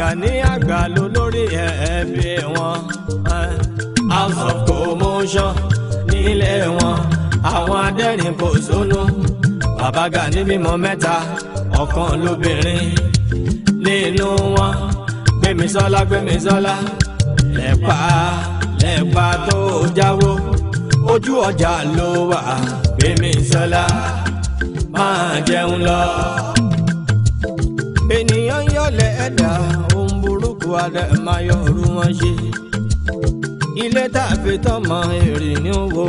Gani àgbà ló lórí ẹbí wọn house of commotion nílé wọn àwọn adẹ́rìn kò sónú bàbá Gani bímọ mẹ́ta ọ̀kan lóbìnrin nínú wọn Gbémisọ́lá Gbémisọ́lá lẹ́pa lẹ́pa tó jáwó ojú ọjà ló wà Gbémisọ́lá máa jẹun lọ ènìyàn yọlẹ̀ ẹ̀dá gbogbo alẹ́ máa yọ òru wọn ṣe ilé tá a fi tọmọ èrè ní wo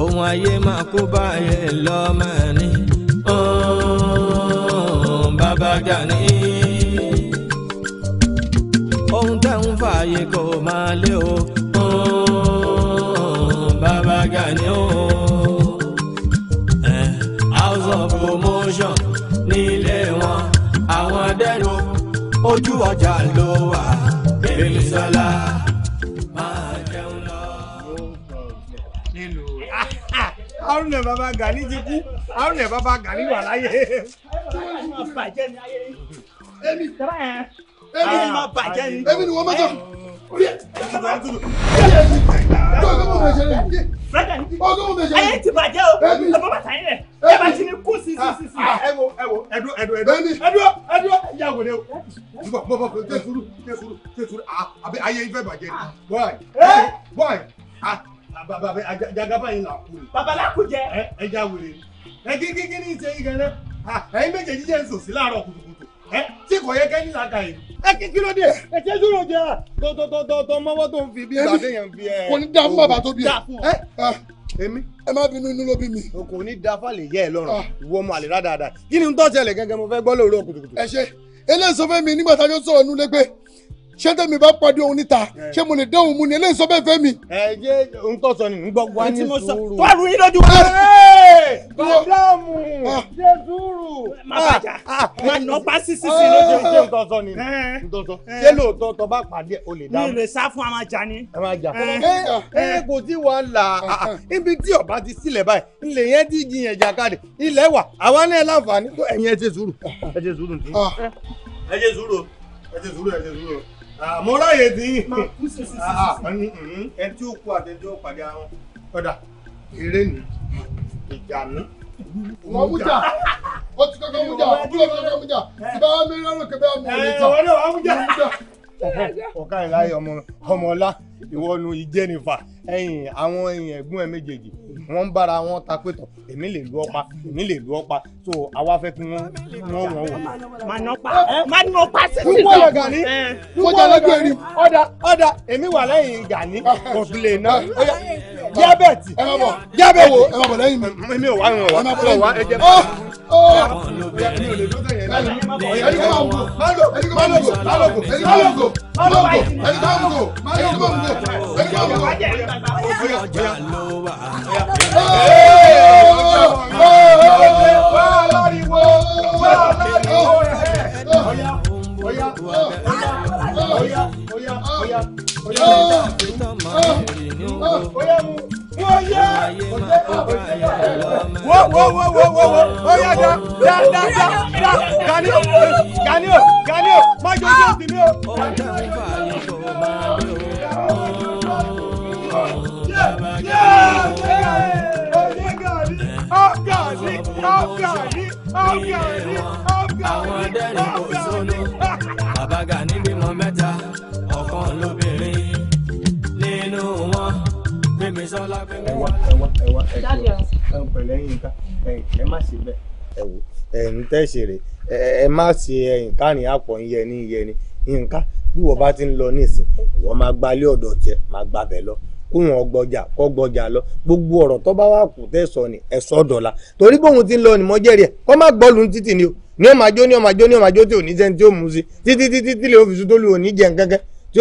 ohun ayé máa kó báyẹn lọ́mọ ni bàbá Gani ohun tẹ́ ń fààyè kò máa lé o. ojú ọjà ló wà bèbí sọlá máa jẹun lọ. Haruna baba Gani ti kú Haruna baba Gani wà láyé. èmi èmi ni wọ́n mọ́tò ẹyẹ ti bàjẹ́ o ẹ bọ́ bàtà yín rẹ̀ ẹ bá ti ní kú sí sí sí sí. ẹ wo ẹ wo ẹdúró ẹdúró ẹdúró ẹdúró ẹdúró yàgò de o. bọ́ bọ́ bọ́ tẹ sùúrù tẹ sùúrù tẹ sùúrù àbí ayé ifẹ̀ bàjẹ́ ni bọ́ọ̀ì bọ́ọ̀ì bàbá bẹ jagaba yín là kú ni. bàbá làkújẹ. ẹ ẹ já wèrè ni ẹ kí kí kí ni ìṣe yìí gan-an ẹ̀yin méjèèjì jẹ́ nsòsí láàárọ̀ kùtùkùtù ẹ tí kò yẹ kẹ́ ní làákàyè ni ẹ kí ló dé ẹ ṣe dúró jẹ tọtọtọtọ mọwọ tó ń fi bí ìgbàdé yẹn fi ẹ. kò ní dá fún bàbá tó bí ẹ. Ah, ah, èmi. ẹ má bínú inú ló bí mi. o kò ní da fàlẹ̀ yẹ ẹ lọ́rùn ah. ìwọ ọmọ àlè dáadáa kí ni n tọ́ ṣẹlẹ̀ gẹ́gẹ́ mo fẹ́ gbọ́ lóòrò kùtùkùtù. ẹ ṣe eléyìí sọ fẹ́ mi nígbà tájọ́ sọ̀rọ̀ nulẹ̀ pé ṣé tẹ̀mí bá pàdé òun níta ṣé mo lè dẹ́hùn mu ni eléyìí sọ bẹ́ẹ̀ fẹ́ mi. ẹ jẹ́ ohun tó sọ ni n gbọ́ wá ní sùúrù. tó àrùn yín lójú wa. bàdámù ṣe sùúrù. Ah. má bàjá ah. Ah. má nà pa sísí sí lójú. ṣé ohun tó sọ ni n tó sọ ṣé lóòótọ́ tó bá pàdé o lè dáhùn. mi lè sá fún amajà ni. ẹ máa jà. ẹ kò tí wàá là ibi tí ọba ti sílẹ̀ báyìí ilẹ̀ yẹn ti jiyàn jàkadì ilẹ̀ wà àwa náà láǹfààní ẹ̀yin ẹ ṣe sùúrù ẹ ṣe sùúrù ẹ ṣe sùúrù ẹ ṣe sùúrù ẹ ṣe sùúrù. Ah, mo ráyè di. ẹni tí ó kú àtẹjọ́ pàdé àwọn ọ̀dà eré ni ìjànú. wọ́n mú jà ó ti kọ́kọ́ mú jà dúró kọ́kọ́ mú jà eh. ìbá mi lọ́rùn kí bá mú mi jà. wọ́n mú jà. Eh, ọ̀ka ìlàyé ọmọ ọmọọlá ìwọ́nu ìjẹ́nifà ẹ̀yìn àwọn ẹ̀yìn ẹ̀gbọ́n ẹ̀ méjèèjì wọ́n ń bára wọn ta pé tọ̀ èmi lè lu ọ̀pá èmi lè lu ọ̀pá so awa fẹ́ kí wọ́n wọ́n wọ́n wọ́n. máa nọ pa sí ti lọ kọjá lọ́jọ́ rí ọ̀dà ọ̀dà èmi wà lẹ́yìn Gani kò tún lè ná diabeti diabeti ẹ máa bọ̀ lẹ́yìn mi. mi ò wá mi ò wá mi ò wá ẹ jẹ bá. Oh yeah wo wo wo wo wo wo oya da da da da da gani o gani o gani o má jọ ojú òsì mi o. Àwọn dẹ́rìn kò sóló, bàbá Gani bímọ mẹ́ta, ọ̀kan ló bí. ìṣọlá pé mi wà. ẹ wá ẹ wá ẹ jọ ẹ pẹ̀lẹ́ yín ká ẹ má ṣe bẹ́ẹ̀. ẹ wò ẹ̀yin tẹ̀sí rẹ̀ ẹ má ṣe ẹ̀yin kárìn àpọ̀ ìyẹni ìyẹni nǹkan bí wọ́n bá ti ń lọ nísìn wọ́n máa gbalé ọ̀dọ̀ tiẹ̀ máa gbabẹ̀ lọ kóhun ọgbọjà kọgbọjà lọ gbogbo ọ̀rọ̀ tó bá wà kù tẹsán ni ẹsọ dọla torí bóun ti ń lọ nìmọ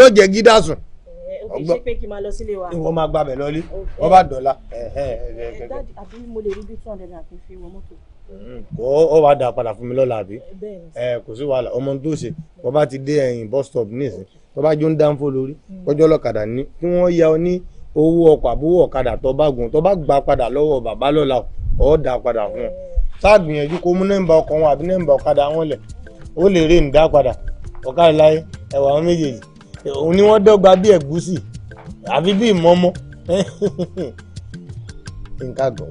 o ní kì í ṣe pé kí n máa lọ sílé wa. ìwọ máa gbàbẹ̀ lọlé wọ́n bá dọ̀la. Eh, dáàdì àbí mo lè rí bí two hundred and fifty wọ mọ́tò. Hmm, ó wàá dà padà fún mi lọ́la àbí eh, eh, kò sí wàhálà ọmọ tó ṣe wọ́n bá ti dé ẹ̀yìn bus stop nísìn tó bá jó ń dáńfó lórí hmm. kọjọ́ ọlọ́kadà ní kí wọ́n ya ọ ní owó ọkọ̀ àbúwọ̀ ọ̀kadà tó bá gùn tó bá gbà padà lọ́wọ́ bàbá lọ́la ọ̀ dà padà fún ọ sáà gbìyànjú kó mú nẹ́ǹbà ọkọ̀ wọn àbí nẹ́ǹbà ọ̀kadà wọn lẹ̀ ó lè rí ǹdá padà ọ̀kadà láyé ẹ̀wà wọn méjèèjì òun ni wọ́n dọ́gba bí ẹ̀gúsì àfi bí ìmọ̀mọ́ nǹkan gan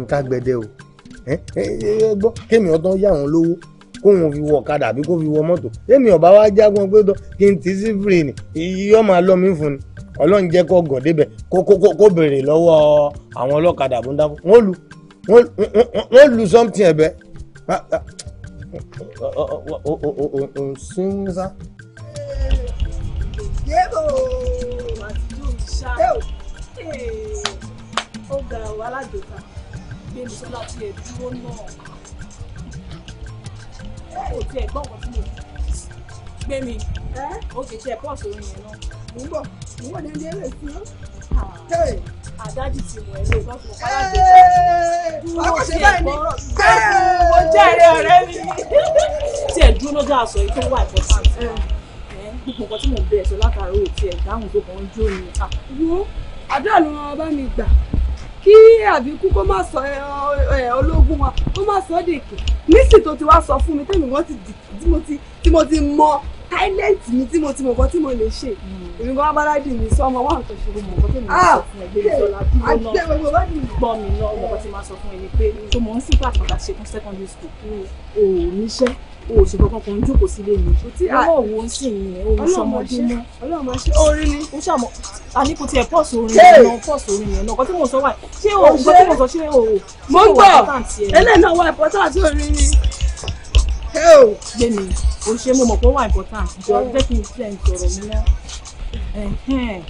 nǹkan gbẹdẹ o gbọ́ kémi ọdún yá àwọn lówó kóun fi wọ ọ̀kadà àbí kó fi wọ mọ́tò èmi ọba wa jágun pé tó kí n ti sí fìrì ni yóò máa lọ mí fún ni ọlọ́run jẹ́ kó gàn débẹ̀ kó béèrè lọ́wọ́ àwọn ọlọ́kadà bó ń dáfọ́ wọ́n lu wọ́n lu something ẹ̀bẹ̀ òun sí ń sá ó ga ọ alájọba gbẹmí sọlá tí ẹ dúró náà kò tiẹ̀ gbọ́ nǹkan tí mo gbẹmí ó ti tiẹ̀ pọ̀ sórí yẹn náà. mo ń bọ̀ mo ń bọ̀ ní ẹni ẹ̀rẹ́ sí ọ́. àdájì ti mọ̀ ẹ́ ló bá fún ọ alájọba dúró tí ẹ gbọ́ mo jẹ́rìí ọ̀rẹ́ ẹ dúró lọ́jọ́ àṣọ yìí tó wà ìfọ̀sáǹtì gbogbo nǹkan tí mò ń bẹ̀rẹ̀ sọ látàrí òtí dáhùn tó kàn jó ni. wo àdúrà ló bá mi gbà kí àbíkú kó má sọ ológun wa kó má sọ dèkè nísì tó ti wá sọ fún mi tẹ́mi wọ́n ti mọ talent mi tí mo ti mọ̀ nǹkan tí mo lè ṣe hmm. èmi gan abárádì mi sọ ọmọ wa nǹkan ṣòro mọ̀ nǹkan tí mo ah, sọ fún ẹgbẹ́ ìjọba dúró náà gbọ́ mi náà nǹkan tí mo sọ fún ẹni pé tó mọ̀ ń sí pàtàkì àṣẹ fún secondary school hmm. o ò níṣẹ́ o ò ṣùgbọ́n kankan ń jókòó sílé mi ọwọ́ wo ń sìn yẹn o sọmọdé náà ọlọ́run máa ṣe orin ni o ṣàmọ́ àní kò tiẹ̀ pọ́ọ̀sì orin yẹn náà pọ́ọ̀sì orin yẹn náà nǹkan tí mo sọ wà ṣé o gbọ́ tí mo sọ ṣé o mo gbọ́ eléyìí náà wà important orin ni o ṣe mo mọ̀ pé ó wà important jọ jẹ́ kí n tiẹ̀ ń sọ̀rọ̀ mi náà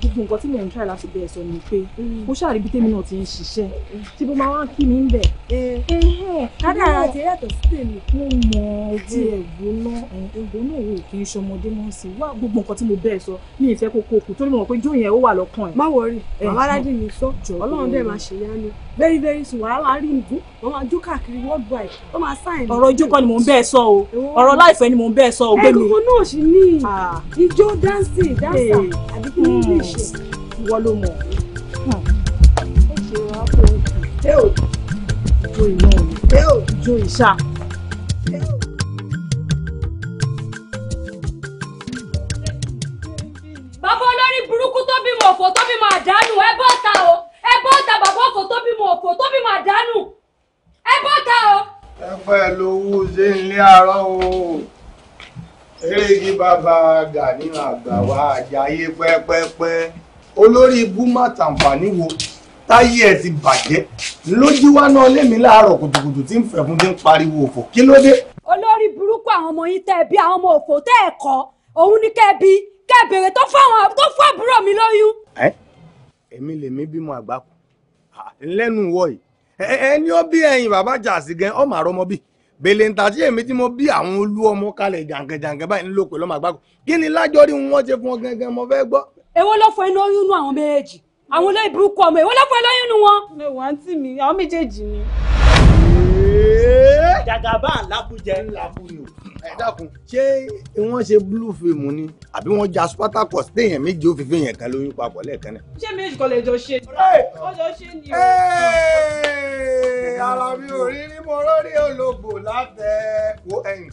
gbogbo nǹkan tí mò ń try láti bẹ̀ sọ ni pé mm. mo ṣàríbi tèmi náà ti ń ṣiṣẹ́ tí mo máa wá kí mi ń bẹ̀. Eh. kádàrá ti yàtọ̀ sí tèmi. mo mọ ojú mm. ẹ̀gbọ́ náà ẹ̀gbọ́ náà wò kí n ṣọmọdé mọ́ sí i wá gbogbo nǹkan tí mo bẹ̀ sọ mi ìfẹ́ kókó kù torí mo mọ̀ pé jóyìn ẹ̀ ó wà lọ́kàn ẹ̀. má wọrí bàbá aládìní sọ ọlọ́run dẹ̀ máa ṣèyá ni very very soon wàá rí ìdú wọn máa jó káàkiri world wide wọn máa sáìn. ọ̀rọ̀ ijó kan ni mò ń bẹ́ẹ̀ sọ o ọ̀rọ̀ láìfẹ́ ni mò ń bẹ́ẹ̀ sọ o gbẹ̀mí. ẹ̀gbọ́n náà sì ní ah. ijó dancing dancer àdínkù ní ilé iṣẹ́. ìwọ ló mọ̀ hmm. ijó iná o ijó ìṣá. bàbá olórí burúkú tó bímọ òfò tó bímọ àdánù ẹ bọ́ta o ẹ bọ́ ta bàbá òfò tó bímọ òfò tó bímọ àdánù ẹ bọ́ ta o. ẹ pẹ́ lówó ṣe ń lé àárọ̀ o eréjì bàbá Gani àgbà wa àjàyè pẹ́pẹ́pẹ́ olórí ibú má tàǹfààní wo táyé ẹ ti bàjẹ́ lójú wá náà lémi láàárọ̀ kùtùkùtù tí ń fẹ̀ fún bí ń pariwo òfò kí ló dé. olórí burúkú àwọn ọmọ yín tẹ́ ẹ bí àwọn ọmọ òfò tẹ́ ẹ kọ́ òun ní kẹ́ ẹ bí kẹ́ ẹ béèrè tó fún àbúrò mi lóyún èmi lèmi bímọ àgbákò lẹ́nu wọ̀ yìí ẹni ó bí ẹyin bàbá jàsí gan ọmọ àrọmọ bíi bèlèǹtà tí èmi tí mo bí àwọn olú ọmọ kalẹ̀ jàǹkẹ̀jàǹkẹ̀ báyìí ńlò pẹ̀lú ọmọ àgbákò kí ni lájọ́ rí wọ́n ṣe fún ọ gangan mo fẹ́ gbọ́. èwo ló fọ inú oyún inú àwọn méjèèjì àwọn olóyè burúkú ọmọ èwo ló fọ olóyún inú wọn. lè wá ń tì mí àwọn méjèèjì ni. jàgàbá làbújẹ ńlá fún ẹ dákun ṣé wọ́n ṣe blue film ni àbí wọ́n ja spartacus téèyàn méje ó fi fi yẹn kan lóyún papọ̀ lẹ́ẹ̀kan náà. ṣé méjì kan lè jọ ṣe ó jọ ṣe ni o. ara mi ò rí rí mo lórí ológbò látẹ̀ wo ẹ̀yìn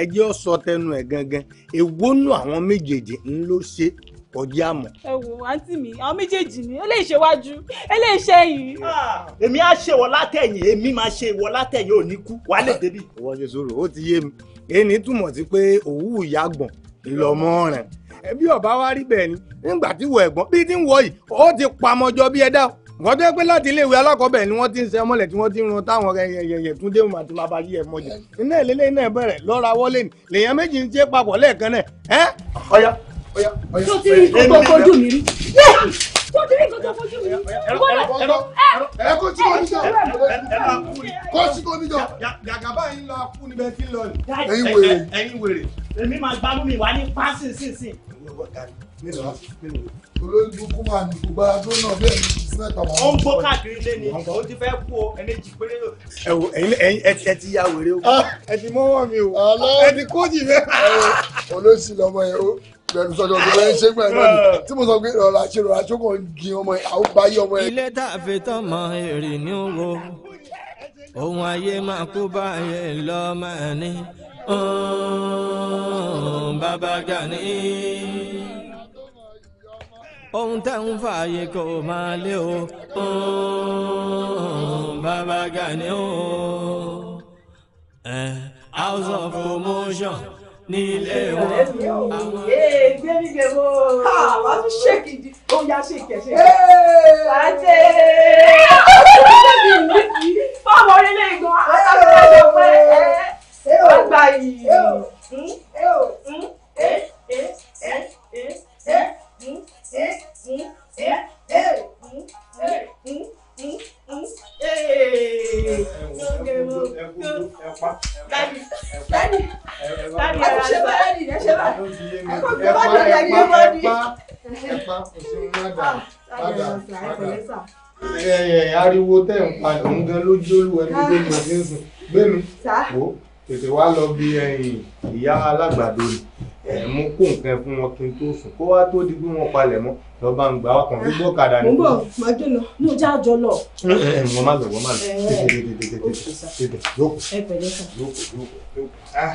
ẹ jẹ́ ọ sọ tẹnu ẹ̀ gangan èwo nù àwọn méjèèjì ń ló ṣe ọdí àmọ́. ẹ wò àǹtí mi àwọn méjèèjì ni eléyìí ṣe wájú eléyìí ṣe yìí. èmi á ṣe wọ látẹ̀yìn èmi máa ṣe wọ látẹ̀yìn ò ní kú wàá lè débi. ìwọ ṣe sọ̀rọ̀ ó ti yé mi èyí túmọ̀ sí pé òwú ìyá gbọ̀n ìlọmọ rẹ̀ ẹbí ọba wa rí bẹ́ẹ̀ ni nígbà tí wọ ẹ̀gbọ́n bíi ti ń wọ yìí ó ti pamọ́jọ bí ẹ̀dá wọ́n tó pé láti iléèwé alákọ̀ọ́bẹ̀ ni wọ́n ti ń ṣe ọmọlẹ̀ tí wọ́n ti ń ran táwọn yẹ̀yẹ̀yẹ̀ tún dé màtí máa bá yí ẹ̀ mọ́jẹ̀ iná ìlélẹ́yìn náà bẹ̀rẹ̀ lọ́ra wọlé ni lèèyàn méjì ń ṣe papọ̀ lẹ́ẹ̀kan náà ọyọ tó ti rí nǹkan tó fojú mi rí tó ti rí nǹkan tó fojú mi rí kódà ẹ kó tí kò ní jọ kó tí kò ní jọ gàgàbá yìí ń lọ akú níbẹ̀ kí ń lọ ẹ̀yin wèrè ẹ̀yin wèrè. èmi máa gbá lómi wá ní pásìn sínsìn. olóyìnbó kó máa ní gbogbo adó náà bẹ́ẹ̀ ni ó ń gbó káàkiri lé ni ó ti fẹ́ kú o ẹni jì péré o. ẹ wo ẹyin ẹ ti ya wèrè o. ẹ ti mọ́wọ́ mi o ẹ ti kó jì bẹ́ẹ̀. olóṣì yẹn o bẹ̀rù sọ̀dọ̀ tó bẹ́ẹ̀ ṣe pẹ̀lú ọ̀nà tí mo sọ pé rọra ṣe rọra tó kàn gin ọmọ àwọn bá yé ọmọ ẹ. ilé tá a fi tọmọ èrè ní wo ohun ayé máa kú báyé lọ́mọ ẹni bàbá Gani ohun tẹ́ ń fààyè kò máa lé o bàbá Gani o eh, house of promotion nílé wọn. ee gbé mi gbé mo. àwa tún ṣèkì di ó yá ṣèkì ẹ ṣèkì. pàṣẹ fọwọ́ orílẹ̀ ègbò àtàkùn ẹ̀jọ̀ pé ẹ ọgbà yìí. Mm-hmm ariwo tẹ̀ ń pa òun gan lójú olúwa ẹni tó lọ sí ń sùn gbẹ́nu wò ó tètè wá lọ bí ẹ̀yìn eh, ìyá alágbàdo ni ẹ mú kó nǹkan fún wọn kí n tó sùn kó wá tó di bí wọn palẹ̀ mọ́ lọ bá ń gbà wá kàn gbígbó kàdá ni. mo ń bọ̀ máa jẹ́ lọ ní ọjà àjọ lọ. wọ́n má lọ wọ́n má lọ tètè tètè tètè tètè jókòó jókòó jókòó. Ah.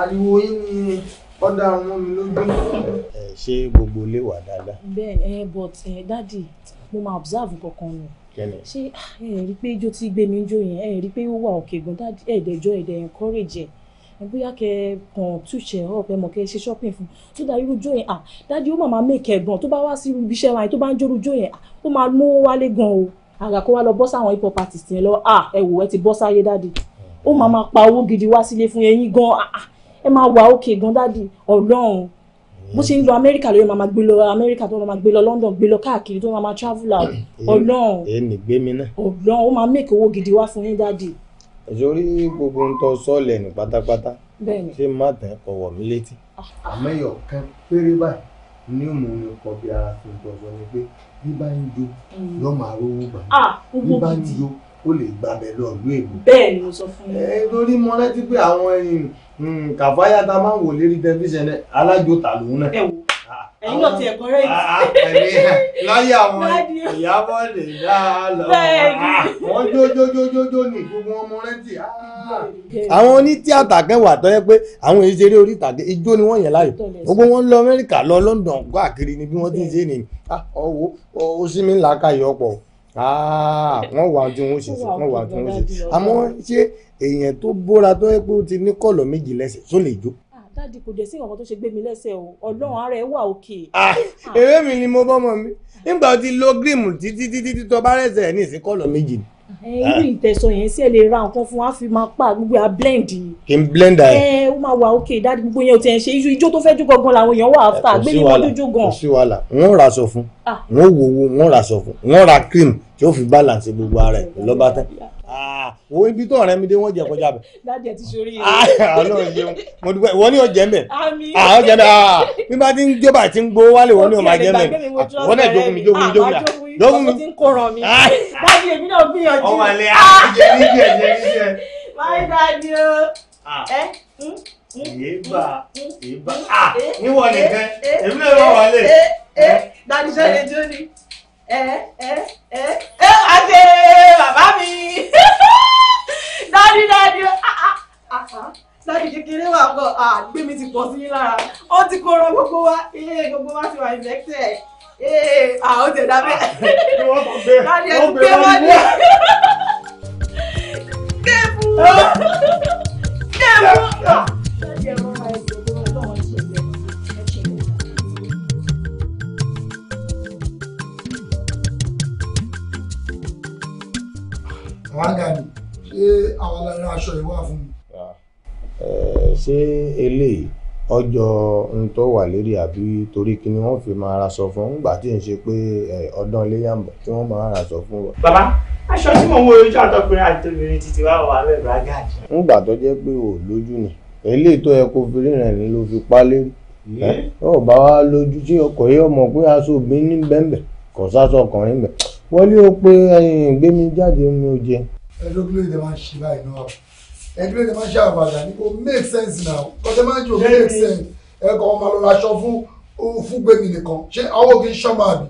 ariwo yín ni ọ̀dà àwọn ọmọ mi lójú. ẹ ṣé gbogbo ilé wà dáadáa. bẹ́ẹ̀ni ẹ but ẹ dádì mo máa observe kankan nù ṣé ah, ẹ rí i pé ijó tí gbé mi ń jó yẹn ẹ rí i pé ó wà òkè gan dádì ẹdẹjọ ẹdẹ encourage ẹ bóyá kẹ kàn túṣẹ ọpẹ mọ kẹ ṣe shopping fún tó dá irú jó yẹn à ah, dádì ó máa make ẹ̀gbọ́n tó bá wá sí ibi iṣẹ́ wa tó bá ń jó irú jó yẹn ah, ó máa mówó wálé gan o àgbà kó wá lọ bọ́ sáwọn hip hop artist yẹn lọ à ẹ wò ẹ ti bọ́ sáyé dádì hmm. ó máa pa owó gidi wá sílé fún yẹn yín gan ẹ máa wà òkè gan dádì ọlọ́run bó ṣe ń lọ amẹ́ríkà lóye máa gbé lọ amẹ́ríkà tó máa gbé lọ london gbé lọ káàkiri tó máa travel out ọlọ́run èyí ni gbé mi náà ọlọ́run ó máa make owó gidi wá fún yín dádì. ìṣòrí gbogbo ń tọ sọ́ọ̀lẹ̀ ní pátápátá ṣé má tẹ̀ kọ wọ̀ mí létí. àmẹ́yọ̀ kan péré báyìí ní mò ń kọ bí ara fi gbọ̀gbọ̀ ni pé bí bá ń jó mm. yóò máa rówó gbà ah, bí bá ń jó ó lè gbàbẹ̀ lọ ìlú èbó. bẹ́ẹ̀ ni mo sọ fún yín. ẹ lórí mọ́lẹ́tí Hmm, kàfáyà tá a máa ń wò lérí tẹlifíṣàn náà alájò tà lòun náà. ẹ̀yin náà ti ẹ̀kọ́ rẹ̀ yìí. láyé àwọn ìyàbọ̀ lè dá a lọ ah, wọ́n jójójójójó ní gbogbo ọmọ rẹ́ǹtì. Ah. àwọn onítìátà kan wà tó pé àwọn ìṣeré orí ijó ni wọ́n yẹn láàyò gbogbo wọn lọ Amẹ́ríkà lọ London káàkiri ni bí wọ́n ti ń ṣe nìyí ah, ọwọ́ ó sì mí ń làákàyè ọ̀pọ̀ wọ́n wà ju wọn ṣe wọ́n wà ju wọn ṣe àmọ́ ṣé èèyàn tó bóra tó yẹ pé ó ti ní kọ̀lọ̀ méjì lẹ́sẹ̀ tó lè jó. Ah, dáàdi kò dẹ̀ sí nǹkan tó ṣe gbé mi lẹ́sẹ̀ o ọlọ́run ara ẹ̀ wà òkè. Ah, ah. eré mi ni mo bọ́mọ mi nígbà tí lo gírímù títí títí tó bá rẹ̀sẹ̀ ní ìsín kọ̀lọ̀ méjì ni. Eh, irú ìtẹ̀sọ̀ yẹn sí ẹ lè ra nǹkan fún wa fi máa pa gbogbo à blend. kì í blend ẹ. ẹ eh, ó máa wà òkè dáàdi gbogbo yẹn ò tiẹ̀ ṣe ijó ijó tó fẹ́ jó gangan làwọn èèyàn wà áfà gbé ní wọ́n dúdú gan. kò sí wàhálà wọ́n ra cream tí ó fi balance gbogbo ara ẹ̀ eh, lọ́ba Ah, owó ibi tó ọ̀rẹ́ mi dé wọ́n jẹ kọjá bẹ̀. dájẹ́ ti sori yẹn. Ah, ọlọ́run jẹun mo dúpẹ́ wọ́n ní ọ̀jẹ̀ mbẹ̀. ọ̀jẹ̀ ah, mbẹ̀ ah, bí bá ti ń gbé bá ti ń gbó wálé wọ́n ní ọ̀ma jẹ́ mbẹ̀. wọ́n náà jókòó mi jókòó mi jókòó mi jókòó mi. ọmọ ti ń kọ̀rọ̀ mi dájú èmi náà gbìyànjú. ọmọ àlẹ́ àjẹ́ níjẹ́ jẹ́ níjẹ́. máa ń dájú ẹ́ ìbá ìbá níwọ̀n nìkan eh, èmi náà wà eh, wálé. dájú sẹ́ni jóni. Eh, eh, eh, ẹ ẹ ẹ ẹ wá ṣe bàbá mi dájú dájú láti kékeré wà kọ àgbé mi ti pọ̀ sí lára ó ti kóró gbogbo wa gbogbo wa ti wà infected àwọn tẹ̀ dábẹ́ láti ẹ̀ gbé wọ́n ní kébù kébù. àwáńgà ni ṣé àwọn alára aṣọ yìí wà fún mi. Ah. Eh, ṣé eléyìí ọjọ́ ń tó wà lérí àbí torí kí ni wọ́n fi máa ra sọ fún nígbà tí ń ṣe pé eh, ọdún iléyà ń bọ̀ kí wọ́n máa ra sọ fún wa. bàbá aṣọ tí mò ń wo ojú àtọkùnrin àti obìnrin títí wá wà lẹ́ẹ̀rọ agáàjì. nígbà tó jẹ́ pé ò lójú ni eléyìí tó yẹ kó fi rìnrìn ni ló fi pa lérí ọ̀ bá wa lójú tí ọkọ̀ yìí ọmọ pé aṣọ obìnrin ní bẹ́ẹ̀ bẹ́ẹ̀ kò sásọ ọkùnrin bẹ́ẹ̀ wọlé o pé eh, gbé mi jáde mi ò jẹ. ẹ ló kí ló dé máa ń ṣe báyìí náà ẹ kí ló dé máa ń ṣe àbàdà ní kò make sense now kọ́tẹ́ máa ń jò make sense ẹ kọ́ ọmọ lọ aṣọ fún fún gbẹmí nìkan ṣé àwọn òkè ń ṣọ́mọ àbí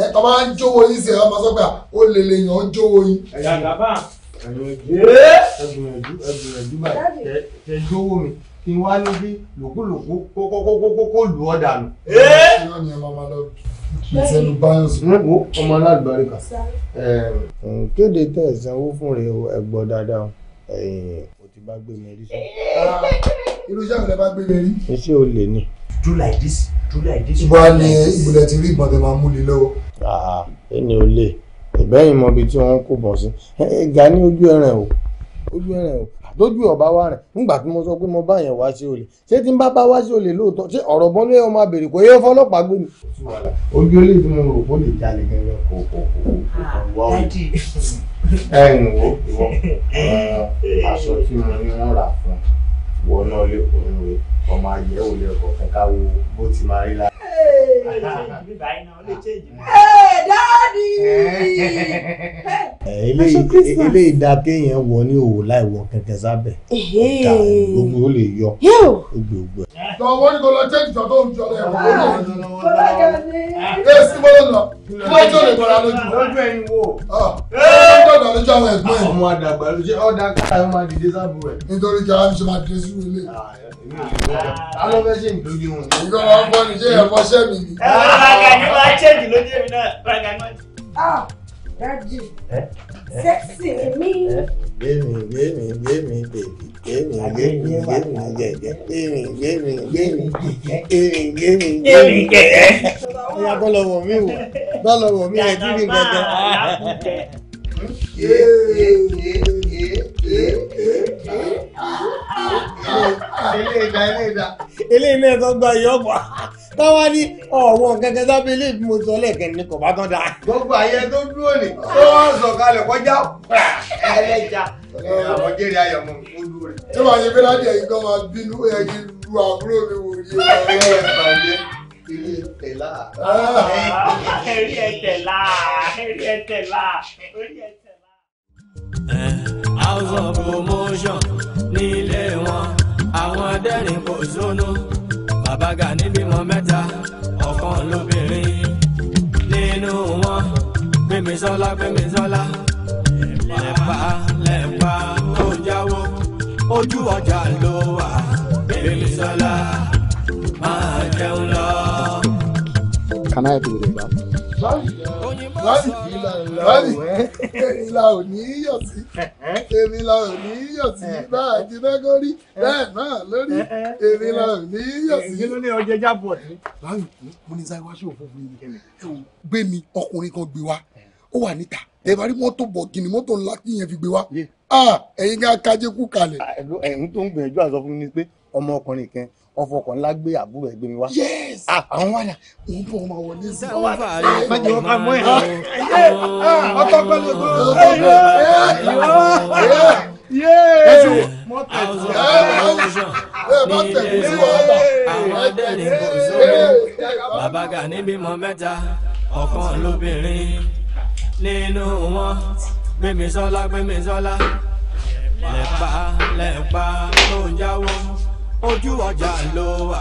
ẹ tọ́ máa ń jówó yín sí ẹ máa sọ ó lè lè yàn án jówó yín. ẹ̀yà àgbà ẹgbìyànjú ẹgbìyànjú báyìí kẹ jówó mi kí n wá níbí lòkúlòkú kókókókó lù ọ́ dànù ìṣẹ́nu báyọ̀ sí. wọ́n wo ọmọ alágbàríkà. kéde tẹ ìsanwó fún rẹ ẹgbọ́ dáadáa o ti bá gbé mi rí. Ah, irú iṣẹ́ àgbẹ̀ bá gbé mi rí. iṣẹ́ o lè ní. do like this do like this. ìbá ni ìbùlẹ̀ ti rí ìbọn tẹ máa mú ni lọ́wọ́. Ah, ẹni ò lè ìbẹ́yìn mọ ibi tí wọ́n kò bọ̀ sí. ẹ̀ẹ́dà ní ojú ẹran o ojú ẹran o dójú ọba wa rìn nígbà tí mo sọ pé mo bá yẹn wá sí olè ṣé tí n bá bá wá sí olè lóòótọ́ ṣé ọ̀rọ̀ bọ́n lé ọmọ abèrè kò yẹ fọlọ́pàá gbé mi. ojú olè tí mo rò kó lè jalè gẹ́gẹ́ kò kò kò kò wá o ẹ ń wo ìwọ aṣọ tí mo ní wọn rà fún wọn náà lè kó ń wé ọmọ ayẹ ò lè ọkọ̀ fún káwo bó ti máa rí lára. eléyìí dá kéèyàn wọ ní òwò láì wọ kẹ̀kẹ́ sábẹ̀ gbogbo ó lè yọ ó gbé ògbó ẹ̀. lọ́wọ́ kò lọ jẹ́ ìjọ tó ń jọ ah, lọ ẹ̀wọ̀n lọ́wọ́ ẹ̀ sí bọ́lá lọ kí tó lè gbọ́ra lójú. Ah. Ah, lójú ẹ̀yin wo. àwọn ọmọ àdàgbà ló ṣe ọ̀dà káyọ̀ máa dìde sáàbù rẹ̀. nítorí kí ara ṣe máa dìde sí ilé alọ́ fẹ́ ṣe ìdójú wọn. nǹkan wọn bọ́ ni ṣé ẹ̀fọ́ ṣẹ́ mi ni. ẹ wọ́n bá ga ní wàá ṣẹ́ẹ̀dì lójú èmi náà bá ga náà. ah dájú sẹ́ẹ̀sì mi. gbẹ̀mí gbẹ̀mí gbẹ̀mí bèbí gbẹ̀mí gbẹ̀mí gbẹ̀mí gẹ̀gẹ̀ gbẹ̀mí gbẹ̀mí gbẹ̀mí gbẹ̀mí gbẹ̀mí gbẹ̀mí gẹ̀gẹ̀. ìyá bọ́lọ̀ wọ̀ mí wò bọ́lọ̀ wọ̀ mí ẹ̀ eléyìí náà tó gba ìyọ́ pa táwa ní ọ̀wọ́n kẹ̀kẹ́ sábẹ́ ilé ìbímọ sọ lẹ́ẹ̀kẹ́ ní kò bá tán dáa. gbogbo àyẹ tó dúró ní tó wọ́n sọ̀kalẹ̀ kọjá ẹlẹ́ja àwọn jẹ́rìí ayọ̀ mọ̀ mú dúró rẹ̀. tí wàá ní fẹ́ràn jẹ́ ìgbọ́n máa bínú ẹ̀yìn lu àbúrò mi wò ní ọ̀rẹ́ ẹ̀ bàjẹ́ eré ẹ̀tẹ̀ láà. ẹ̀rí ẹ̀tẹ̀ láà ẹ̀rí house of promotion nílé wọn àwọn dẹ́rìn kò sónú bàbá Gani bímọ mẹ́ta ọ̀kan lóbìnrin nínú wọn Gbémisọ́lá Gbémisọ́lá lẹ́pa lẹ́pa tó jáwọ́ ojú ọjà ló wà Gbémisọ́lá máa jẹun lọ. Can I do it bá. láti fi láti èmi la ò ní í yọ̀ sí èmi la ò ní í yọ̀ sí bá a ti fẹ́ kó rí bẹ́ẹ̀ náà lórí èmi la ò ní í yọ̀ sí. èyí ló ní ọjọ́ ẹja bọ̀ ní. báyìí mo ní sáyé wá sí òfófó yìí ẹ wò gbé mi ọkùnrin kan gbé wa ó wà níta ẹ bá rí mọ́tò bọ̀ gíní mọ́tò ńlá tí yẹn fi gbé wa ẹ̀yin ká kájé kú kalẹ̀. ẹ̀hún tó ń gbìyànjú àsọ fún mi ni pé ọmọ ọkùnrin kan ọfọkàn ńlá gbé àbúrò ẹgbẹ́ mi wá. yẹ́ẹ̀ Ah, àwọn wà ní òun bò máa wọlé sí i. májè wọn bá mú ẹ. Ah, ọkọ pẹ̀lú ìgbó. yéé mọ tẹ̀sí. mọ tẹ̀sí wọ́ọ̀tà. àwọn adẹ́ni kò sóore bàbá Gani bímọ mẹ́ta ọ̀kan lóbìnrin nínú wọn Gbémisọ́lá Gbémisọ́lá lẹ́pa lẹ́pa ló ń jáwọ́ ojú ọjà ló wà.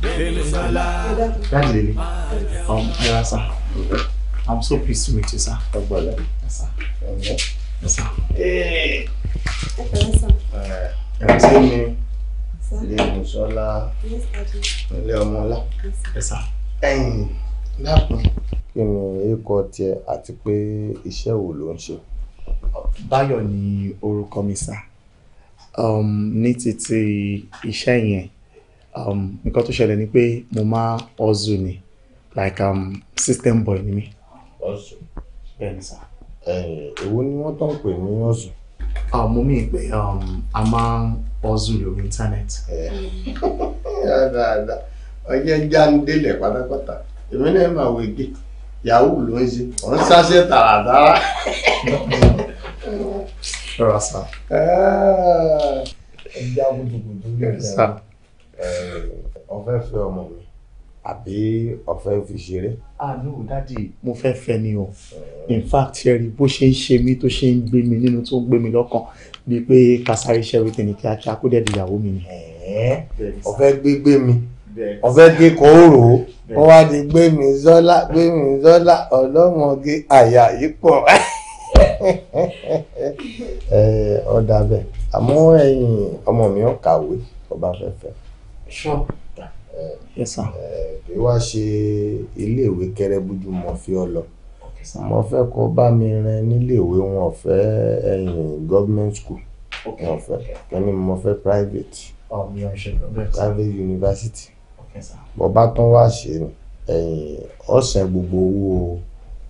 That's Lily, um, Mira, sir. I'm so pleased to meet you, sir. Yes, sir. Yes, sir. Hey. sir. Sir. Ẹ ti mi ilé Musola ilé Ọmọlá. Ẹyin dákun. Kí ni orúkọ tiẹ̀ àti pé iṣẹ́ wo ló ń ṣe? Báyọ̀ ni orúkọ mi sà. Um, ní títí iṣẹ́ yẹn. Um, nǹkan tó ṣẹlẹ̀ ni pé mo máa ọ̀zù ni like um, system boy ni mí. ọ̀zù bẹ́ẹ̀ ni sà. Eh, èwo ni wọ́n tán pè ní ọ̀zù. Ah, mo mí pé um, a máa ń ọ̀zù lórí internet. Eh, ọjọ́ ìjà ń délẹ̀ pátápátá èmi náà máa wege yahoo ló ń ṣe ọ̀ ń ṣáṣẹ́ tààràtàrà. rasa. Ah. ẹja gbogbo gbogbo yẹn ọ̀fẹ́ fẹ́ ọmọ mi àbí ọ̀fẹ́ fi ṣeré. àánú dádì mo fẹ́ fẹ́ ni o eh. in fact ẹ̀rí bó ṣe ń ṣe mí tó ṣe ń gbé mi nínú tó ń gbé mi lọ́kàn bíi pé kásáré ṣẹ́rí tẹ̀ ní kíákíá kó dẹ̀ dìyàwó mi ni. ọ̀fẹ́ eh, gbégbé mi ọ̀fẹ́ gé kọ́ òrò ó wá di gbé mi zọ́lá gbé mi zọ́lá ọlọ́mọge àyà yìí pọ̀ ọ̀dà eh, bẹ́ẹ̀ àmọ́ ẹ̀yìn ọmọ mi ò kàwé ọba fẹ́fẹ́ sure. Eh, yes sir. Eh, kì í wá ṣe iléèwé kẹrẹbújú mo fi ọ lọ mo fẹ́ kó bá mi rin níléèwé wọn ọ̀fẹ́ ẹ̀yìn government school wọn ọ̀fẹ́ kẹ́ni mo fẹ́ private oh, private university bọ́bá tán wá ṣe ẹ̀yìn ọ̀sẹ̀ gbogbo owó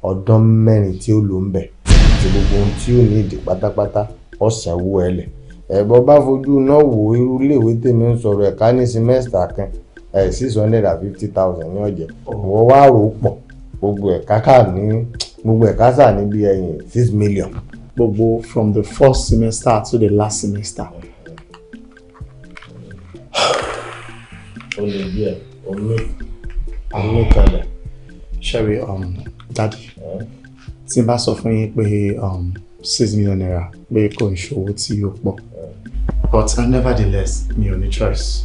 ọdún mẹ́rin tí ó lò ń bẹ̀ àti gbogbo ohun tí ó ní ìdí pátápátá ọ̀sẹ̀ owó ẹ̀ ẹ̀gbọ́n bá fojú iná wò irú iléèwé tèmi ń sọ̀rọ̀ ẹ̀ka ní semester, kan ẹ̀ six hundred and fifty thousand ní ọ̀jẹ̀ wọ́n wá rò ó pọ̀ gbogbo ẹ̀ka kà ní gbogbo ẹ̀ka sà ní bí ẹ̀yìn six million. gbogbo from the first semester to the last semester. o lè bí ẹ omi omi kalẹ̀. ṣẹ́rí um, dadi tí n bá sọ fún yín pé. Um, six million naira pé kò ń ṣòwò tí ó pọ̀ but nevertheless mi ò ní choice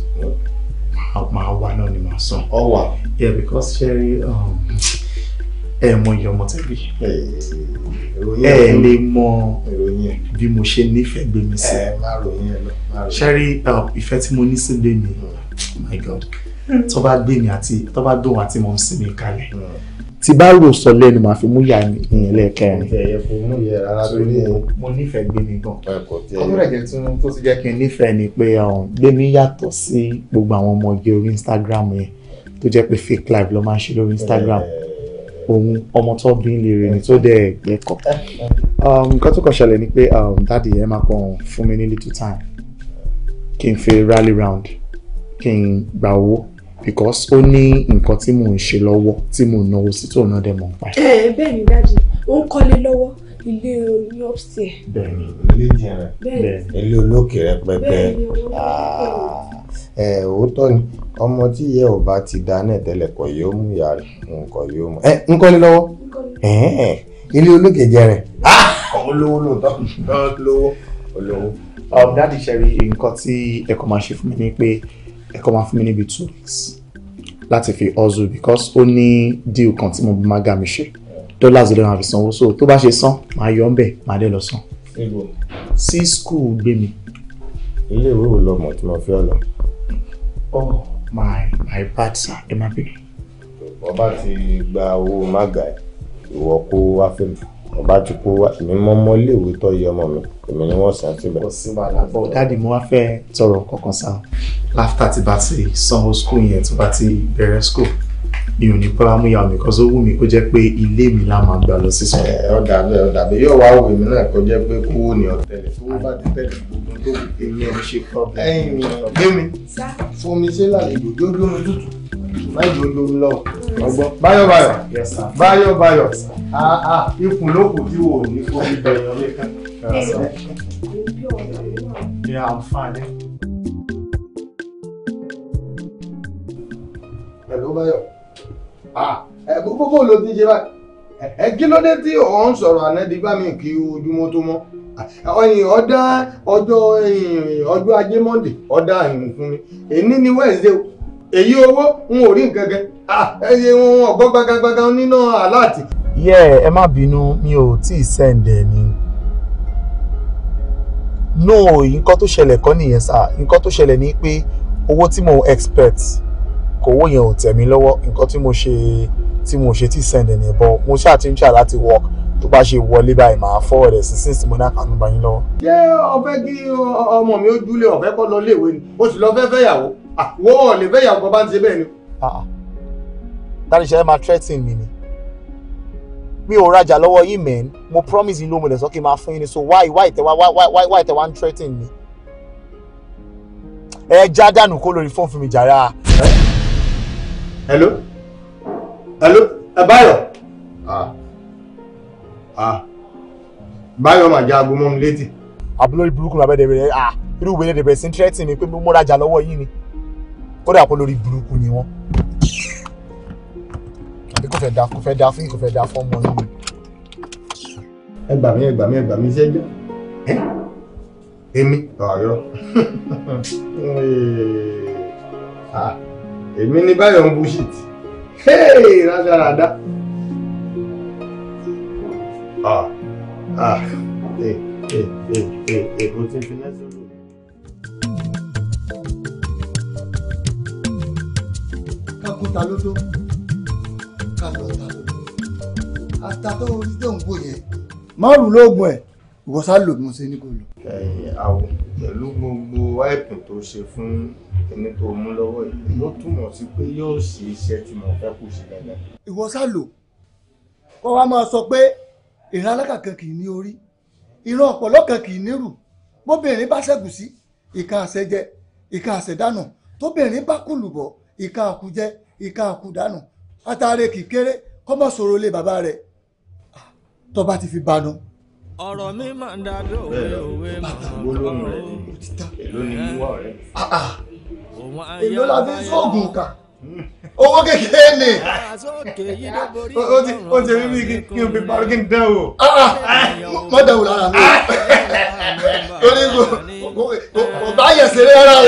máa wà náà ni màá san. ọ wà. yeah because ṣẹ́rí um, ẹ mọ iye ọmọ tẹ̀lé ẹ lè mọ bí mo ṣe nífẹ̀ẹ́ gbé mi sí. ṣẹ́rí uh, ìfẹ́ tí mo ní sí gbé mi mm. my god tó bá gbé mi àti tó bá dùn àti mọ̀ sí mi kalẹ̀. Mm tí bá rò sọ lẹ́nu màá fi mú yà ìyẹn lẹ́ẹ̀kẹrin. mo tẹ̀yẹ fún mú yẹ rárá torí mo nífẹ̀ẹ́ gbémi gan. ọdúnrẹ̀ jẹ́ tún tó ti jẹ́ kí n nífẹ̀ẹ́ ni pé um, gbémi yàtọ̀ sí gbogbo àwọn ọmọge orí Instagram yẹn tó jẹ́ pé fake life ló máa ń ṣe lórí Instagram òun ọmọ tó bí ń lè rè ní tó dẹ̀ gbẹ́kọ̀. Um, nǹkan tó kàn ṣẹlẹ̀ ni pé um, dáàdì yẹn máa kàn fún mi ní little time kí n fi rally round kí n gbà owó because ó ní nǹkan tí mò ń ṣe lọ́wọ́ tí mò ń náwó sí tó náà dẹ̀ mọ̀ ń pa. ẹ bẹ́ẹ̀ ni dájú ó ń kọ́lé lọ́wọ́ ilé oní ọ̀sẹ̀. bẹ́ẹ̀ni ilé jẹrẹ bẹ́ẹ̀ni ilé olókè rẹpẹpẹ ẹ ah, eh, òótọ́ ni ọmọ tí ìyá ò bá ti da náà tẹ́lẹ̀ kọ̀ yóò mú ìyá rẹ̀ nǹkan yóò mú ẹ eh, ń kọ́lé lọ́wọ́ eh, ilé olókè jẹrẹ ah! olówó lóòótọ́ olówó olówó. Um, dáàdi ṣe rí nǹkan tí ẹ̀kọ́ máa ṣe fún mi ni pé ẹ kọ́ máa fún mi níbi two weeks láti fi hustle because ó ní deal kan tí mo máa gà mí ṣe dollars ló máa fi sanwó so tó bá ṣe san máa yọ ọ́ bẹ̀ máa dé lọ san. sí school gbé mi. ilé ìwé wo lọmọ tí mo fi ọ lọ. oh my my bad sir ẹ má bínú. ọba ti gba owó magai ìwọ kó wá fẹ́ mi mo bá ti kó wa èmi mọ ọmọ iléèwé tó yẹ ọmọ mi èmi ni wọ́n sàn síbẹ̀. kò sí mo wá fẹ́ tọrọ kankan sáà láfta ti bá ti sanwó skul yẹn tó bá ti bẹ̀rẹ̀ skul mi ò ní kọ́lá mú ìyá mi kan sówó mi kó jẹ́ pé ilé mi la máa gbà lọ sí sọ. ẹ ọ dàbí ọ dàbí yóò wá òwe mi náà kó jẹ́ pé kówó ni ọ̀tẹ̀lẹ̀ kówó bá ti tẹ̀lé gbogbo tó kù èmi ò ṣe problem. ẹyin mi gbé mi fún mi ṣe lálejò jójú mi mẹ́jọ ló ń lọ ọgbọ́n báyọ̀ báyọ̀ báyọ̀ ikùn ló kù tí wò ní kó bẹ̀rẹ̀ lẹ́kàn. ní gbogbo ló ti ṣe báyìí ẹ kí ló dé tí ọ̀ ń sọ̀rọ̀ ànẹ́dí bá mi kí ojúmọ́ tó mọ́ ọyìn ọjọ́ ọjọ́ ajé monde ọdá ìhùn fún mi èní ni Wednesday èyí owó n ò rí nǹkan kan ẹyẹ wọn ọgbọ́n gbangangbangan nínú aláàtì. yẹ ẹ má bínú mi ò tí ì sẹ́ǹdẹ̀ ni no nǹkan tó ṣẹlẹ̀ kọ́ nìyẹn sá nǹkan tó ṣẹlẹ̀ ni pé owó tí mo expect kò owó yẹn ò tẹ̀ mí lọ́wọ́ nǹkan tí mo ṣe tí mo ṣe tí ì sẹ́ǹdẹ̀ ni bọ́ mo ṣáà ti ń ṣà láti work tó bá ṣe wọlé báyìí máa fọwọ́ rẹ̀ sí sínsìn mo ní àkànú bá yín lọ́wọ́. ṣé o kí ọmọ mi ó júlé o fẹ́ kó lọ léèwé ni o sì lọ fẹ́ fẹ́ yàwó Ah, wọ́n lè fẹ́ ìyàwó kan bá ń ṣe bẹ́ẹ̀ ni. dáníṣẹ́ máa threaten mi ni mi ò rajà lọ́wọ́ yín mẹ́n mo promise yín ló mo lè máa fún yín ni so why why tẹ wá why why tẹ wá ń threatening mi. ẹ já dànù kó lórí fóònù fún mi jàrá. Ah. hello hello ẹ báyọ̀ ah. báyọ̀ màá já aago mọ́ mi létí. àbúrò burúkú làbẹ́dẹ̀ rẹ̀ irú ìwé lẹ́dẹ̀ bẹ̀rẹ̀ sí ń threaten mi pé mo rajà lọ́wọ́ yín ni kódà kó lórí burúkú ni wọ́n àbí kò fẹ́ da kò fẹ́ da fún yín kò fẹ́ da fún ọmọ yín. ẹ gbà mí ẹ gbà mí ẹ gbà mí iṣẹ́ jẹ́ ẹ́ èmi ọ̀rọ̀ ah, èmi ní báyọ̀ ń bullshit rádaràdá ah ah eh eh eh eh, eh mo ti fi náà sórí. kákúta lodo ká lodo ta lódó ata tó orí tó ń wò yẹn márùn lóògùn ẹ ìwọ sá lò mú sí ní kò lò. àwọ̀ pẹ̀lú gbogbo àìpín tó ṣe fún ẹni tó mú lọ́wọ́ yìí ló túmọ̀ sí pé yóò ṣe iṣẹ́ tí mo fẹ́ kù sí dandan. ìwọ sá lò kó wa máa sọ pé ìran alákàkàn kì í ní orí ìran ọ̀pọ̀lọ́ kan kì í nírù bóbìnrin bá ṣẹ́gun sí ìkan àṣẹjẹ ìkan àṣẹdánù tóbìnrin bá kùlù bọ̀ ìka àkújẹ ìka àkúdànù àtàrẹ kìkéré kọ́mọ sọ̀rọ̀ lé bàbá rẹ̀ tọ́ba ti fi banu. ọ̀rọ̀ mi máa ń da bí òwe òwe máa ń bọ̀ èló ni wíwá rẹ̀. Ah, ah. èló la fi sóògùn kà owó kékeré ni o ti rí mi kí n fi parí kí n dán o. Ah, mọ dẹwù lára mi o ní kò bá yẹ sẹrẹ rárá o.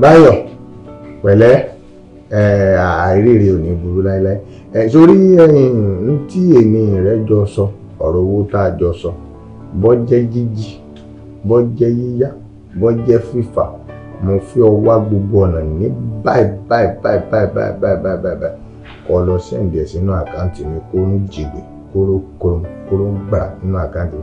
báyọ̀ pẹ̀lẹ́ àìríire ò ní burú láéláé sórí tí èmi rẹ jọ sọ ọ̀rọ̀ owó tá a jọ sọ bó jẹ́ jíjí bó yíyá fífà mo fi ọ wá gbogbo ọ̀nà ní báyìí báyìí báyìí báyìí báyìí báyìí kọ lọ sẹ́ǹdì ẹ̀ sínú àkáǹtì mi kó ń jìgbè kóró kóró gbà nínú àkáǹtì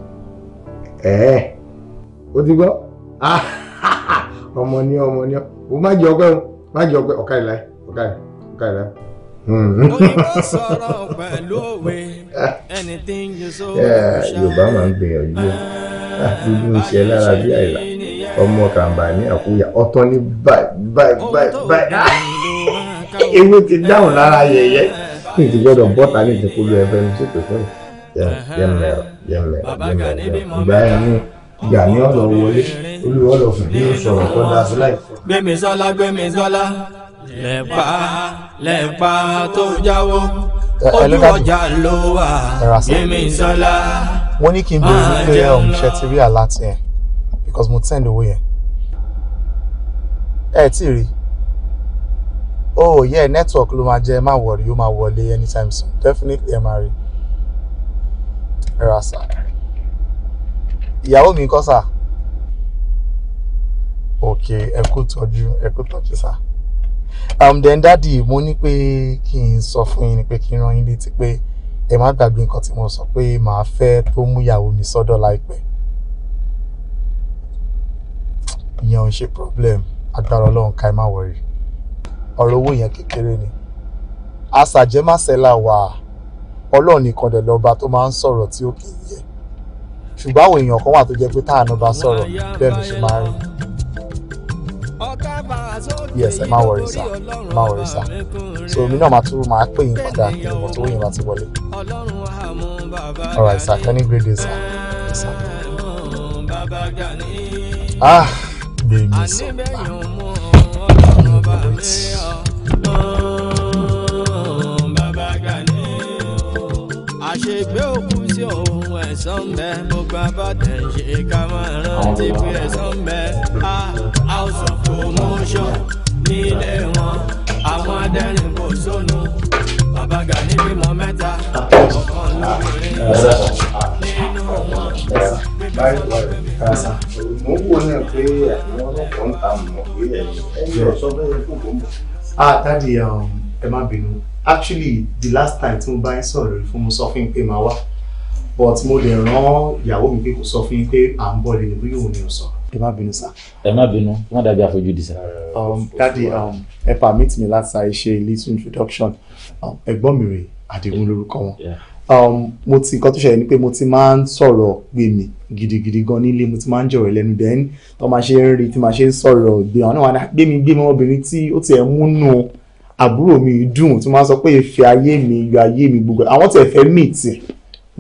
ọmọ ní ọmọ ní ọ má jẹ ọpẹ́ o má jẹ ọpẹ́ ọkà ìlà ọkà ìlà ọkà ìlà. Hmm. onímọ̀ sọ̀rọ̀ pẹ̀lú òwe anything you so ṣe. yorùbá máa ń gbìyànjú ah, ah, dúdú ń ṣe lára bí àìlà ọmọ kàǹbà ní àkúyà ọ̀tọ̀ ní báyìí báyìí báyìí báyìí ah, ewé ti dáhùn lára yẹyẹ ní ti gbọ́dọ̀ bọta ní ìdínkù lóyún ẹgbẹ ní ṣètò fún yẹn yẹn mẹrọ yẹn mẹrọ yẹn mẹrọ ìgbà ní gbà ní ọ̀nà wọlé olúwa ọlọ́fin ní ìṣòro tó dáa sí láìpẹ́. gbẹmísọ́lá gbẹmísọ́lá lẹ́pa lẹ́pa tó jáwọ́ ojú ọjà ló wà gbẹmísọ́lá. wọ́n ní kí n bèrè wípé ẹ̀ ń ṣe ti rí àlá tiẹ̀ because mo tẹ̀ lówó yẹn. ẹ tí rí oh yeah network ló máa jẹ ẹ má wọrí ó máa wọlé anytime soon definitely ẹ máa rí ẹ rà sáà ìyàwó mi kọ́ sà ok ẹ kú tọ́jú ẹ kú tọ́jú sà um, then dadi mo ní pé kí n sọ fún yín ni pé kí n rán yín létí pé ẹ má gbàgbé nǹkan tí mo sọ pé màá fẹ́ tó mú ìyàwó mi sọ́dọ̀ láìpẹ́ ìyẹn ò ń ṣe problem agbára ọlọ́run ká ẹ má wọrí ọ̀rọ̀ owó yẹn kékeré ni àṣàjẹmásẹ́là wà ọlọ́run nìkan dẹ̀ lọ́ba tó máa ń sọ̀rọ̀ tí ó kì í yẹ ṣùgbọ́n àwọn èèyàn kan wà tó jẹ́ pé táànù bá sọ̀rọ̀ bẹ́ẹ̀ ló ṣe máa rí yes ẹ má wọrí sá ẹ má wọrí sá so èmi náà máa tún máa pè yín padà kí ni mo tó yín láti wọlé alright sá kẹ́ni great day sá sá. ah gbèmí sọ pa gbèmí. àṣegbè ẹ̀sán mẹ́ mo gba bàtẹ̀ ṣe ká máa rántí pé ẹ̀sán mẹ́ a house of promotion nílé wọn àwọn adẹ́rìn kò sónú bàbá Gani bímọ mẹ́ta ọ̀kan lóbìnrin nínú wọn báyìí wà lórí káàsà mo wò náà pé àwọn ọlọ́pàá ń ta mọ̀ pé ẹ̀yìn ọ̀sọ́ bẹ́ẹ̀ kò kò mọ̀. ah dadi um, ẹ má bínú actually the last time tí mo bá ń sọ̀rọ̀ fún mo sọ fún pé màá wá but mo lè rán ìyàwó mi pé kò sọ fún yín pé à ń bọ̀ lẹ́nu bóyá òun ni ò sọ. ẹ má bínú sá. ẹ má bínú ẹ má dàbí àfojúdi sá. Um, dadi um, ẹ permit mi láti ṣe ṣe little introduction um, ẹ̀gbọ́n mi rèé Àdìgún lórúkọ wọn mo ti nǹkan tó ṣẹlẹ̀ ni pé mo ti máa ń sọ̀rọ̀ gbé mi gidigidi gan nílé mo ti máa ń jọ̀rọ̀ lẹ́nu dẹ́n tó máa ṣe ń rí tí máa ṣe ń sọ̀rọ̀ gbé wọn náà wà ní gbé mi gbé mi ọmọbìnrin tí ó tiẹ̀ múnú àbúrò mi dùn tí máa sọ pé ìfẹ́ ayé mi iyọ̀ ayé mi gbogbo àwọn tiẹ̀ fẹ́ mìtì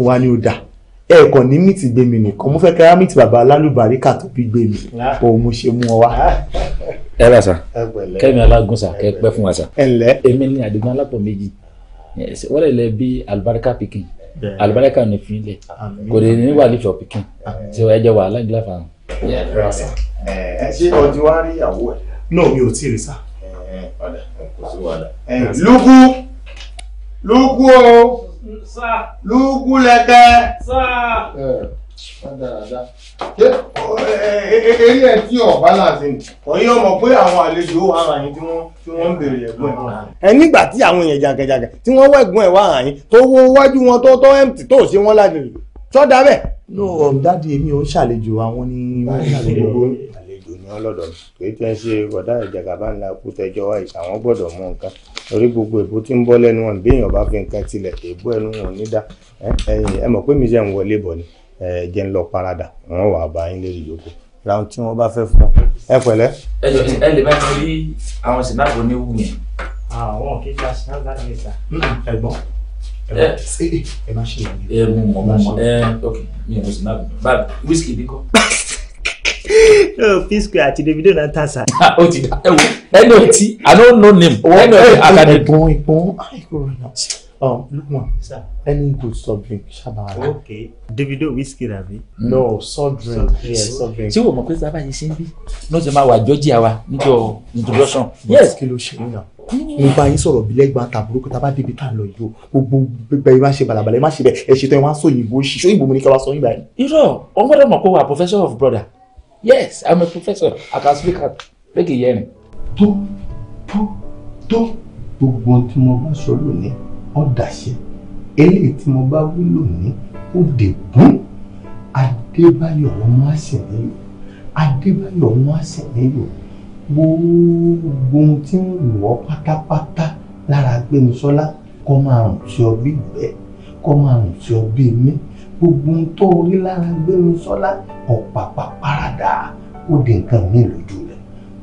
mo wá ní ó dà ẹ̀ẹ̀kan ní mìtì gbé mi nìkan mo fẹ́ kẹ́rá mìtì bàbá alálùbáríkà tó bí gbé mi òun ah. mo ṣe mú ọ wá. ẹ bá sa kẹ́mi alágún sa kẹ́ pẹ́ fún wa sa. ẹnlẹ́ èmi ni àdìgún alápọ̀ méjì wọ́n lè lẹ bí alùbáríkà pikin alùbáríkà ní fi lẹ̀ kò lè ní wà nífẹ̀ẹ́ pikin ṣé ẹ jẹ́ wàhálà ìdílé àfààní. ẹ ṣe ọjọ́ wa rí ìyàwó ẹ̀. náà mi ò tí ì rí sá. lukú lukú o lukulẹkẹ. eré ẹ e, e, e, tí ọba láti ní ọyẹ ọmọ pé àwọn àlejò wà àyìn tí wọ́n tí wọ́n ń béèrè ẹ̀gbọ́n ẹ. ẹ nígbà tí àwọn èèyàn jàǹkàjàǹkà tí wọ́n wẹ̀gbọ́n ẹ̀ wá àyìn tó wo wájú wọn tó tọ́ ẹ̀mtì tó ṣe wọ́n lálejò sọ́dà bẹ́ẹ̀. no um, dáàdi èmi ò ń ṣàlejò àwọn ni wọ́n ń ṣàlejò àlejò ni ọlọ́dọ̀ torí gbogbo èbó tí ń bọ́ lẹ́nu wọn béèyàn bá fi nǹkan tilẹ̀ èbó ẹnu wọn nídá ẹ̀yin ẹ mọ̀ pé mi jẹ́ ń wọlé bọ̀ ni ẹ jẹ́ ń lọ parada wọn wà bá yín lérí yòókù ráhùn tí wọ́n bá fẹ́ fún ẹ pẹ̀lẹ́. ẹ jọ ẹ lè bá mi rí àwọn sinapu oníwù yẹn. àwọn kì í ta sinapu láti lè ta ẹ̀gbọ́n ẹ ẹ má ṣe ìwé. ẹ mú mọ mọ ẹ ok mi ò sinapu báyìí wíṣkì bí kọ́. Oh, p square àti davido náà tà sá. o ah, ti da ẹ wo ẹni o ti i don't know name ẹni o ti akadé. ìbọn ìbọn lukman any good soft drink ṣàbàrà. okay davido whiskey rabi. no hmm. soft drink yes soft drink. ṣé o mọ̀ pé sábà yìí ṣe ń bí lọ́sẹ̀ máa wà jọ́jì àwa níjọ introduction. yes kí ló ṣe é náà mo bá yín sọ̀rọ̀ bí lẹ́gbàá tàbúrò kí tábà débi tá à ń lọ yìí o gbogbo bẹ́ẹ̀ má ṣe balabala ẹ má ṣe bẹ́ẹ̀ ẹ ṣètò ẹ wá sọ òyìnbó ṣiṣọ́ ìbò mo ní kí wá sọ yín báyìí. irọ́ ọgbọ́dọ̀ mọ̀ kó wà professor of brother Yes, I'm a professor. I can speak at make it hearing. Tó tó tó gbogbo ohun tí mo bá sọ lónìí, ó dàṣẹ. Eléyìí tí mo bá wí lónìí, ó dègún. Adébáyọ̀ ọmọ àṣẹ̀lẹ́yọ̀. Adébáyọ̀ ọmọ àṣẹ̀lẹ́yọ̀. Gbogbo ohun tí ń lù ọ́ pátápátá lára Gbémisọ́lá kọ́ máa rùn sí ọ bí ìgbẹ́, kọ́ máa rùn sí ọ bí imí gbogbo ohun tó rí lára gbẹ̀mí sọ́lá ọ̀pàpà parada ó di nǹkan míì lójú rẹ̀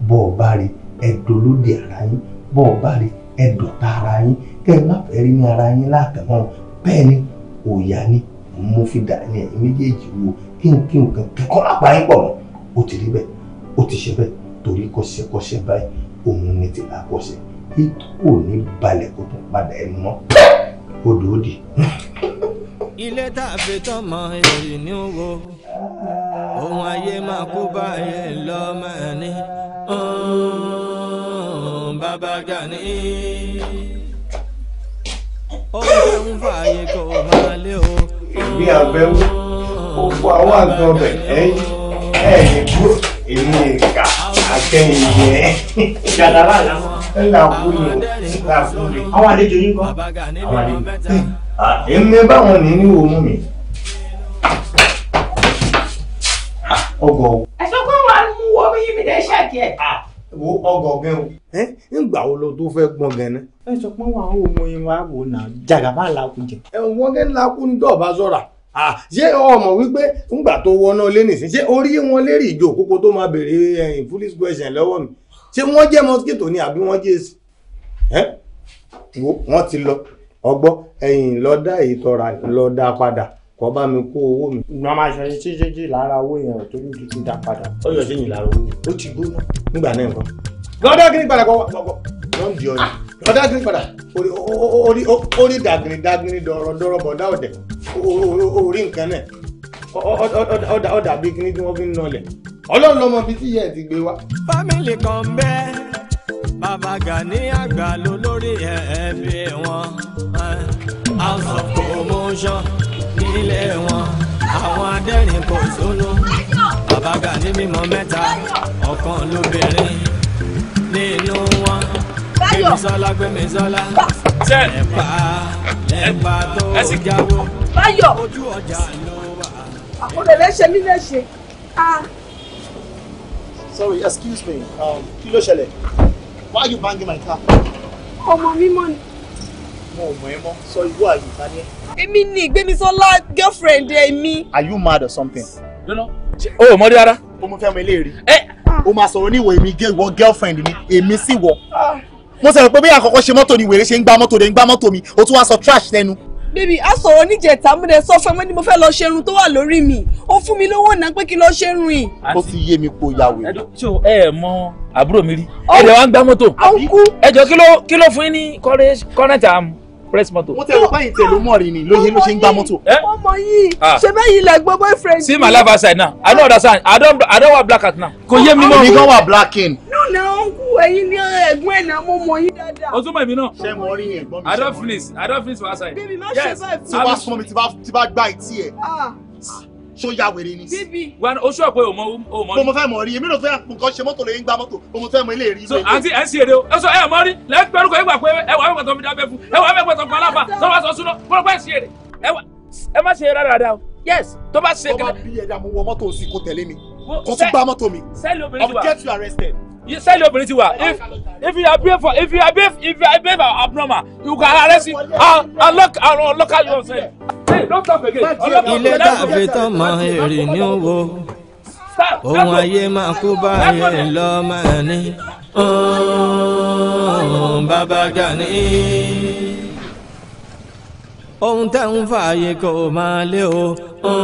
bọ́ ọ bá rí ẹ̀dọ́ lóde ara yín bọ́ ọ bá rí ẹ̀dọ̀ ta ara yín kẹ́ ẹ má fẹ́ rí ní ara yín láàkàmọ́ bẹ́ẹ̀ ni òòyà ni mo fi dà ní ẹ̀yìn méjèèjì wo kí n kí n kan kẹ́kọ̀ọ́ lápá yín pọ̀ mọ́ ó ti rí bẹ́ẹ̀ ó ti ṣe bẹ́ẹ̀ torí kọ́ṣẹ́kọ́ṣẹ́ báyìí òun ni ti là kọ́ṣẹ́ kí kò ní balẹ̀ kó tó padà ẹnu mọ́ odò ó dì ilé tá a fi tọmọ èrè ní wo ohun ayé máa kú báyé lọ́mọ ẹni bàbá Gani. ó ń fààyè kò máa lé o. ìgbé àbẹ̀wò ó fọ àwọn àgbọ̀bẹ̀ ẹ̀yìn ẹ̀ẹ́dì kúrò èmi ìka àtẹ̀yìn yẹn. ìjàdá bá àná. báwọn ní ní wo mú mi. ọgọ o. ẹ̀sọ́ pé wàá mú wọ bí yìí mi dẹ́ ṣàkí ẹ̀. wo ọgọ gẹ o. ẹ ńgbà wo lo tó fẹ́ gbọ́n gan ẹ sọ pé wàá wò mo yín wá wò náà jàgàbá làákù jẹ. ẹ̀wọ̀n gẹ́ làákù bá sọ̀rọ̀ ṣé ọmọ wípé fúngbà tó wọná lé nìsín ṣé orí wọn lérí ìjọ òkókó tó máa béèrè ẹ̀yìn foolish question lọ́wọ́ mi ṣé wọ́n jẹ́ mosquito ni àbí wọ́n jẹ́ èsì wọ́n ti lọ ọgbọ́ ẹ̀yìn lọ́dá èyí tọ́ra lọ́dá padà kọ́ bá mi kó owó mi. ìgbà máa ṣe jíjíjí lára owó yẹn tó ní tuntun dá padà. ó yọ sí ìyìn lára owó ó ti gbóná nígbà náà nǹkan. lọ́dọ̀ kí ni padà kọ́ wọ́n di ọ̀nà ọ̀dà green padà orí dàgìrìdàgìrì dọ̀rọ̀dọ̀rọ̀ bọ̀dá ọ̀dẹ̀ orí nǹkan náà ọ̀dà kíní tí wọ́n fi ń nọlẹ̀ ọlọ́run lọ́mọ bíi tíyẹ̀ ti gbé wá. fámìlì kan bẹ́ẹ̀ bàbá Gani àgbà ló lórí ẹ̀ẹ́bí wọn house of promotion nílé wọn àwọn adẹ́rìn kò sóló bàbá Gani mímọ mẹ́ta ọ̀kan lóbìnrin gbémisọ́lá gbémisọ́lá lẹ́pa lẹ́pa tó jáwọ́ ojú ọjà ló wà. àkọlẹ̀ rẹ̀ ṣe mí sorry excuse me um, kí ló ṣẹlẹ̀ why are you banging my car. ọmọ mi mọ ni. mo ò mọ̀ ẹ́ mọ́ sọ irú àyè ta ni ẹ. èmi ni gbémisọ́lá girlfriend ẹ̀ mi. are you mad or something. o ò mọ̀ rí rárá. o mo fẹ́ mọ ilé rí. Eh! o máa sọ̀rọ̀ ní ìwọ èmi ìwọ girlfriend ni èmi sì wọ mo sọ̀rọ̀ pé bí àkọ́kọ́ ṣe mọ́tò ni wèrè ṣe ń gba mọ́tò rẹ̀ ń gba mọ́tò mi o tún wá sọ trash lẹ́nu. bébì a sọ̀rọ̀ níjẹta mo dẹ̀ sọ fún ẹmọ́ ni mo fẹ́ lọ ṣerun tó wà lórí mi ó fún mi lówó náà pé kí n lọ ṣerun yìí. ó ti yé mi kó ya wèrè. ṣé ẹ mọ àbúrò mi rí ẹ lè wá ń gba mọ́tò ẹ jọ kí ló fún yín ní kọ́rẹ́tà press moto. mo tẹ ọ báyìí tẹ ló mọ rí ni lóye ló ṣe ń gbá mọ́tò. ọmọ yìí ah. ṣe bẹ́yìí ilẹ̀ gbọ́ boyfriend. see my life outside now i no understand i don i don wa black out now. kò yé mi mọ́ mi gan wa blacking. no no ẹ̀yin ní ẹ̀gbọ́n ẹ̀ náà mo mọ̀ yín dáadáa. o tún mọ̀ èmi náà. ṣé mo rí ẹ̀gbọ́n mi ṣe mo rí. i don finish i don finish for outside. bíbí náà ṣe báyìí. tí bá súnmọ́ mi tí bá gbá etí ẹ̀ ah. ṣó ya wèrè ni. bíbí. wa o ṣọ pé o mọ o mọ. mo fẹ́ mọ̀ rí èmi ló fẹ́ nǹkan ṣe mọ́tò lóyún gba mọ́tò mo fẹ́ mọ ilé rí. so àǹtí ẹ sì èrè o ẹ sọ ẹ mọ rí lẹ́gbẹ̀rún kan ẹ gbà pé ẹ wà mẹ́gbẹ̀tọ̀ mi dábẹ́ fún ẹ wà mẹ́gbẹ̀tọ̀ kan alábà sọ wá sọ súná mo fẹ́ sí èrè ẹ má ṣe eré dáadáa o yes tó bá ṣe kẹlẹ. tó bá bí ẹ̀dá mo wọ mọ́tò sí kó tẹ̀lé mi kó tún gbá mọ́tò mi. sẹ́ẹ̀lì obìnrin ti wà. I will get you arrested sẹ́ẹ̀lì obìnrin ti wà if if you abuse for if you abuse if you abuse for abnormal you can arrest him and ah, and ah, lock and ah, lock out yourself. ilé tàbí tán mọ èrè ní owó ohun ayé máa kú báyìí lọ máa ní bàbá Gani. ohun tẹ́ ń fààyè kò máa lé o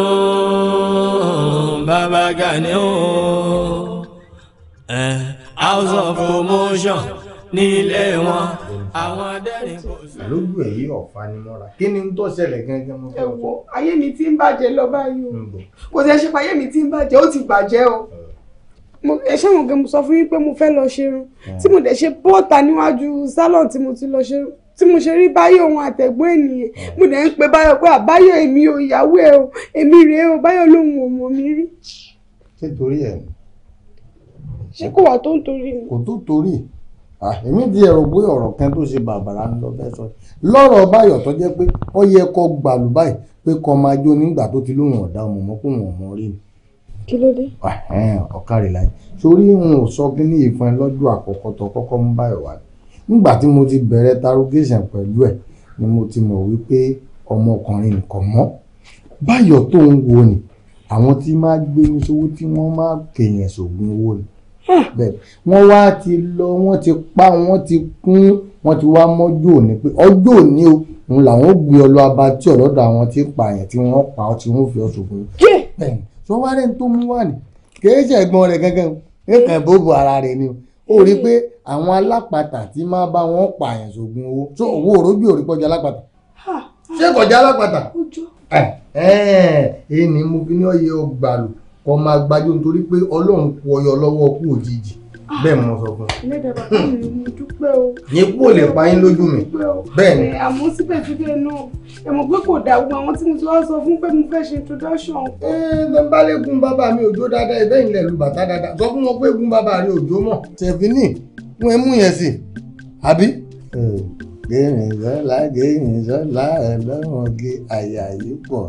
bàbá Gani o. Eh house of promotion nílé wọn àwọn adẹ́rìn kò sùn. lójú èyí ọ̀fà ni mo ra kí ni n tó ṣẹlẹ̀ gangan mo fẹ́ wọ. ayé mi ti ń bàjẹ́ lọ báyìí o kò sí ẹṣẹ́ ayé mi ti ń bàjẹ́ ó ti bàjẹ́ o ẹṣẹ́ wọn gan mo sọ fún yín pé mo fẹ́ lọ ṣerun tí mo dẹ̀ ṣe bọ́ọ̀tà níwájú salon tí mo ti lọ ṣerun tí mo ṣe rí báyọ̀ òun àtẹ̀gbọ́n ènìyàn mo dẹ̀ ń pe báyọ̀ pé àbáyọ̀ èmi ò ìyàwó ẹ̀ o èmi rèé o báyọ̀ lòun ò mọ̀ mi rí. nítorí ẹ̀ ṣé kò wá tó ń torí ni. kò tó torí èmi di ẹ̀rọ bóyá ọ̀rọ̀ kan tó ṣe bàbàrà ń lọ bẹ́ẹ̀ sọ lọ́rọ̀ báyọ̀ tó jẹ́ pé ó yẹ kó gbàlù báyìí pé kó máa jó nígbà tó ti lóhùn ọ̀dà ọmọ mọ́ kó wọn mọ́ rí ni. kí ló dé. ọ̀kàrẹ̀ láyé torí n ò sọ kí ní ìfọn lọ́jọ́ àkọ́kọ́ tó kọ́kọ́ ń báyọ̀ wá nígbà tí mo ti bẹ̀rẹ̀ tarugation pẹ̀lú ẹ̀ ni mo ti mọ̀ wípé ọmọkùnrin nìkan mọ́ ni àwọn tí máa wọ́n wá ti lọ wọ́n ti pa wọ́n ti kún wọ́n ti wá mọ́jú òní pé ọjọ́ òní o òun làwọn ò gbé ọ lọ abatí ọ̀lọ́dọ̀ àwọn tí pààyàn tí wọ́n pa ọ tí wọ́n fi ọ ṣòfò. sọ wá rẹ̀ ń tó mú wà ní kìí ṣe ẹ̀gbọ́n rẹ̀ gangan nǹkan bóbó ara rẹ̀ ni o rí i pé àwọn alápatà tí máa bá wọn pààyàn ṣògùn owó tó owó òrójú òrí kọjá alápatà ṣé kọjá alápatà ẹ ẹ ẹ ní mo fi ní ọyẹ ọgbà lò kó máa gbájú nítorí pé ọlọ́run kú ọyọ lọ́wọ́ kú òjijì ah. bẹ́ẹ̀ mo sọ fún un. ẹlẹ́dàá bàbá mi mo dúpẹ́ o. yín kò lè pa yín lójú mi. bẹ́ẹ̀ ni. Eh, àmọ́ síbẹ̀síbẹ̀ náà ẹ mọ̀ pé kò dà gbogbo àwọn tí mo ti wá sọ fún pé mo fẹ́ ṣe introduction. ẹ eh, ẹ bá lè gun bàbá mi òjò dáadáa ẹ bẹ́ẹ̀ ń lẹ̀ lu bàtà dáadáa sọ fún wọn pé gun bàbá rẹ òjò mọ̀. tẹ̀fínì fún ẹ yẹn sí àbí. gẹ̀yìn sọ́la gẹ̀yìn sọ́la ẹ̀ lọ́wọ́ gé àyà yìí pọ̀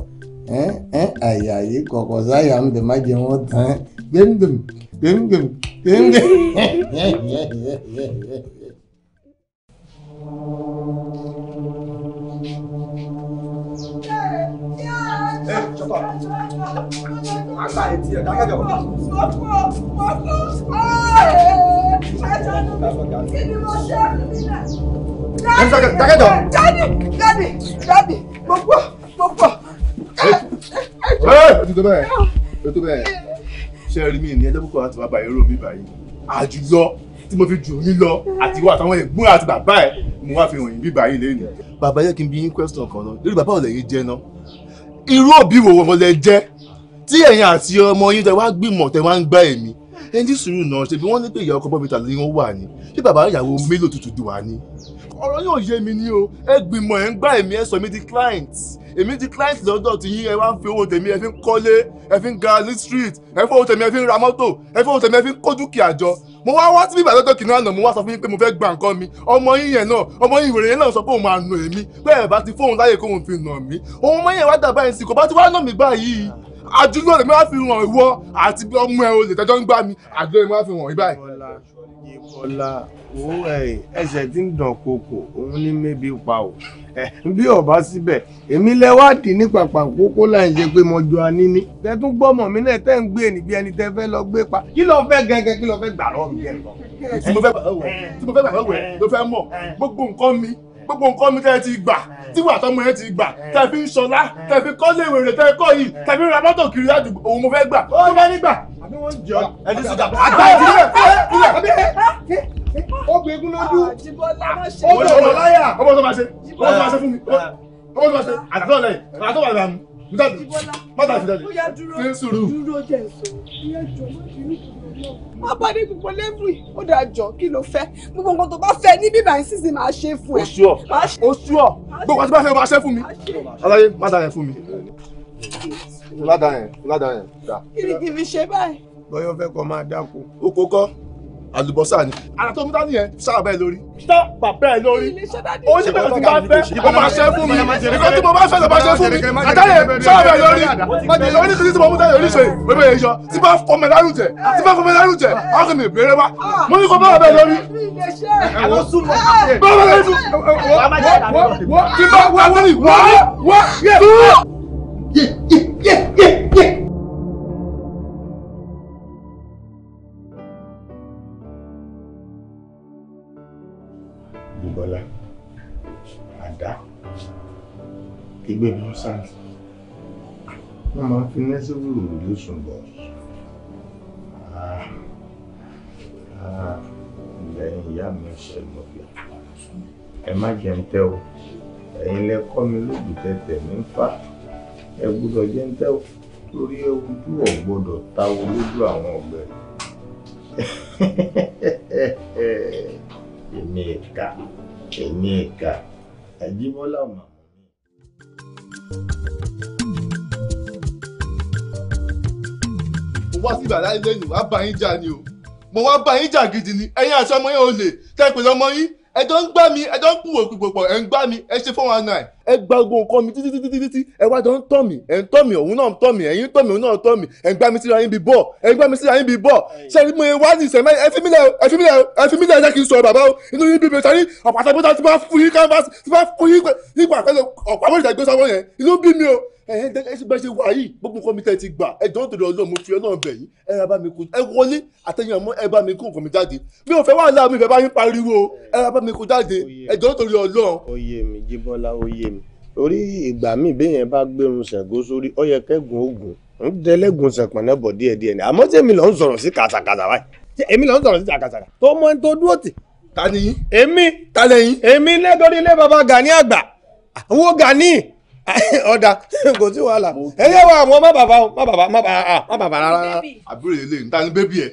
àyà yìí kọ̀kọ̀ sáyà ń bẹ̀ má jẹ́ wọ́n tán gbẹ̀ngbẹ̀m gbẹ̀ngbẹ̀m gbẹ̀ngbẹ̀m. Daddy, daddy, daddy, daddy, daddy, daddy, daddy, daddy, ó ti tó bẹ́ẹ̀ ó tó bẹ́ẹ̀ ṣe rí mi ní ẹjọ́ púpọ̀ láti bàbá èrò mi báyìí àjùlọ tí mo fi jù yín lọ àti wà táwọn ẹ̀gbọ́n àti bàbá ẹ̀ mo wá fi hàn yín bí báyìí lẹ́yìn. bàbá yẹ kí n bi yín question kan náà lórí bàbá ọ̀lẹ́ yín jẹ́ náà irú òbí wo wọn lẹ jẹ́ tí ẹ̀yin àti ọmọ yín tẹ wá gbìmọ̀ tẹ wá ń gbá èmi ẹni sùúrù náà ṣe bí wọ́n ní pé ìyá ọkọ bọ́bí tàbí wọ́n wà ní bí bàbá ìyàwó mélòó tutù dùn wá ní. ọ̀rọ̀ yóò yé mi ní èmi ti client lọ́dọ̀ tí yín ẹ wá ń fi owó tèmi ẹ fi ń kọ́lé ẹ fi ń ga ní street ẹ fi owó tèmi ẹ fi ń ra mọ́tò ẹ fi owó tèmi ẹ fi ń kó dúkìá jọ mo wá wá síbí ìbàdàn kìnìún àná mo wá sọ fún yín pé mo fẹ́ gba nǹkan mi ọmọ yín yẹn náà ọmọ yín ìwèrè yẹn náà sọ pé òun máa nà èmi pé ẹ̀ bá ti fóun láyè kóun fi nà mí òun mọ̀ yẹn wá dàbá yẹn sì kò bá ti wá nà mí báyìí àdúrà lèmi wá fi hàn ìwọ àti ọmọ ẹ olè tẹjọ ń gbá mi àdúrà lèmi wá fi hàn ibà yìí. Yèkọ́lá wo ẹ̀ṣẹ̀ tí ń dàn koko òun ní mébi pa o bí ọba síbẹ̀ èmi lẹ́wádìí ní pàpàkókó láì ṣe pé mo jọ aníní. tẹ tún gbọ́mọ mi náà tẹ́ ń gbé níbi ẹni tẹ́ fẹ́ lọ gbé pa kí ló fẹ́ gẹ́gẹ́ kí ló fẹ́ gbà lọ́wọ́ mi yẹn lọ. tí mo fẹ́ gbà lọ́wọ́ ló fẹ́ mọ̀ gbogbo nǹkan mi gbogbo nǹkan mi tẹ́ ti gbà tíwà tọmọ yẹn ti gbà tẹ́ ń ṣọlá tẹ́ fi kọ́ léwé rẹ̀ tẹ́ kọ́ yìí tẹ́ ra mọ́tò kiri àdúgbò òun mo fẹ́ gbà tó bá nígbà. àbí wọ́n jẹ́ ẹ ti sùn dàbọ̀. àgbà ìdílé ilẹ̀ obìnrin lójú obìnrin lọ́yà ọmọ tó máa ṣe ọmọ tó máa ṣe fún mi ọmọ tó máa ṣe àdàtọ̀ lẹ́yìn àdàtọ̀ wà lẹ́yìn jáde mọ́tà sí jáde ní sùúrù. má bá gbogbo lẹ́bùrì ó dáa jọ kí ló fẹ́ gbogbo nǹkan tó bá fẹ́ ní bíbá yìí sísìn máa ṣe fún ẹ. oṣù ọ oṣù ọ gbogbo àti bá fẹ́ máa ṣe fún mi aláyé má dáa yẹn fún mi. ládàá yẹn ládàá yẹn kí ni kí n fi ṣe báyìí. lọ́yọ̀ fẹ́ kọ́ máa dáko. oko kọ́ àlùbọ́sà ni ara tó mú dání yẹn sábà ẹ lórí. sá bàbá ẹ lórí ó ní bẹ́ẹ̀ tí bá fẹ́ ó máa ṣe fún mi nǹkan tí mo bá fẹ́ lọ bá ṣe fún mi àtàlẹ́ sábà ẹ lórí oníkìlì tí mo mú dání oníṣòyè bébè yẹn yọ tí bá fọ mẹ lárú jẹ tí bá fọ mẹ lárú jẹ á kò bèrè wa mo ní kó bá bàbá ẹ lórí. bàbá ẹ lórí wọ́n ti bá wọ́n wọ́n wọ́n wọ́n. Igbe Nonsense. Wọ́n máa fi Nẹ́sìbù ló sùn bọ̀. Ah, ah, Lẹ́yìn ìyá mi ṣe mọ̀ bí ẹ má jẹun tẹ́ o. Ẹ̀yin lẹ kọ́ mi lóògùn tẹ̀tẹ̀ mi ń fà. Ẹ gbọ́dọ̀ jẹun tẹ́ o. Lórí ewu tí ò gbọ́dọ̀ táwo lójú àwọn ọ̀gbẹ́. Èmi ìka, èmi ìka, Àjíbọ́lá ọ̀mà mo wá sí ìbàdàn lẹ́yìn wá bá yín jà ni o mo wá bá yín jà gidi ni ẹ̀yin àti ọmọ yẹn ò lè tẹ́ pẹ̀lú ọmọ yín ẹjọ́ ń gbá mi ẹjọ́ ń pùwò pùpọ̀ ẹ̀ ń gbá mi ẹ ṣe four one nine ẹ gba gbogbo nǹkan mi títí títí títí ẹ wá jọ ń tọ̀ mí ẹ̀ ń tọ̀ mí òun náà ń tọ̀ mí ẹ̀yin ń tọ̀ mí òun náà ń tọ̀ mí ẹ̀ ń gbá mi síra yín bí bọ̀ ẹ̀ ń gbá mi síra yín bí bọ̀ ṣé mo wá ní ìṣẹ̀mẹ́ ẹ fi mí lẹ̀ ẹ fi mí lẹ̀ ẹ fi mí lẹ̀ ẹ jẹ́ kí n sọ̀rọ̀ bàbá o inú yín bí mi sáré ọ̀pá tí máa fún yín canvas tí máa fún yín nípa àpẹẹrẹ ọ̀pá mọ́tò ìgbésọ wọn yẹn inú bí mi o ẹ ẹ bẹ ṣe wà yìí gbogbo nǹkan mi tẹ ti gbà ẹ jọ́n tòdò ọlọ́run mo fi ọlọ́run bẹ̀ yín ẹ ra bá mi kó ẹ wọlé àtẹ̀yìn ọmọ ẹ bá mi kó nǹkan mi jáde mi ò fẹ́ wà láàmú ìfẹ́ bá yín pariwo ẹ ra bá mi kó orí ìgbà míì béèyàn bá gbẹrun ṣẹ̀gó sórí ó yẹ kẹ́gùn ogun ń dẹ́lẹ́gùn ṣẹ̀pọ̀nẹ́ bọ̀ díẹ̀díẹ̀ ni àmọ́ tèmi ló ń sọ̀rọ̀ sí kàtàkàtà báyìí èmi ló ń sọ̀rọ̀ sí kàtàkàtà tó mọ tó dúró tì. ta ni yín. èmi ta lẹ yín. èmi lẹ́dọ̀rí ilé baba Gani àgbà wo Gani ọ̀dà kò sí wàhálà ẹ̀yẹ́ wa àwọn má bàbá má bàbá má bàbá rárá. àbúrò ilé ta ni bébì ẹ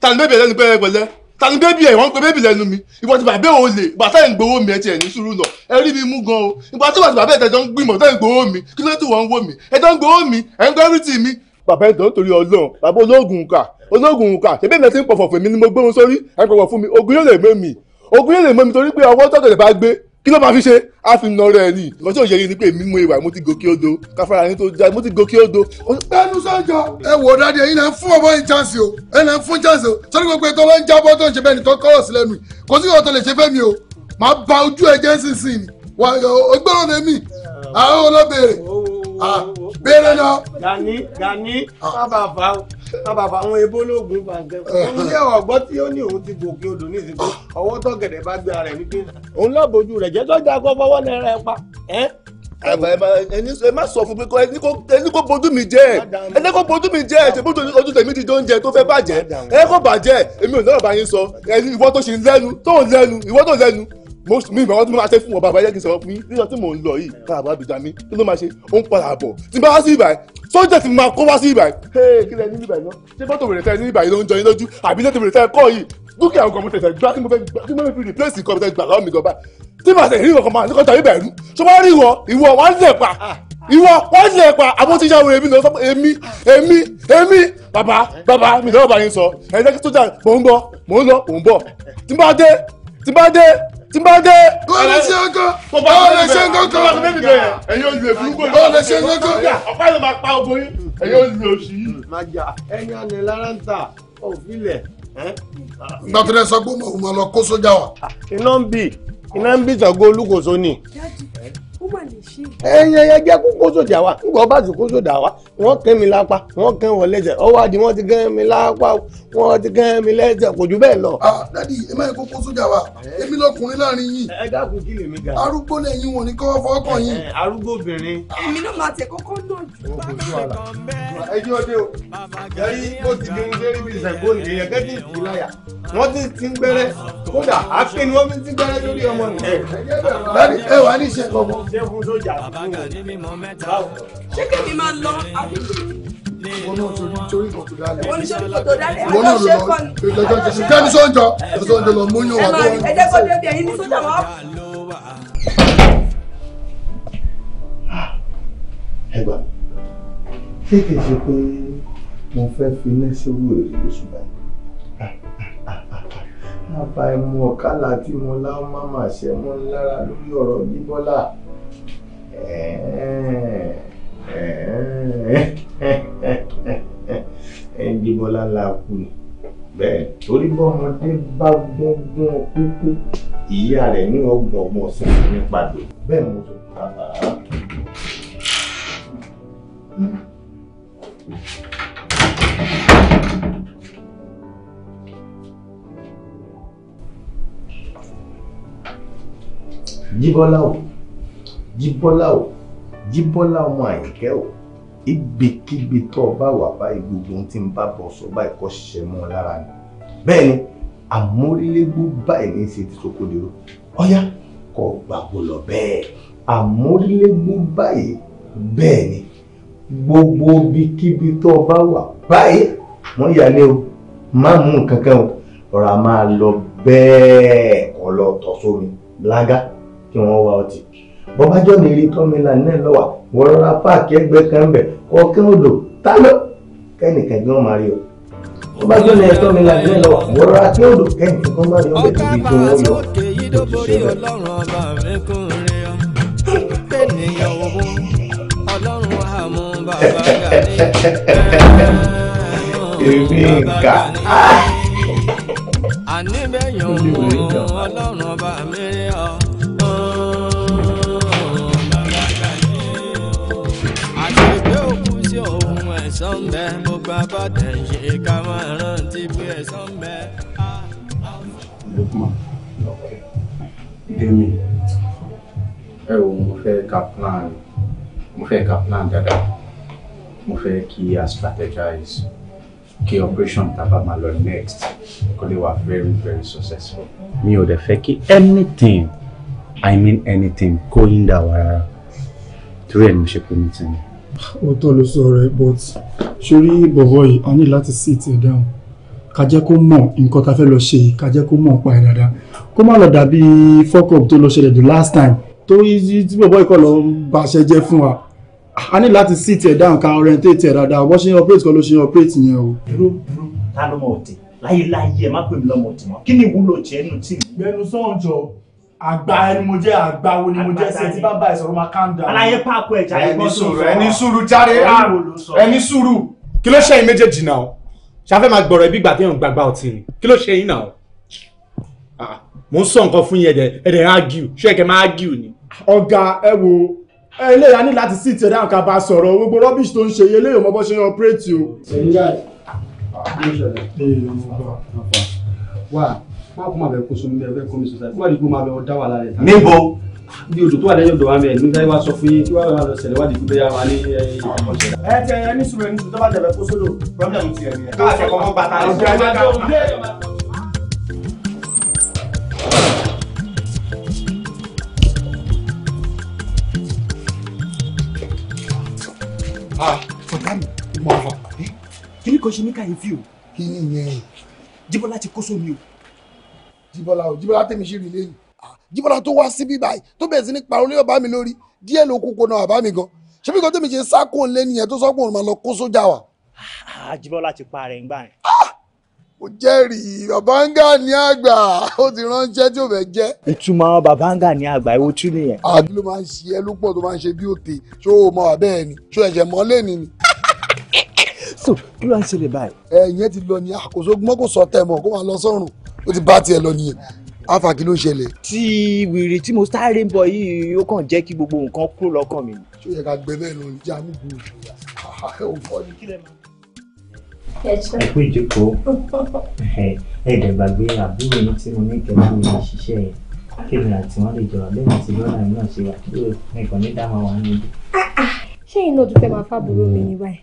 ta ni bébì ẹ lẹ́nu pẹ́ẹ́pẹ́lẹ́ ta ni bébì ẹ̀ wọ́n ń pe bébì lẹ́nu mi ìwọ ti bàbá ò lè ìgbà táyà ń gbowó mi ẹ ti ẹ̀ ní sùúrù lọ ẹ rí mi mú gan o ìgbà tí wàá ti bàbá ẹ̀ tẹ̀jọ́ ń gbìmọ̀ táyà ń gbowó mi kí ló dé tí wọ́n ń wò mí ẹ̀jọ́ ń gbowó mi ẹ̀ ń gbẹ́rù tì mí. bàbá ẹ̀ dán torí ọlọ́run bàbá olóògùn kà olóògùn kà ṣebí mi ti ń pọ̀fọ̀ fèmí ni mo gbóhun sórí ẹ̀ pọ̀fọ̀ fún mi ogun yóò lè mọ́ mi ogun yóò lè mọ́ mi torí pé ọwọ́ tọ́tọ̀ lè bá gbé kí ló máa fi ṣe á fi nà ọ̀rẹ́ ẹ ní ìmọ̀ tí òye yìí ni pé mímú ìwà mo ti gòkè odò káfárà yín tó já mo ti gòkè odò. ẹnu sọ́jọ́ ẹ wò dáadé ẹ̀yin náà ń fún ọmọ yìí chance o ẹ̀yin náà ń fún chance o sọ́ni gbogbo ètò ọlọ́run jábọ́ tó ń ṣe bẹ́ẹ̀ ni tó kọ́rọ̀ sílẹ̀ mi kò sí ìwọ̀n tó lè ṣe fẹ́ mi o máa ba ojú ẹ jẹ́ sísìn ọgbọ́n rẹ̀ mi àwọn olóbèrè ah, bẹ́ẹ̀rẹ̀ náà. gani gani má bàa fa wọn bàbá àwọn ebó lóògùn bàgẹ́ òun eh. ní ọ̀gbọ́n tí ó ní òun ti gòkè odò ní ìsìnkú ọwọ́ tọ̀gẹ̀dẹ̀ bá gbé ara ẹ̀ nígbè òun náà bójú rẹ̀ jẹ́ tó dá kó fọwọ́ náírà ẹ̀ pa ẹ má sọ fún mi kọ ẹni kò bójú mi jẹ ẹni kò bójú mi jẹ ṣe bójú ojú tèmi ti dóúnjẹ tó fẹ́ bàjẹ́ ẹni kò bàjẹ́ èmi ò lọ́rọ̀ bá yín sọ ẹni ìwọ tó ṣe lẹ́nu tó ń lẹ́nu ìwọ tó lẹ́nu mi ìmọ̀ ọdún máa ṣe fún wọn bàbá yẹ kí n sọ̀rọ̀ fún yín nígbà tí mò ń lọ yìí ká àbá mi kí ló máa ṣe ó ń padà bọ̀ tí bá wá sí ìbàyẹ̀ sọ́jà ti máa kó wá sí ìbàyí. kí lẹ ní ìbàyí náà ṣé bọ́tò wèrè tẹ ní ìbàyí ló ń jọ yín lójú àbí lẹ́tọ̀ wèrè tẹ kọ́ yìí dúkìá ọkọ̀ mo tẹ̀sẹ̀ gbá kí mo fẹ́ gbá kí mo fẹ́ fi replace ìkọ́ mi tẹ̀ gbà lọ́wọ́ mi gan báyìí tí màá tẹ̀ rí ìwọ̀ kan máa níkọ̀tà ìbàyí nù ṣé wọ́n rí ìwọ ìwọ wọ́n lẹ̀ pa ìwọ wọ́n lẹ̀ pa àbó ti yàwó èmi lọ sọ́kọ̀ èmi èmi èmi bàbá bàbá mi lọ́wọ́ bá yín sọ ẹ̀ẹ́dẹ́gbẹ́sọ́jà tí bá dé. bọ́ọ̀ lè ṣe ń kọ́ bọ́ọ̀ lè ṣe ń kọ́ kọ́. ẹ̀yin olè burúkú yìí. bọ́ọ̀ lè ṣe ń kọ́ kọ́. ọ̀pá yóò máa pa ogun yín. ẹ̀yin olè òṣì yìí. máa jà ẹ̀yin àná lára ń ta òfin ìgbà tó dẹ sọ pé mo lọ kó sójà wa. iná ń bì iná ń bì Ṣàngó Olúkòso ni ẹyin ẹyẹ jẹ kó kóso jà wá ńgbọ bá sì kóso dà wá wọn kàn mí lápá wọn kàn wọn lẹ́sẹ̀ ọwọ́ àdì wọn ti kàn mí lápá wọn ti kàn mí lẹ́sẹ̀ kò jù bẹ́ẹ̀ lọ. Ah, dadi ẹ má yẹ kó kóso jà wá èmi lọkùnrin láàrin yìí. Eh, ẹ dákun kí lèmi ga. arúgbó lẹ́yìn wọn ni kọ́ fọ́kàn yìí. arúgbó obìnrin. Ah. èmi ló máa tẹ kókó náà jù ẹjọ́ ọdẹ o yẹrí ó ti di oúnjẹ níbi ìṣàgbọ́n èèyàn kẹ́tì ìfúláyà wọ́n ti ti ń gbẹ́rẹ́ kódà àáké ni wọ́n ti ń lórí ọmọ nù. Eh, ẹ wà ní ìṣẹ̀kọ̀ bọ̀ ṣẹ́gun sójà fún un báwo. ṣé kèmí máa lọ àbíkú. Wọ́n náà tó ní torí kan tó dálẹ̀. Wọ́n ní sọ́ni kan tó náà lọ lọ́jọ́ ti sùn. Kẹ́ni lọ mú yín wà lọ́wọ́. Ẹ jẹ́ kó débi ẹ̀yin ní sọ́jà wá. Ah, ẹ gbà ṣé kìí ṣe pé mo fẹ́ fi iná ṣòwò èrè lóṣù báyìí àbá ẹmu ọ̀kálà tí mo lá máa ṣẹ́ mọ́ lára lórí ọ̀rọ̀ Bíbọ́lá ẹnjibọlá la kú ni bẹ́ẹ̀ torí bọ́mọdé bá gbọ́ngbọ́n kúkú ìyá rẹ̀ ní ọgbọ̀n ọgbọ̀n sọ̀rọ̀ nípa dò bẹ́ẹ̀ mo sọ bàbá. jíbọ́lá o jíbọ́lá o jíbọ́lá ọmọ àyìnkẹ́ o ibikíbi tó o bá wà báyìí gbogbo ohun tí ń bá bọ̀ sọ báyìí kọ́ ṣiṣẹ́ mọ́ lára ni bẹ́ẹ̀ ni àmórílégbó báyìí ní í ṣe ti sokodoro ọ̀yá kọ́ gbàgbọ́ lọ bẹ́ẹ̀ àmórílégbó báyìí bẹ́ẹ̀ ni gbogbo ibikíbi tó o bá wà báyìí wọ́n yà ní o má mú nǹkan kan o ọ̀rọ̀ a máa lọ bẹ́ẹ̀ kọ́ lọ tọ̀ sómi lágá kí wọ́n wá ọtí bọ́bájọ́ lè rí tọ́mìlà náà lọ́wà wọ́n rọra páàkì ẹgbẹ́ kan bẹ̀ kọ́ kí wọ́n lò tá lọ kẹ́nìkan gan máa rí o bọ́bájọ́ lè rí tọ́mìlà náà lọ́wà wọ́n rọra kí wọ́n lò kẹ́nìkan gan máa rí o bẹ̀ tóbi tó wọ́n lọ òṣìṣẹ́ rẹ̀. èmi nǹka àní bẹ́ẹ̀ yàn wọ́n ọlọ́run ọba mi rí ọ. bàtẹ̀ ṣe ká máa rántí pé a. Lukman Demi ẹ wo mo fẹ́ ka plan mo fẹ́ ka plan dáadáa mo fẹ́ kí a strategize kí operation taba máa lọ next kó lè wà very very successful. mi ò dẹ̀ fẹ́ kí anything i mean anything kó yín dà wá rárá torí ẹ̀ ni mo ṣe pé mi ti ní òótọ́ ló sọ rẹ̀ but sórí bọ̀bọ̀ yìí a ní láti sí ìtẹ̀ dáhùn ká jẹ́ kó mọ̀ nǹkan tá a fẹ́ lọ ṣe ká jẹ́ kó mọ̀ pa ẹ̀ dáadáa kó má lọ dàbí fuck tó lọ ṣẹlẹ̀ the last time tó tí bọ̀bọ̀ yìí kọ́ lọ bá ṣe jẹ́ fún wa a ní láti sí ìtẹ̀ dáhùn ká orientate ẹ̀ dáadáa bó ṣe ń operate kọ́ ló ṣe ń operate yẹn o. ta ló mọ òtí àgbà ẹni mo jẹ àgbà wo ni mo jẹ sẹ tí bá bá ìsọ̀rọ̀ máa calm down. aláyé páàkó ẹja ẹgbọ́n tó sọ ẹni suru jáde ah, ẹni sùúrù kí ló ṣe yín méjèèjì náà ṣáfẹ́ máa gbọ̀rọ̀ ibi ìgbà téèyàn gbàgbà ọ̀tí ni kí ló ṣe yín náà ah, mo ń sọ nǹkan fún yín ẹ̀dẹ̀ ẹ̀dẹ̀ argue ṣé ẹ̀kẹ́ máa argue ni. ọ̀gá ẹ wo eléyà ní láti sí ìtẹ̀dá nǹkan bá sọ̀rọ̀ gbogbo rubbish tó ń ṣe yé léyìn ọmọ bó ṣe ń operate o. ẹ̀yin gáà má kó máa bẹ kó sunmi bẹ kó mi sọ sáyé kó má di kó máa bẹ ọdá wà lára ẹ. níbo. bí odò tó wà lẹ́yìn odò wa mẹ́ nígbà yẹn wá sọ fún yín kí wàá lọ ṣẹlẹ̀ wádìí gbé yàrá ní ọ̀sẹ̀. ẹ tẹ ẹ ní sùúrù ẹ ní sùúrù tó bá jẹ bẹ kó sódò ah, eh, kí ni kò ṣe ní káyé fi o. kí ni yẹn. jíbọ́lá ti kó sómi o jíbọ́lá o jíbọ́lá tèmi ṣì rí lẹ́yìn ah, jíbọ́lá tó wá síbí báyìí tó bẹ̀rẹ̀ sí ní parun lé bàbá mi lórí díẹ̀ ló kókó náà bàbá mi gan ṣé bí kan tèmi ṣe sá kó lé nìyẹn tó sọ pé òun máa lọ kó sójà wa. Ah, jíbọ́lá ti pa rẹ̀ ń gbà yẹn. ó ah, jẹ́rìí babanga ní àgbà ó ti ránṣẹ́ tí ò fẹ́ jẹ́. ìtumọ̀ babanga ní àgbà ewu tún nìyẹn. àbí ló máa ń ṣe ẹ lópọ̀ tó máa ń ṣe bí òtè ṣó o mọ àbẹ́ẹ̀ ni so kí ló ń ṣẹlẹ̀ báyìí. ẹ̀yin ti lọ ní àkóso gbọ́n kò sọ tẹ̀ mọ́ kó máa lọ sọ́run ó ti bá tiẹ̀ lọ nìyẹn afa kí ló ṣẹlẹ̀. tí wèrè tí mo sáré ń bọ̀ yìí ó kàn jẹ́ kí gbogbo nǹkan kúrò lọ́kàn mi. ṣé yẹ ká gbẹ bẹ́ẹ̀ lọ ní jáàmù bù ú ọ̀fọ̀ ni kílẹ̀ máa. ẹ kú ìjókòó ẹ dẹ̀ gbàgbé àbúrò mi tí mo ní kẹ́kẹ́ mi ṣiṣẹ́ yẹn kébì àti wọn lè jọ abẹ́mi àti lọ́nà mi náà ṣe wà kí ló nìkan ní dáhùn àwọn àmì. ṣé iná ojú fẹ́ máa fàbúrò mi ní báyìí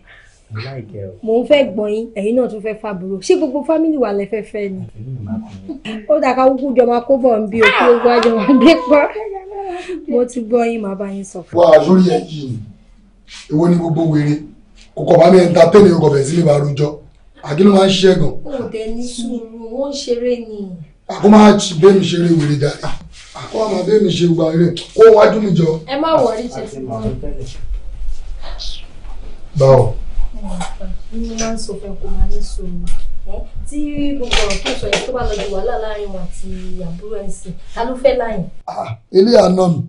mo ń fẹ́ gbọ́n yín ẹ̀yin náà tún fẹ́ fàbúrò ṣé gbogbo fámìlì wa lẹ fẹ́ fẹ́ ni ó dàka kúkú jọ máa kó bọ̀ ń bí òkú ogun àjọ wọn dé pọ́ mo ti gbọ́ yín màá bá yín sọ. wà á lórí ẹ yìí ni èwo ni gbogbo wèrè kò kọ̀ bá mi ẹ̀ńtà tẹ́lẹ̀ kò bẹ̀ sí ní ìbára ọjọ́ àkínú máa ń ṣiṣẹ́ gan. ó dẹ̀ ní sùúrù wọ́n ń ṣeré ni. àkó máa bẹ́ẹ̀ mi ṣeré wèrè dáadáa àkó máa bẹ́ẹ̀ ni mo máa ń sọ fún ẹ kó máa ní sùúrù tí gbogbo ọ̀rọ̀ tó sọ yẹn tó bá lọ di wàhálà láàrin wọn àti àbúrò ẹ̀ ta ló fẹ́ láyìn. Ah, ilé àná mi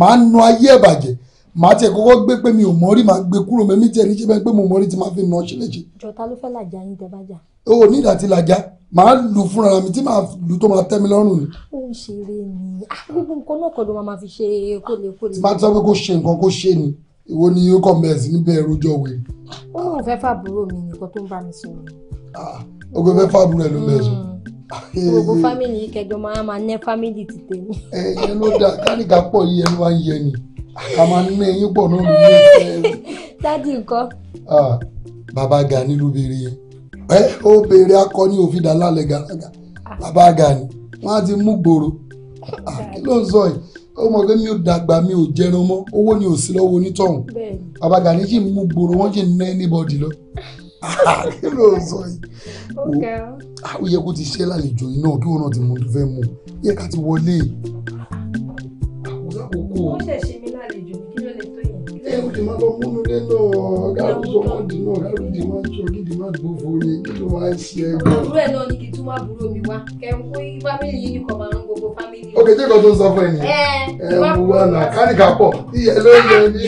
màá nu ayé ẹ̀ bàjẹ́ màá tiẹ̀ kọ́kọ́ gbé pé mi ò mọ́rí màá gbé kúrò mẹ́mí tiẹ̀ rí jẹ́bẹ́ pé mo mọ́rí tí màá fi nà ọ́ ṣeléṣe. jọta ló fẹ́ làjà yín tẹ bá o ní ìdàtí làjà màá lù fúnra mi tí màá lù tó máa tẹ́ mi lọ́rùn ni. ó ń ṣeré ni ah, gbogbo nǹkan náà kọ́ ló máa fi ṣe kólékólé. tí màá ti pé kó ṣe nǹkan kó ṣe ni ìwo ni yóò kàn bẹ̀rẹ̀ sí ní bẹ̀rẹ̀ rojọ́ wẹ̀. ó lóun fẹ́ fàbúrò mi nìkan tó ń bá mi sọ̀rọ̀. ogo ah, fẹ́ fàbúrò ẹ̀ ló bẹ̀rẹ̀ sọ. Hmm. gbogbo fámìlì yìí kẹjọ máa máa ná fámìlì ti tèmi. ẹyin ló dáa káríkà pọ̀ yìí ẹni wá ń yẹ ni a máa ná ẹyin pọ̀ náà ló yẹ. dádì nǹkan. Ah, bàbá Gani ló béèrè yẹn ẹ ó béèrè akọni òfin dàlálẹ̀ gàlágà bàbá Gani wọn á ti mú gbòòrò ah, kí ló ń sọ yìí ó mọ̀ pé mi ò dàgbà mi ò jẹran mọ́ owó ni ò sí lọ́wọ́ onítọ̀hún àbàgàní sì ń mú gbòòrò wọ́n sì ń ná anybody lọ kí ló ń sọ yìí ó yẹ kó ti ṣe lálejò yìí náà kí wọn náà ti mú un tó fẹ́ mú un yẹ ká ti wọlé àkókò. wọ́n ṣẹ̀ṣẹ̀ mi lálejò kí ló lè tó yẹn. ẹ kò tí máa lọ múnú lé náà gárùjọ máa dì náà gárùjì máa ń sọ gidi máa gbófo yẹn kí ló máa ń ṣe ẹgbẹ́. òwúrọ̀ náà ni kí tún wá burú mi wá kẹ́ ń kó bámílì yìí nìkan máa ń family. ok tí nǹkan tó ń sọ fún ẹ nìyẹn ẹ wù wá nà káníkà pọ̀ iye ló ń lọ ní.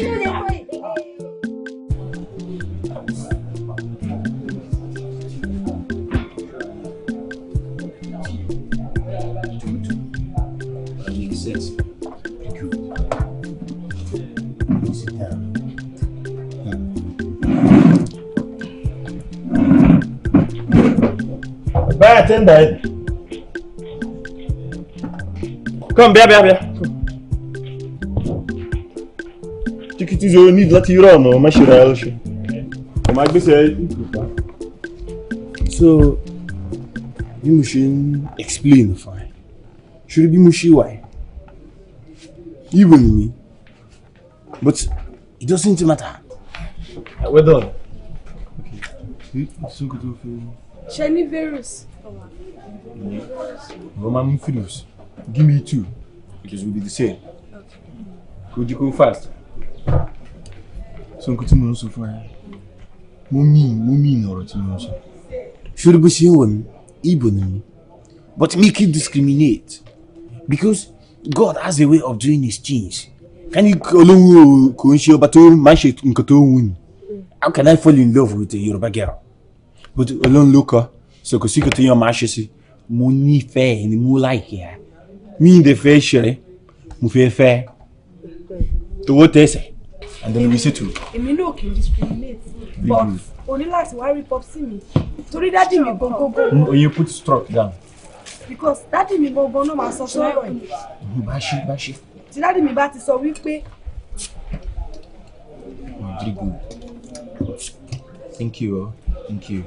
Bye, attend that. Come, bia, bia, bia. Čekaj, ti zelo You dlati ravno, imaš real še. Máš gbèsè ìtùpá. So, bí mo ṣe ń explain fún ẹ, ṣorí bí mo ṣe wà ẹ́, Igbo ni mi, but it doesn't matter. Uh, we're done. Ṣé ní Verus? virus. máa ń mú Philus. Give me two. It will be the same. Could you go fast? So nǹkan tí mo ń sọ fún ẹ. Mo mean, mo mean ọ̀rọ̀ tí But make it discriminate. Because God has a way of doing his things. Can you Ọlọ́run kò ń ṣe ọba tó máa ń ṣe nǹkan tó How can I fall in love with a Yoruba girl? But alone looker, so kò sí your tó yan fair ṣe sí. Mo here. Me mi de fẹ́ ṣe mo fẹ́ fẹ́ towó tẹsẹ̀ and then we see too. èmi náà kì í discriminate but o ní láti wá rí popsi mi torí dádì mi gbogbogbò. Mm, oh, you put stroke down. because dádì mi gbogbo náà máa sọ so yìí. Mm-hmm, bá ṣe bá ṣe. tí dádì mi bá ti sọ wípé. Oh, very good thank you oh. thank you.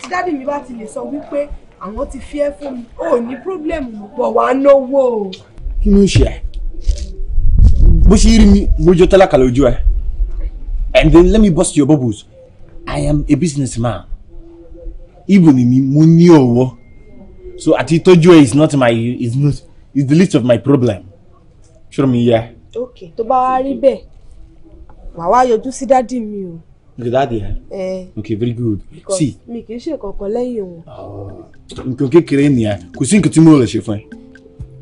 tí dádì mi bá ti lè sọ wípé àwọn ti fi ẹ́ fún mi ò ní pírọ́blẹ̀mù pọ̀ wá náwó. kí ló ń ṣe ẹ bó ṣe rí mi lójó tálákà lójú ẹ and then let me burst your bubbles i am a businessman ibo ni mi mo ní ọwọ́ so àti ìtọ́jú ẹ is not my is not is the least of my problem ṣọ́ọ́ mi yẹ. ok tó bá wá rí bẹ́ẹ̀ wàá wá yọjú sí dádì mi o. Is that there? Eh. Okay, very good. Because See. Mi kì í ṣe kankan lẹ́yìn wọn. Ah, nǹkan kékeré nìyà, kò sí nǹkan tí mo lè ṣe fún ẹ.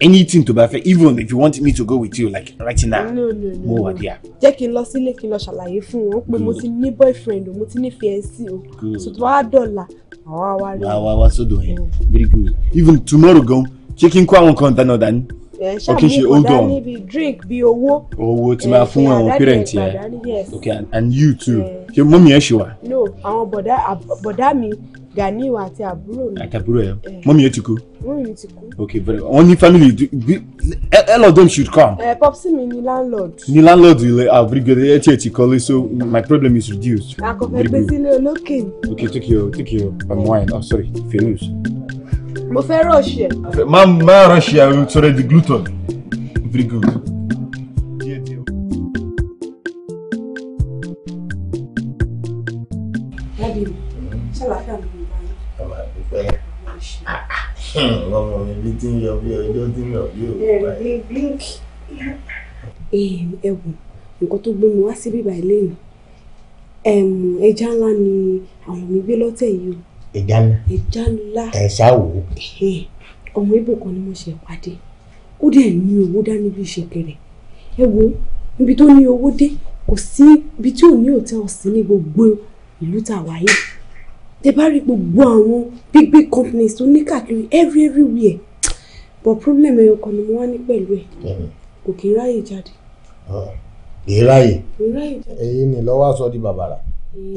Anything to bá even if you want me to go with you like right now. No, no, no. Mo wà díà. Jẹ́ kí n lọ sílé kí n lọ ṣàlàyé fún wọn pé mo ti ní boyfriend o, mo ti ní fiancé o. Sọ̀tún wá dọ̀là, àwa wá rí. Wà wá wá sódò yẹn. Mm. Very good. Even tomorrow gan, ṣé kí n kó àwọn kan dáná dání? Eh, okay she hold on níbi drink bí owó. owó tí eh, máa fún àwọn parent yẹn okay and, and you too eh. ṣe mọ́mí ẹ̀ ṣe wà. no àwọn bọ̀dá bọ̀dá mi Ganiu àti àbúrò mi. àti àbúrò ẹ mọ́mí ẹ ti kú. mọ́mí mi ti kú. okay very well wọ́n ní family all of them should come. ẹ popsi mi ni landlord. ni landlord ilẹ̀ àbúrígẹ̀dẹ̀ ah, ẹ ti ẹ ti kọ́lé so my problem is reduced. àkọ́fẹ́ gbèsè ilé olókè. okay take your take your um, wine oh sorry ferus mo fẹ́ rush ẹ. má má rush ẹ it's already gluten very good. ọmọ mi bí tí ń yọ bí ọjọ́ tí ń yọ bí òkúta. ẹ̀wọ̀n nǹkan tó gbé mi wá síbí báyìí lẹ́yìn ẹja ńlá ni àwọn mi gbé lọ́tẹ̀ yìí o ìjà ńlá ìjà ńlá ẹ̀sà wò. ọmọ ibo kan ni mo ṣe pàdé ó dẹ̀ ní owó dání bí ṣẹ̀kẹ̀rẹ̀ ẹ wo ibi tó ní owó dé kò sí ibi tí ò ní òtẹ́ ọ̀sìn ní gbogbo ìlú tàwa yìí tẹ bá rí gbogbo àwọn big big companies tó ní káàkiri every everywhere but problem ẹyọ kan ni mo wá ní pẹ̀lú ẹ̀ kò kì í ráyè jáde. kì í ráyè èyí ni lọ́wọ́ aṣọ di bàbàrà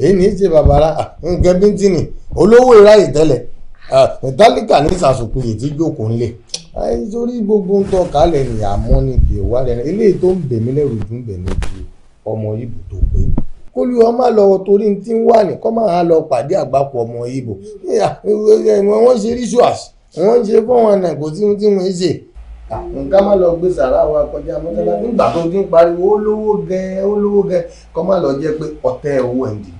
èyí ní í ṣe bàbára nǹkan bíntín ni olówó ìráyè tẹ́lẹ̀ ìtálíkà ní ìsàsùkú yìí tí jókòó ń lè nítorí gbogbo ń tọ́ka lẹ̀ ní àmọ́ ní kì í wá rẹ̀ eléyìí tó ń bèmí lẹ́rù ju ń bèmí ju ọmọ ibo tó pé kó lù ọ́ má lọ torí ti ń wà ní kọ́ máa lọ pàdé àgbápọ̀ ọmọ ibo wọ́n ṣe rituals wọ́n ṣe fọ́wọ́n náà kò sí ohun tí ṣe nǹkan má lọ gbé sàrà wa kọjá mọ́tàlá mm. nígbà tó ti ń pariwo ó lówó gẹ́ẹ́ ó lówó gẹ́ẹ́ kọ́ má lọ jẹ́ pé ọ̀tẹ́ owó ẹ̀ ń di.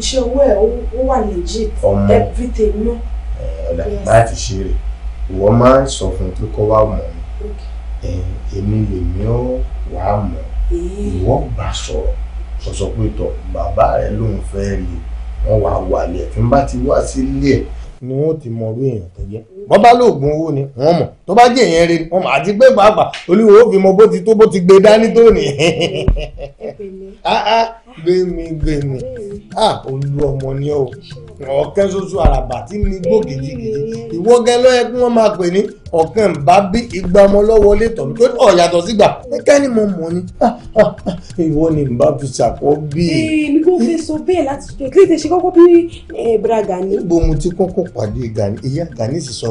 iṣẹ́ owó ẹ̀ ó wà legit everything náà. ọ̀dà láti ṣe rè ìwọ máa ń sọ fún pé kó wá mọ̀ ọ́ èmi lèmi ó wà á mọ̀ ìwọ gbà sọ̀rọ̀ sọ̀sọ̀ pé tọ̀ bàbá rẹ̀ lòun fẹ́ rí wọ́n wà wà lẹ̀ tí bá ti wá sílé ẹ̀ ni wọ́n ti mọ orú èèyàn tó jẹ́ wọ́n bá lóògùn owó ni wọ́n mọ̀ tó bá jẹ́ èèyàn rẹ wọ́n mọ̀ àti pé pàápàá olúwo ó fi mọ bó ti tó bó ti gbé dání tó nì. gbẹmí gbẹmí ah, ah, ah olú ọmọ ni ó ọ̀kan ṣoṣo àràbà tí mi gbó gidigidi ìwọ gẹ lọ́yẹ kí wọ́n máa pè ní ọ̀kan bá bí igba ọmọ lọ́wọ́ létọ̀ mi tó ọ̀ yàtọ̀ sígbà kẹ́kẹ́ ni mo mọ̀ ni ìwọ ni bá fi ṣàkọ́bí. èmi kò fẹ́ sọ bẹ́ẹ̀ láti ṣe kí lè ṣe kọ́kọ́ bí bra Gani. ibo mo ti kọ́kọ́ pàdé Gani ìyá Gani sì sọ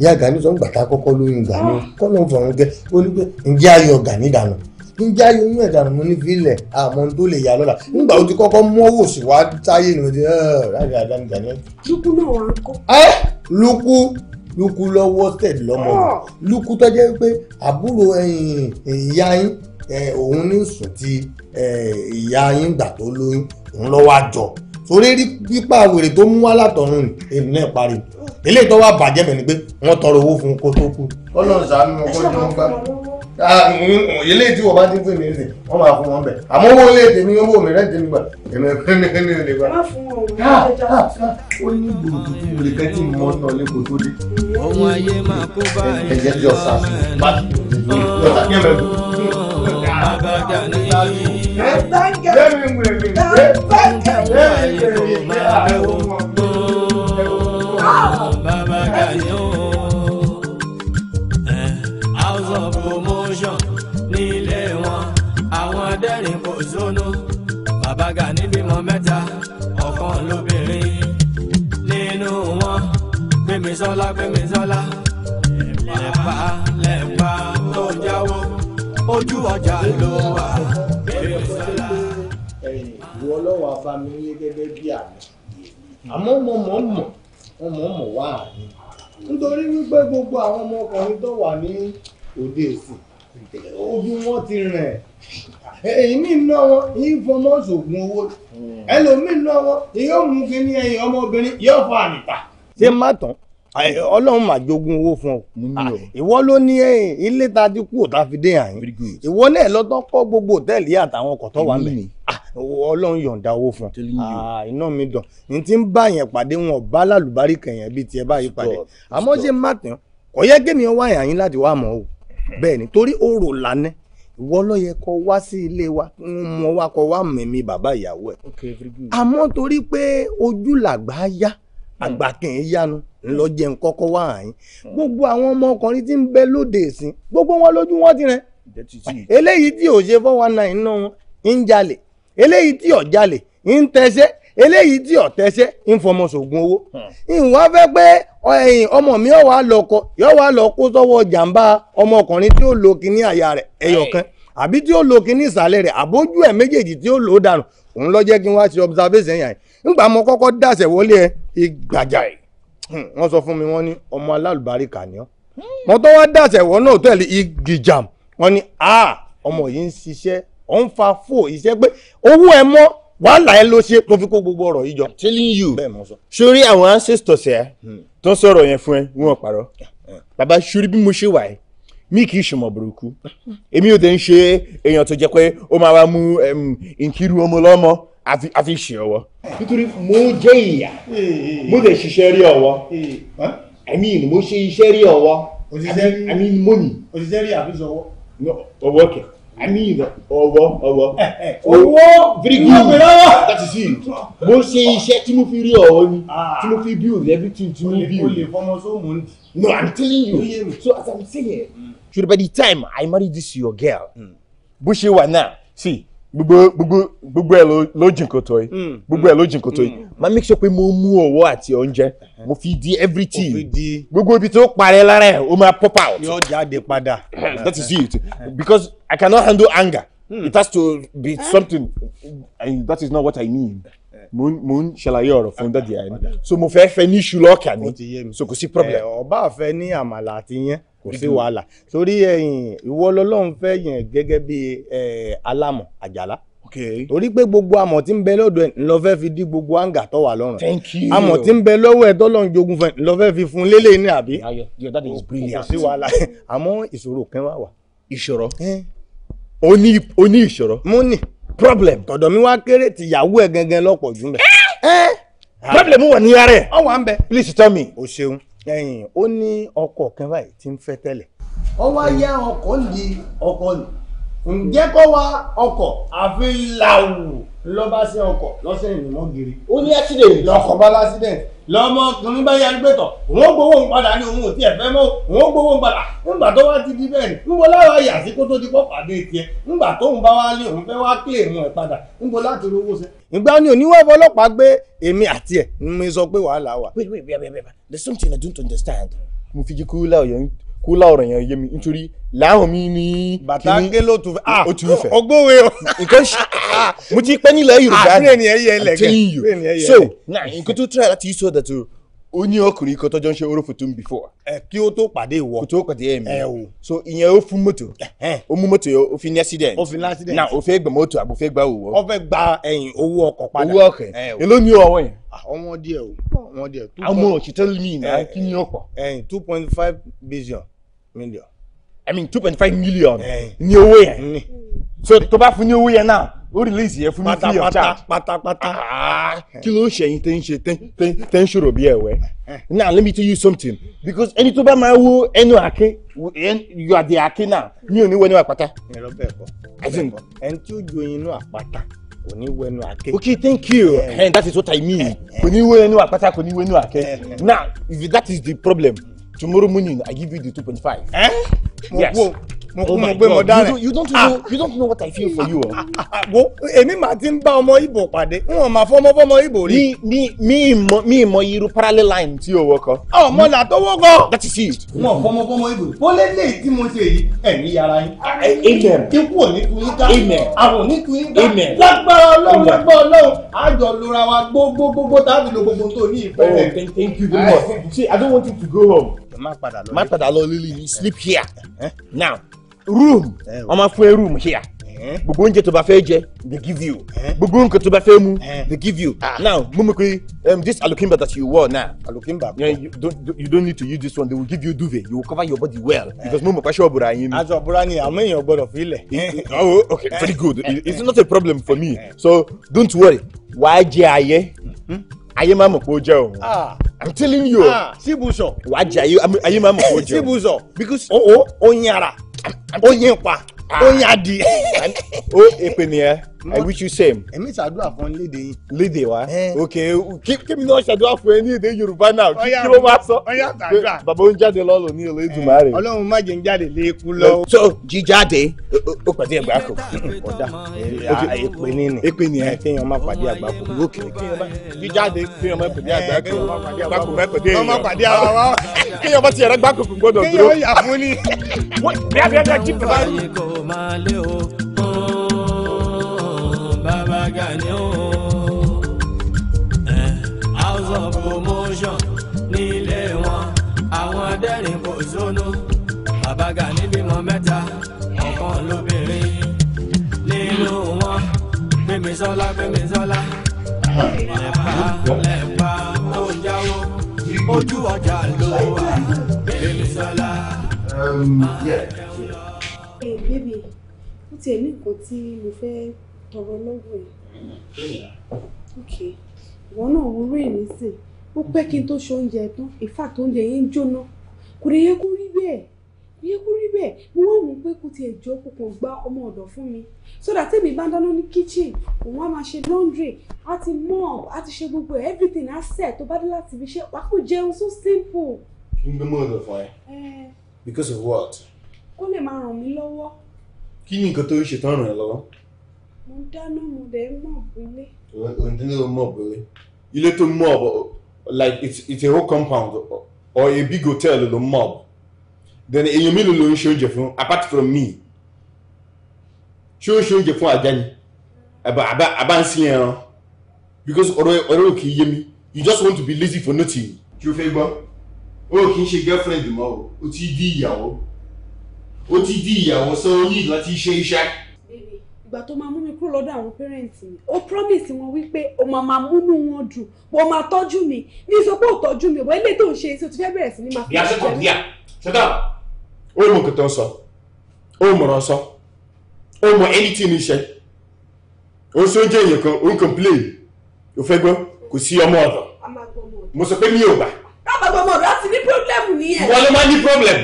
ìyá Gani sọ ń gbàtà kọ́kọ́ lóyún Gani ah. kọ́ ń fọ̀rọ̀ gẹ́ ó ní pé ǹjẹ́ ayọ̀ Gani dànù kí n jáyé oyún ẹ̀dà mo ní fílẹ̀ àmọ́ tó lè yà lọ́la nígbà tó ti kọ́kọ́ mọ́wò sí wá táyé ni mo ti ráàyè àdáni dàní. lukú náà wà á kọ́. ẹ lukú lukú lọ́wọ́ tẹ̀ lọ́mọ ah. lukú tó jẹ́ pé àbúrò ìyá yín òun ní sùn ti ìyá yín gbà tó lóyún òun lọ́wọ́ àjọ torí pípa wèrè tó mú wá látọ̀run èmi náà parí eléyìí tó wà bàjẹ́ bẹ̀ ni pé wọ́n tọrọ owó fún kó tó kú. ọlọ́run ṣàánú ọkọ̀ jẹun ilé ah, tí wọ́n bá ti pè mí rè wọ́n máa fún wọn bẹ̀ àmọ́ owó ilé tèmi owó mi rẹ̀ tèmi gbà èmi ẹ̀fẹ́ mi ò lè gbà. Ah, ah, ó ní gbòòdù tí mo lè kẹ́ tí mo nà lẹ́kọ̀ọ́ tó dé. ohun ayé máa kó bá ẹ̀jẹ̀ tí ọ̀sà ọ̀sà kí ẹ bẹ̀ bù. àbàdà ní ìlú. ẹ bẹ́ńkẹ̀ ẹ bẹ́ńkẹ̀ ẹ bẹ́ńkẹ̀ ẹ bẹ́ńkẹ̀ ẹ bẹ́ńkẹ̀ gbẹmísọ́lá gbẹmísọ́lá lẹ́pa lẹ́pa tó jáwọ́ ojú ọjà ló wà gbẹmísọ́lá. ẹ̀yìn ìwọ ọlọ́wọ́ afamiyé gẹ́gẹ́ bí àná àmọ́ mo mọ̀ mọ̀ mo mọ̀ mọ̀ wá àná nítorí wípé gbogbo àwọn ọmọkùnrin tó wà ní òde èsì ogun wọn ti rìn èyí mi ná wọn yìí fọmọ sògùn owó hmm. ẹlòmíì ná wọn yóò mú kí ní ẹ̀yìn ọmọbìnrin yóò fọ àmì ta. ṣé má tán ọlọ́run máa jogún owó fún ọ ah, ìwọ ló ní ilé ta ti kú òta fi dé àyín ìwọ náà lọ́tọ́ kọ́ gbogbo òtẹ́ẹ̀lì àtàwọn ọkọ̀ tó wà mẹ́rin ah, ọlọ́run yọ̀ǹda owó fún ọ ah, iná mi dàn ní ti ń bá yẹn pàdé wọn bá lálùbárí kẹ̀yìn bíi tiẹ̀ báyìí pàdé àmọ́ ṣe má tẹ̀ kọ́ yẹ kémi wá àyín láti wá mọ́ o bẹ́ẹ̀ ni torí òrò lánẹ́ ìwọ ló yẹ kó wá sí ilé wa mo wá kó wá mẹ̀mí bàbá ìyàwó ẹ̀ àmọ́ torí pé ojú làgbà yá hmm. àgbà kì í yánu ńlọ jẹ nkọkọ wá àyín hmm. gbogbo àwọn ọmọkùnrin tí ń bẹ lóde ìsìn gbogbo wọn lójú wọn ti rẹ eléyìí tí ò ṣe four one nine náà wọn ń jalè eléyìí tí ò jalè ń tẹsẹ̀ eléyìí tí ò tẹsẹ̀ ń fọmọ sògùn owó hmm. ìwà fẹ́ pé ẹ̀yìn ọmọ mi ọwà lọkọ yọwà lọ kó sọ́wọ́ jàǹbá ọmọkùnrin tí ó lo kinní àyà rẹ̀ ẹyọkan àbí tí ó lo kinní ìsàlẹ̀ rẹ̀ àbójú ẹ̀ méjèèjì tí ó lò ó dànù òun lọ jẹ́ kí n ṣe observation yẹn nígbà mo kọ́kọ́ dàṣẹ̀ wọlé ẹ ìgbàjà ẹ̀ Hmm, wọ́n sọ fún mi wọ́n ní ọmọ alálùbáríkà ni ọ́ wọ́n tó wá dàṣẹ̀ wọ́n náà tẹ̀lé igi jam wọ́n ní a ọmọ yìí ń ṣiṣẹ́ ọ̀ ń fa fò iṣẹ́ pé owó ẹ mọ́ wàhálà ẹ ló ṣe mo fi kó gbogbo ọ̀rọ̀ yìí jọ. telling you sórí àwọn ancestors ẹ hmm. tó sọ̀rọ̀ yẹn fún ẹ wọn pàrọ̀ eh, eh. bàbá sórí bí mo ṣe wà ẹ mi kì í ṣe mọ̀ burúkú èmi ò dé ń ṣe èèyàn tó jẹ́ pé ó máa wá mú ìkírù ọmọ lọ́mọ a fi ṣe ọwọ́ eh. nítorí mo jẹ́ ìyà eh, eh, mo lè ṣiṣẹ́ rí ọwọ́ ẹ̀mí ni mo ṣe iṣẹ́ rí ọwọ́ ẹ̀mí ni mo nì. òṣìṣẹ́ rí àfihàn ọwọ́ kẹ̀ ẹ̀mí ni ọwọ́ ọwọ́ ọwọ́ virigin láti sí mo ṣe iṣẹ́ tí mo fi rí ọwọ́ ni ah. tí mo fi build everything tí mo build. o lè fọmọ sóhun ní. no i'm telling you so as i'm saying mm. so by the time i marry this your girl mm. bó ṣe wà náà see gbogbo gbogbo gbogbo ẹ ló jìn kòtò yìí mm, mm. gbogbo ẹ ló jìn kòtò yìí mm. máa make sure pé mo mú ọwọ́ àti oúnjẹ mo fi di everything gbogbo ibi tó parẹ́ lára ẹ̀ ó máa pop out. yóò jáde padà. that is it because I cannot handle anger mm. it has to be something and that is not what I mean mo ń mo ń ṣàlàyé ọ̀rọ̀ fún dádì àìní so mo fẹ́ fẹ́ ní iṣu lọ́ọ̀kà ni so kò sí problem. ọba àfẹ ní àmàlà àti yẹn kò sí wàhálà torí ẹ̀yin ìwọ lọ́lọ́run fẹ́ yàn gẹ́gẹ́ bí alámọ̀ àjàlá torí pé gbogbo amọ̀ tí ń bẹ lọ́dọ̀ ẹ̀ ńlọ fẹ́ fi dí gbogbo àǹgà tó wà lọ́rùn amọ̀ tí ń bẹ lọ́wọ́ ẹ̀ tọ́lọ́ ń jogún fún ẹ̀ ńlọ fẹ́ fi fún lélẹ̀ ní àbí kò sí wàhálà àmọ́ ìṣòro kan wà wà. ìṣòro ó ní ìṣòro. mo ní problem tọ̀dọ̀ mi wá kéré tìyàwó ẹ̀ gangan lọ́pọ̀ jù mẹ́. Eh? Ah. problem wà ní ara ẹ̀. ọwọ́ à ń bẹ. please tell me. o ṣeun ẹ̀yìn ó ní ọkọ kan báyìí tí ń fẹ́ tẹ́lẹ̀. ó yá ọkọ ń di ọkọ nù ǹjẹ́ kọ́ wa ọkọ̀ àfi làwù lọ́ba sí ọkọ̀ lọ́sẹ̀ ìnìmọ̀ gírí. ó ní accident. lọkọ̀ bá lásìdẹ̀ntì lọ́mọkùnrin bá yarí pé tọ̀ òun ó gbowó nǹpadà ní òun ò tiẹ̀ fẹ́ mọ́ òun ó gbowó nǹpadà ńgbà tó wá ti di bẹ́ẹ̀ ni ńbo láwa yà sí kó tó di pọ́ pàdé tiẹ̀ ńgbà tóun bá wá lé òun fẹ́ wá kílè mọ́ ẹ̀ padà ńbo láti rówó sẹ́. ìgbà ni oníwọ̀ ọlọ́pàá gbé èmi àti ẹ̀ ń mi sọ pé wàhálà wà. wait wait wait wait there's something I don't understand. mo fi jí kúlà ọ̀rọ̀ yẹn yé mi nítorí láwọn mi ní. bàtà gélò tún fẹ ah o. nǹkan ṣe ah, mo ti pẹ́ nílẹ̀ ah, yorùbá ni i'm telling you so nǹkan tó try láti sọ that o uh, ní ọkùnrin kan tọjọ ń ṣe orófò tó ń before. ẹ kí o tó pàdé ìwọ. kò tó pàdé ẹ mi. so ìyẹn ó fún mọ́tò. ó mú mọ́tò yẹn ó fi ní accident. ó fi ní accident. na ó fẹ́ gbà mọ́tò àbò fẹ́ gbà owó. ó fẹ́ gba ẹyin owó ọkọ̀ padà. owó ọkọ̀ ẹ ló ní ọwọ́ yẹn. Ah, ọmọ díẹ̀ o ọmọ díẹ̀. àmọ́ she tell me na kí ni ọkọ̀. ẹyin two point five billion million i mean 2.5 point five million eh. ní owó yẹn so to buy fún ní way now, náà release yẹn fún mi free of charge pátápátá ah, eh. kí ló ń ṣe yín tẹ́ ń ṣe be eh. away. now let me tell you something because any to buy my wo ẹnu àké you are the àké now mi ò ní wọ ẹnu I think bẹ́ẹ̀ kọ́ ẹni tí ó jo inú àpáta kò ní wo ẹnu àké. okay thank you yeah. and that is what i mean kò ní wo ẹnu àpáta kò ní wo ẹnu àké now if that is the problem tomorrow morning i give you the 2.5. point yes mo kú oh mo gbé mo dára you don't know ah. you don't know what i feel for you. Oh. wo èmi màá ti ń bá ọmọ ibo pàdé n ò máa fọmọ fọmọ ibo rí. mi mi ìmọ̀ mi ìmọ̀ irú parallel line tí o wọkọ. ọmọ là tó wọkọ. that is it. n ò fọmọ fọmọ ibo ó lé lè tí mo ṣe yìí ẹ̀mí yàrá yín. amen. ikú ò ní tún yín ká. amen. àwọn ò ní tún yín ká. amen. lágbára ọlọ́run lágbára ọlọ́run àjọ lura wa gbogbogbò tá a fi lo gbogbo tó ní ìfẹ́ rẹ̀. oh thank you very much see i don't want you to go home má padà lọ lílì ní sleep eh. here eh. now room eh. wọ́n máa fún ẹ room here gbogbo oúnjẹ tó bá fẹ́ jẹ they give you gbogbo nǹkan tó bá fẹ́ mu they give you ah. now mumukui um, this alukimba that you wore now Alukimba. you don't you don't need to use this one they will give you duvet you will cover your body well because mumu kwasi ọbura anyi mi. aṣọ ọbura ni àmọ́ èèyàn gbọ́dọ̀ fi ilẹ̀. oh okay very good it's not a problem for me so don't worry wàá jẹ ayé. Hmm? ayé máa mọ̀ pé jẹ́ òun ah. i'm telling you ah, síbùsọ̀ wàá jẹ ayé máa mọ̀ pé ó jẹ́ òun síbùsọ̀ because ó ó ó yín ara ó yín pa ó yín adi. ó ah. èpè nìyẹn. I wish you same. èmi ṣàdúrà fún léde yín. léde wa eh. ok kémi náà ṣàdúrà fún ẹ ní èdè yorùbá náà kí ló máa sọ bàbá ó ń jáde lọ́lọ́ ní ilé ìdùnnú rẹ̀. ọlọ́run má jẹ́ ń jáde léèkú lọ. Eh, so jíjáde ó pàdé ẹgbàá kò ọ̀dà èpè ní ni èpè ní ẹ kéèyàn má pàdé àgbà kò ló kéré kéré. jíjáde kéèyàn má pàdé àgbà kò àgbà kò má pàdé èèyàn. ọmọ pàdé àwọn wa. kéèyàn bá ti yàrá gbà kò kò dúró. kéèyàn yà a bí a bí a jí Gani o house of promotion nílé wọn àwọn adẹ́rìn kò sónú bàbá Gani bímọ mẹ́ta ọ̀kan lóbìnrin nínú wọn Gbémisọ́lá Gbémisọ́lá lẹ́pa lẹ́pa ó ń jáwó ojú ọjà ló wà Gbémisọ́lá. Um, ẹ bébì ó tiẹ̀ ní nǹkan tí mo fẹ́ tọrọ lọ́wọ́ yìí okay ìwọ náà wo rí èmi sìn ó pẹ́ kí n tó ṣe oúnjẹ tán ìfà tó oúnjẹ yẹn ń jóná kò lè yẹ kó rí bẹ́ẹ̀ kò yẹ kó rí bẹ́ẹ̀ mo wá wò ó pé kò tiẹ̀ jọ kò kàn gba ọmọ ọ̀dọ̀ fún mi so that tèmi bá ń dáná ní kitchen òun á máa ṣe laundry á ti mop á ti ṣe gbogbo everything á set tó bá dé láti ibi iṣẹ́ wàá kò jẹun so simple. kí n gbé mọ́ ọ̀dọ̀ fún ẹ. because of what. kó lè máa ràn mí lọ́wọ́. kí ni nǹkan tó ń ṣe tán ràn ẹ́ lọ́wọ́ mo dáná mo dẹ̀ ń mọ̀ bílé. òǹdílé ló mọ̀ bílé ilé tó mọ̀ like it's, it's a whole compound or a big hotel ló mob, then èyàn mélòó ló ń ṣe oúnjẹ fún apart from me ṣé ó ṣe oúnjẹ fún ajá ni àbá ń sin ẹran because ọ̀rọ̀ ọ̀rọ̀ ò kì í mi you just want to be lazy for nothing. kí o fẹ́ gbọ́ o kì í ṣe girlfriend mọ́ o o ti di ìyàwó o ti di ìyàwó sọ o ní láti ṣe iṣẹ́ ìgbà tó máa mú mi kúrò lọ́dọ̀ àwọn pẹ́rẹ́ǹtì mi ó promise wọn wípé o máa máa múnú wọn dùn o máa tọ́jú mi ní sọ pé mi ìwọ ilé tó ń ṣe é sí o ti fẹ́ bẹ̀rẹ̀ sí ní máa fi ṣe é. bíyà ṣẹta ó mọ nǹkan tó ń sọ ó mọ̀rọ̀ sọ ó mọ anything iṣẹ́ ó sọ jẹ́ èèyàn kan ó ń complain ó fẹ́ gbọ́ kò sí ọmọ ọ̀dọ̀ mo sọ pé mi ò gbà. rábàgbọ́mọ̀ rẹ̀ á ti ní problem nìyẹn. ìwọ ló máa ní problem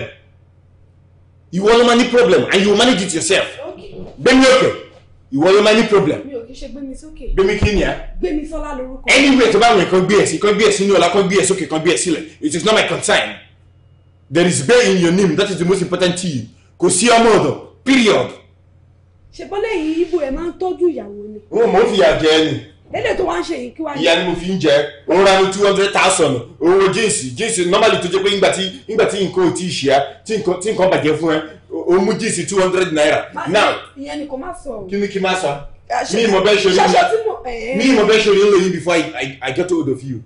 ìwọ ló máa ní problem and you manage it yourself. Okay. gbẹ́ni Okay ìwọ ló máa ní problem. mi ò kí ṣe gbé mi sókè. gbé mi kí ni ẹ. gbé mi sọlá lórúkọ. anyway tó bá wọn kan gbé ẹ sí kan gbé ẹ sí ní ọlá kan gbé ẹ sókè kan gbé ẹ sílẹ̀ it is not my concern there is bail in your name that is the most important thing. you kò sí ọmọ ọ̀dọ̀ period. ṣèbọ́lẹ̀ yìí ibo ẹ̀ máa ń tọ́jú ìyàwó ni. n ò mọ̀ ó fi ìyà jẹ ẹ ni. tó wá ń ṣe yìí kí wá ní. ìyá ni mo fi ń jẹ òun ra ní two hundred thousand owó jíǹsì jíǹsì normally tó jẹ́ pé ńgbà tí nǹkan ò tí ì ṣe á tí nǹkan bàjẹ́ fún ẹ o mú jíìsì two hundred naira now kí ni kí má sọ ah, mi ìmọ̀ bẹ́ẹ̀ ṣe orí eh, eh. mi ìmọ̀ bẹ́ẹ̀ ṣe orí ń lò yín before I, I, I get hold of you.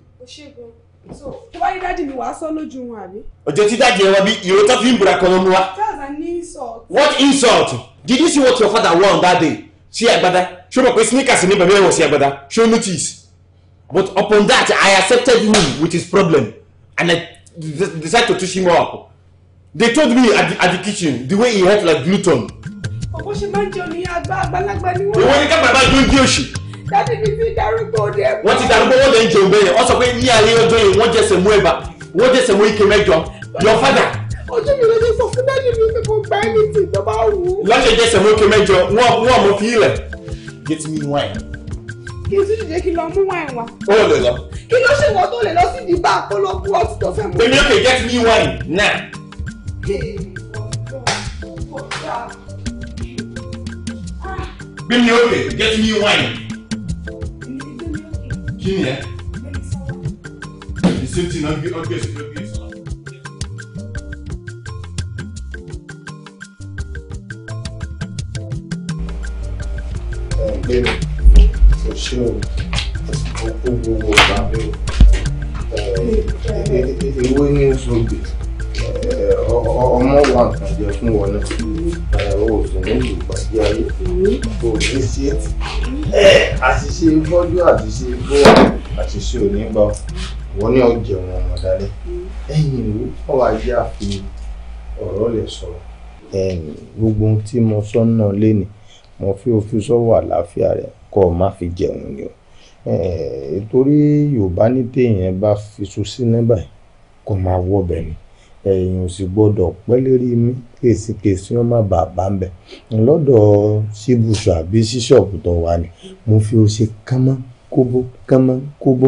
So, tó bá rí dáàdì mi wàá sọ lójú wọn àbí. ọjọ́ tí dáàdì ẹ wá bí ìró tó fi ń bùra kan ọmọ wa. that's an insult. what insult? did you see what your father wore on that day? ṣé àgbàdá ṣé o mọ̀ sneakers ní bàbá ẹ̀wọ̀n sí àgbàdá ṣé o notice? but upon that I accepted him with his problem and I decided to touch him up they told me at the, at the kitchen the way he had like gluten. ọkọ ṣe máa ń jẹun ní àgbà àgbàlagbà ni wọn. ìwọ ni ká bàbá jó ń gé òṣì. dáàdi mi fi darúgbó ní ẹ̀kọ́. wọ́n ti darúgbó wọ́n lè ń jẹun bẹ́ẹ̀ ọ sọ pé ní ayé ọjọ́ yìí wọ́n jẹ́ sẹ̀mú ẹ̀bà wọ́n jẹ́ sẹ̀mú ike mẹ́jọ your father. ojú mi ló ṣe sọ fún dáàdi mi pé kò gbá ẹni tí ìjọ bá wù ú. lọ́sẹ̀ jẹ́ sẹ̀mú ike mẹ́jọ wọ́n mọ̀ fi ilẹ̀ get me wine. kí o sì ṣe kí lọ mú wine wá. ó lè lọ. kí ló ṣe wọ́n tó lè lọ sí ìdìbò àpolówó ọtí tó fẹ́ mú. get me wine now. Gbé mi òkè, get me wine. Kí ni ẹ? The same thing na ọgbẹ́ ìṣẹ́jọ́ bí ìṣọ́. Ọ̀gbẹ́ni, kò ṣe o, ọkọ̀ gbogbo ọ̀gá mi o, ewé ní oṣù gbèsè ọmọ wa nǹkan jẹ fún wọn náà o sì ní ìgbàgbé ayé o ní sí àṣìṣe bọ́jú àṣìṣe bó àṣìṣe ò ní bá wọn ní ọjẹ wọn ọmọ dalẹ ẹ̀yìn ìlú ọwọ ajé àfi ọ̀rọ̀ lè sọ̀rọ̀ gbogbo ohun tí mo sọ náà lénìí mo fi òfin sọ́wọ́ àlàáfíà rẹ kọ́ ọ má fi jẹun ni o torí yorùbá ní téèyàn bá fi sùn sí ní báyìí kò máa wọ́ bẹ́ẹ̀ ni èèyàn ò sì gbọ́dọ̀ pẹ́ lérí mi kèsìkèsì wọn má bàa bá ń bẹ̀ lọ́dọ̀ síbùsù àbí síṣọ̀bù tó wà ní mo fi o ṣe kánmọ́ kóbó kánmọ́ kóbó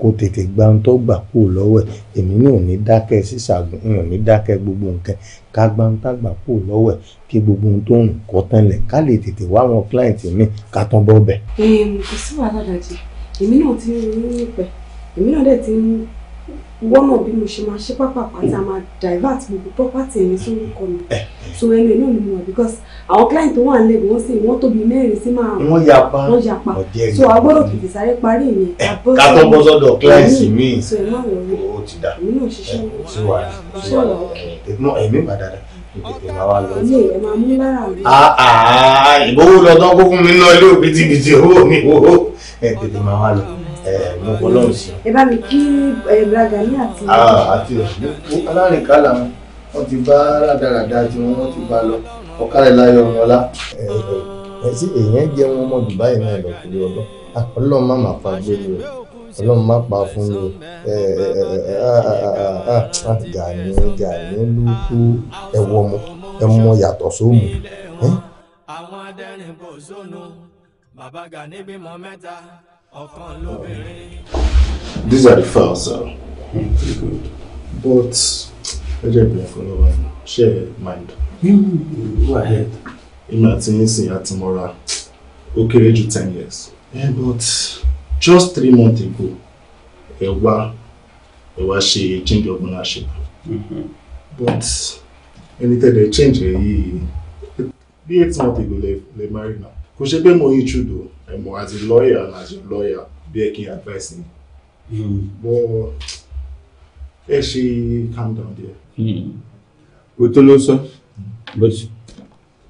kó tètè gba ohun tó gbà kú lọ́wọ́ ẹ̀ èmi náà ò ní dákẹ́ sísàgùn n ò ní dákẹ́ gbogbo nǹkan ká gba ohun tá gbà kú lọ́wọ́ ẹ̀ kí gbogbo ohun tó ń kọ́ tẹ́lẹ̀ ká lè tètè wá àwọn kílàǹtì mi ká tán bọ́ bẹ̀. kò sí wàhálà dàjẹ́ èmi náà ti ń rí nípẹ́ èmi náà dẹ̀ ti ń ìwọ náà bí mo ṣe máa ṣe pápápá tí a máa divert gbogbo property ẹni sórúkọ mi eh, eh. so ẹnu ẹ̀ náà ni mo wà because àwọn client tó wà ń lẹ́gbẹ̀ẹ́ wọ́n sì wọ́n tóbi mẹ́rin sí máa wọ́n yapa wọ́n yapa so a gbọ́dọ̀ tètè sáré parí ìyẹn eh, ká tó bọ́ sọ́dọ̀ client míì so ẹ̀ má wọ̀ ọ́ ó ti dà èmi náà ṣiṣẹ́ wọn ṣe wà ṣe wà ọ̀kẹ́ ẹ̀mí mà dáadáa ìbówó lọ́dọ́ kó mi náà ilé òbí tìbìtì owó mi wò ó ẹ̀ tètè máa wá lọ mo kọ́ lọ́run sí. ẹ bá mi kí Bragani àti. Ah, àti alárìnká làwọn wọn ti bá rádaràda tí wọn ti bá lọ ọ̀kárẹ̀ láyọ̀ ọ̀nọ́lá. ẹ sí èèyàn jẹun ọmọ Dubai náà lọ kiri ọlọ ah, Ọlọ́run má máa fa gbé mi o Ọlọ́run má pa fún mi ah, Gani Gani ló kú ẹwọ ọmọ ẹmọ yàtọ̀ sóòmù. àwọn adẹ́rìn bò sónù bàbá Gani bímọ mẹ́ta. These are the files, sir. Hmm, pretty good. But, I just ìbílẹ̀ fún lọ́wọ́ ẹ̀ share mind. Mm, go ahead. Èmi àti yín sìn àtìmọ́ra ó kéré ju ten years. Yeah, but just three months ago, ẹ wá ẹ wá ṣe change of ownership. Mm-hmm. But anything they change ẹ̀ yìí eight months ago they they married now. Cause she pé mo yín though ẹ̀mọ́ as a lawyer and as your lawyer bí ẹ kí n advice ni hmm. but ẹ ṣe calm down there. o hmm. tó ló sọ hmm. but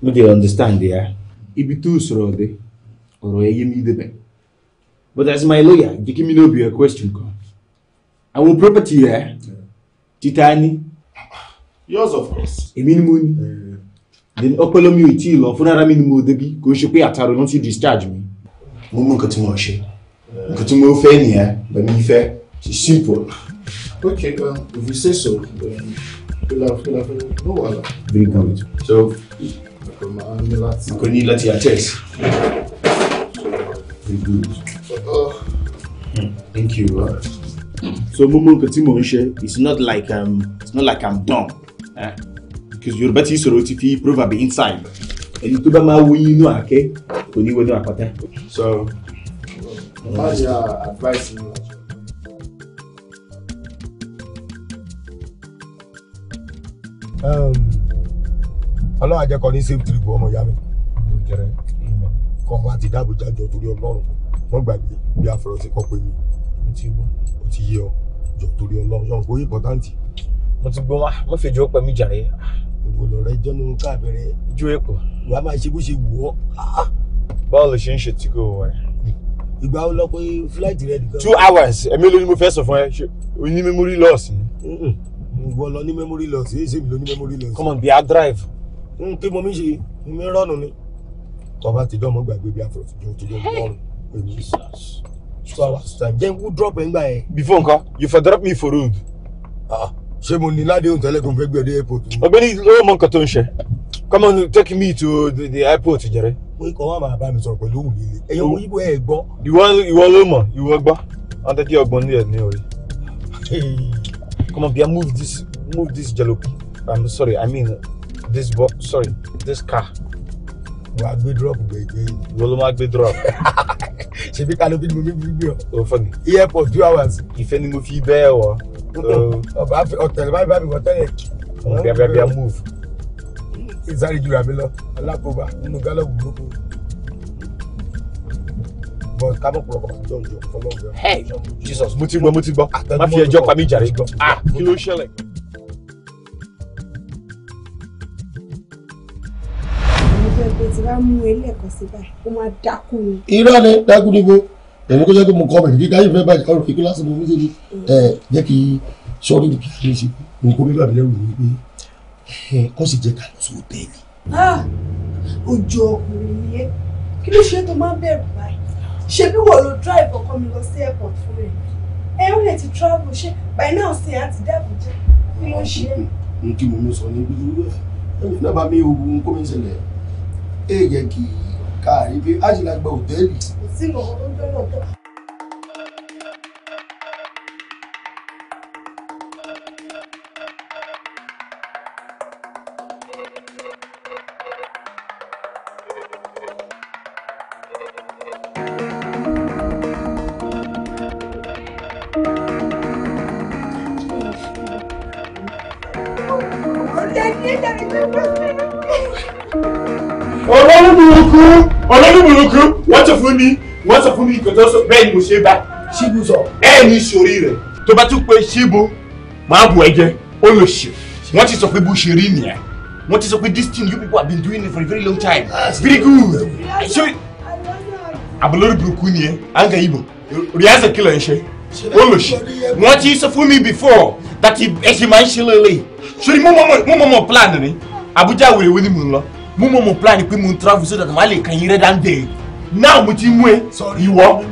mo dey understand ya ibi tó sọ̀rọ̀ dé ọ̀rọ̀ ẹ yé mi débẹ̀ but as my lawyer jíkí mi ní òbí ẹ question kan àwọn property yẹ títa ni. yours of course. èmi ni mo ní eh. ọpọlọ mi ò tí ì lọ fúnra mi ni mo débi kò ń ṣe pé àtàrò náà ti discharge mi mo mú nǹkan tí mo ṣe nǹkan tí mo fẹ́ nìyẹn bẹ̀mí fẹ́ ṣe simple. okay well um, if you say so then fúlà no wahala. very good. so nǹkan ní láti. attest. very good. mm, thank you. Uh. so mo mú nǹkan tí mo ń ṣe it's not like um, it's not like i'm done. Eh? because yorùbá ti sọ̀rọ̀ ti fi proverb inside èyí tó bá máa wo yín inú àáké kò ní wọnú àpáta. so má ṣe advice um, ọlọ́run àjẹkọ ní save trip ọmọ ìyá mi kọ́ńbà ti dáàbò jájọ torí ọlọ́run wọ́n gbàgbé bí afurasí kan pé mi ó ti yé ọ jọ torí ọlọ́run yọ̀ǹgbó important. mo ti gbọ́ wá wọ́n fi ìjọ pẹ̀mí jàre gbogbo lọ̀rọ̀ ẹjọ́ ló ju èpò wàá máa ṣe bó ṣe wù ọ́. Ah! báwo ló ṣe ń ṣe tí wọ ẹ. ìgbà wo lọ pé fúláìtì rẹ nìkan. two hours ẹ̀mí ló ní mo fẹ́ sọ fún ẹ ní memory loss ni. ìwọ lọ ní memory loss èyí ṣèmi ló ní memory loss. come on bí a drive. n kí mo mi ṣe mi rọ́ọ̀nù ni. bàbá ti dánmọ́ gbàgbé bí afro tó tó tó rọrùn two hours time. then who drop ẹ̀ ń yẹn. before nǹkan you for drop me for road. Uh -uh ṣé mo ní ládéhùn tẹ́lẹ̀ tó fẹ́ gbé ọdẹ airport. ọ̀gbẹ́ni lọ́wọ́ mọ nǹkan tó ń ṣe come on take me to the, the airport jẹrẹ. pé kọ́ wá máa bá mi sọ̀rọ̀ pẹ̀lú òun nílé ẹ̀yọ́ wo yíbo ẹ̀ gbọ́. ìwọ ìwọ ló mọ̀ ìwọ gbọ́ wọn tẹ́ kí ọgbọ́n ní ẹ̀ ní orí. come on bia move this move this jalopy i'm sorry i mean this bo sorry this car. wà á gbé drop gbẹgbẹ yìí. ìwọ ló máa gbé drop. ṣèbí kanopi ni mo fi gbé ọ. o fọ ni. airport two hours. ìfẹ́ ni mo fi bẹ́ẹ̀ wọ̀ ọ̀tẹ̀lẹ̀ báyìí báyìí ọ̀tẹ̀lẹ̀ bíabíabíà move ìsáré jura mi lọ alákòóbá nínú gálọ̀bù burúkú bọ́n ká mọ̀ pọ̀lọpọ̀ àti ọjọ́ fọlọ́ọ̀gbẹ́ ọ̀hún. Jesus mo ti gbọ́ mo ti gbọ́ má fi ẹjọ́ pa mí jàre ah, ah, kí ló ṣẹlẹ̀. mo fẹ́ èmi kó jẹ́ pé mo kọ́ bẹ̀rẹ̀ kíkà yìí fẹ́ báyìí kọ́ kíkú lásìkò mi síbi ẹ̀ jẹ́ kí sọ́ọ́rì ní kíkà yìí sí ní kó bíbà bẹ̀rẹ̀ wù mí pé ẹ̀ kọ́ sì jẹ́ ká lọ sí hòtẹ́ẹ̀lì. ojú ọkùnrin ni ẹ kí ló ṣe tó máa ń bẹ̀rù báyìí ṣe bí wọ́n lo drive ọkọ mi lọ sí airport fún rẹ̀ ẹ ó lè ti travel ṣe by now sí àti dáàbò jẹ́ kí ló ṣe é. n kí mo mú sọ ní bí ẹ ẹ náà bá mi ò káàrí bí ájìlá gba òtẹ́ẹ̀lì. kò sí ìmọ̀ràn tó ń bẹ̀rẹ̀ ọ̀tọ̀. olórí burúkú ọlọ́dún burúkú wọ́n sọ fún mi wọ́n sọ fún mi nǹkan tó sọ bẹ́ẹ̀ ni mo ṣe bá ṣíbù sọ bẹ́ẹ̀ ni sori rẹ̀ tó bá tún pé ṣíbù máa bù ẹ jẹ ó lò ṣe wọ́n ti sọ pé bó ṣe rí nìyẹn wọ́n ti sọ pé this thing you people have been doing it for a very long time very good so àbúlórí burúkú nìyẹn à ń kẹ́ ibò rìhásà kìlọ̀ ẹ̀ ṣe ó lò ṣe wọ́n ti sọ fún mi before that ẹ ṣe máa ń ṣe lélẹ̀ ṣe ni mo mọ̀ plan ni Abuja wèrè wé ni mò ń lọ mo mọ̀ mo plan pé mo ń travel so that màá lè kàn yín rẹ́ dáńdé now mo ti mú ẹ ìwọ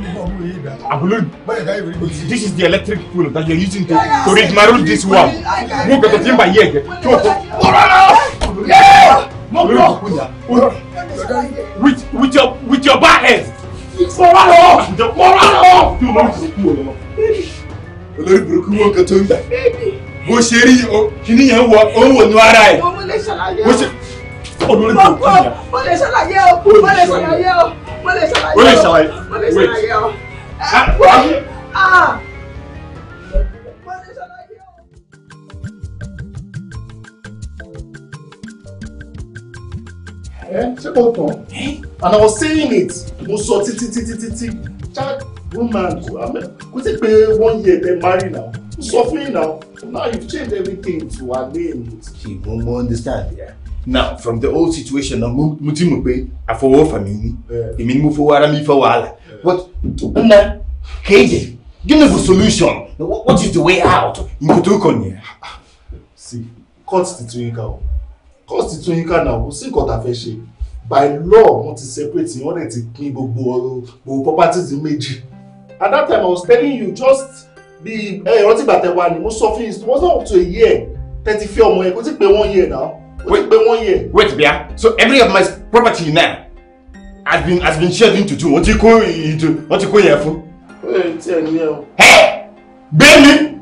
abulon this is the electric pool that you are using to to reach my road this one mo gbẹdọ tí n bá yí ẹgẹ tí o tó ọ̀rọ̀ mo gbọ́ with with your with your bad head fọwọ́ lọ fọwọ́ lọ. olórí burúkú wo nǹkan tó ń bẹ bó ṣe rí kìnìyàn wọ owó ní ara ẹ bó ṣe olórí tó kú ya. mo lè ṣàlàyé o mo lè ṣàlàyé o mo lè ṣàlàyé o ah, eh, ah. mo lè ṣàlàyé o mo lè Eh? o. ṣé kò tán eh? and I was saying it mo sọ títí títí títí chat woman I mean, could it be one year they marry now mo sọ now now you've changed everything to our name. she mo understand. Yeah now from the old situation na mo ti mọ̀ pé àfọwọ́fà mi ni èmi ni mo fọwọ́ ara mi fa wàhálà but nna kéde give me the solution what is the way out nǹkan tó kàn see court ti tún yín o court ti tún yín ká náà o sí nǹkan tá a fẹ́ by law wọ́n ti separate wọ́n dẹ̀ ti pín gbogbo ọ̀rọ̀ gbogbo properties méjì at that time i was telling you just bí ẹ ìrántí gbàtẹ wa ni mo sọ fún yín it was not up to a year Thirty four ọmọ yẹn kó tí pé one year now. Wait, wait one year. Wait, Bia. So every of my property now has been has been shared into two. What you call it? What you call it for? Hey, Benny.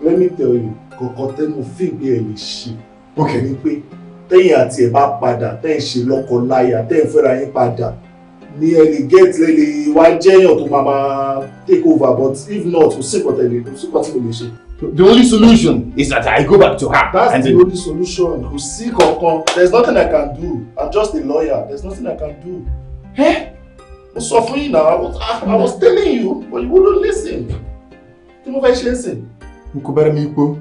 Let me tell you, kọ̀kọ́ tẹ́ mo fi bí Okay. Ni pé tẹ́yìn àti ẹ̀ bá padà tẹ́yìn ṣe lọ́kọ láya tẹ́yìn fẹ́ra yín padà ni ẹ get lele. lè wá jẹ́yàn tó máa take over but if not kò sí ìkọ̀tẹ̀lẹ̀ kò sí ìkọ̀tẹ̀lẹ̀ ṣe. The only solution is that I go back to her. That's and the only solution. Kò sí kankan. There's nothing I can do. I'm just a lawyer. There's nothing I can do. Eh? I'm suffering now. I was, I, I was telling you, but you wouldn't listen. Kí mo fẹ́ ṣe ń sìn? N kò bẹ̀rẹ̀ mi pọ̀.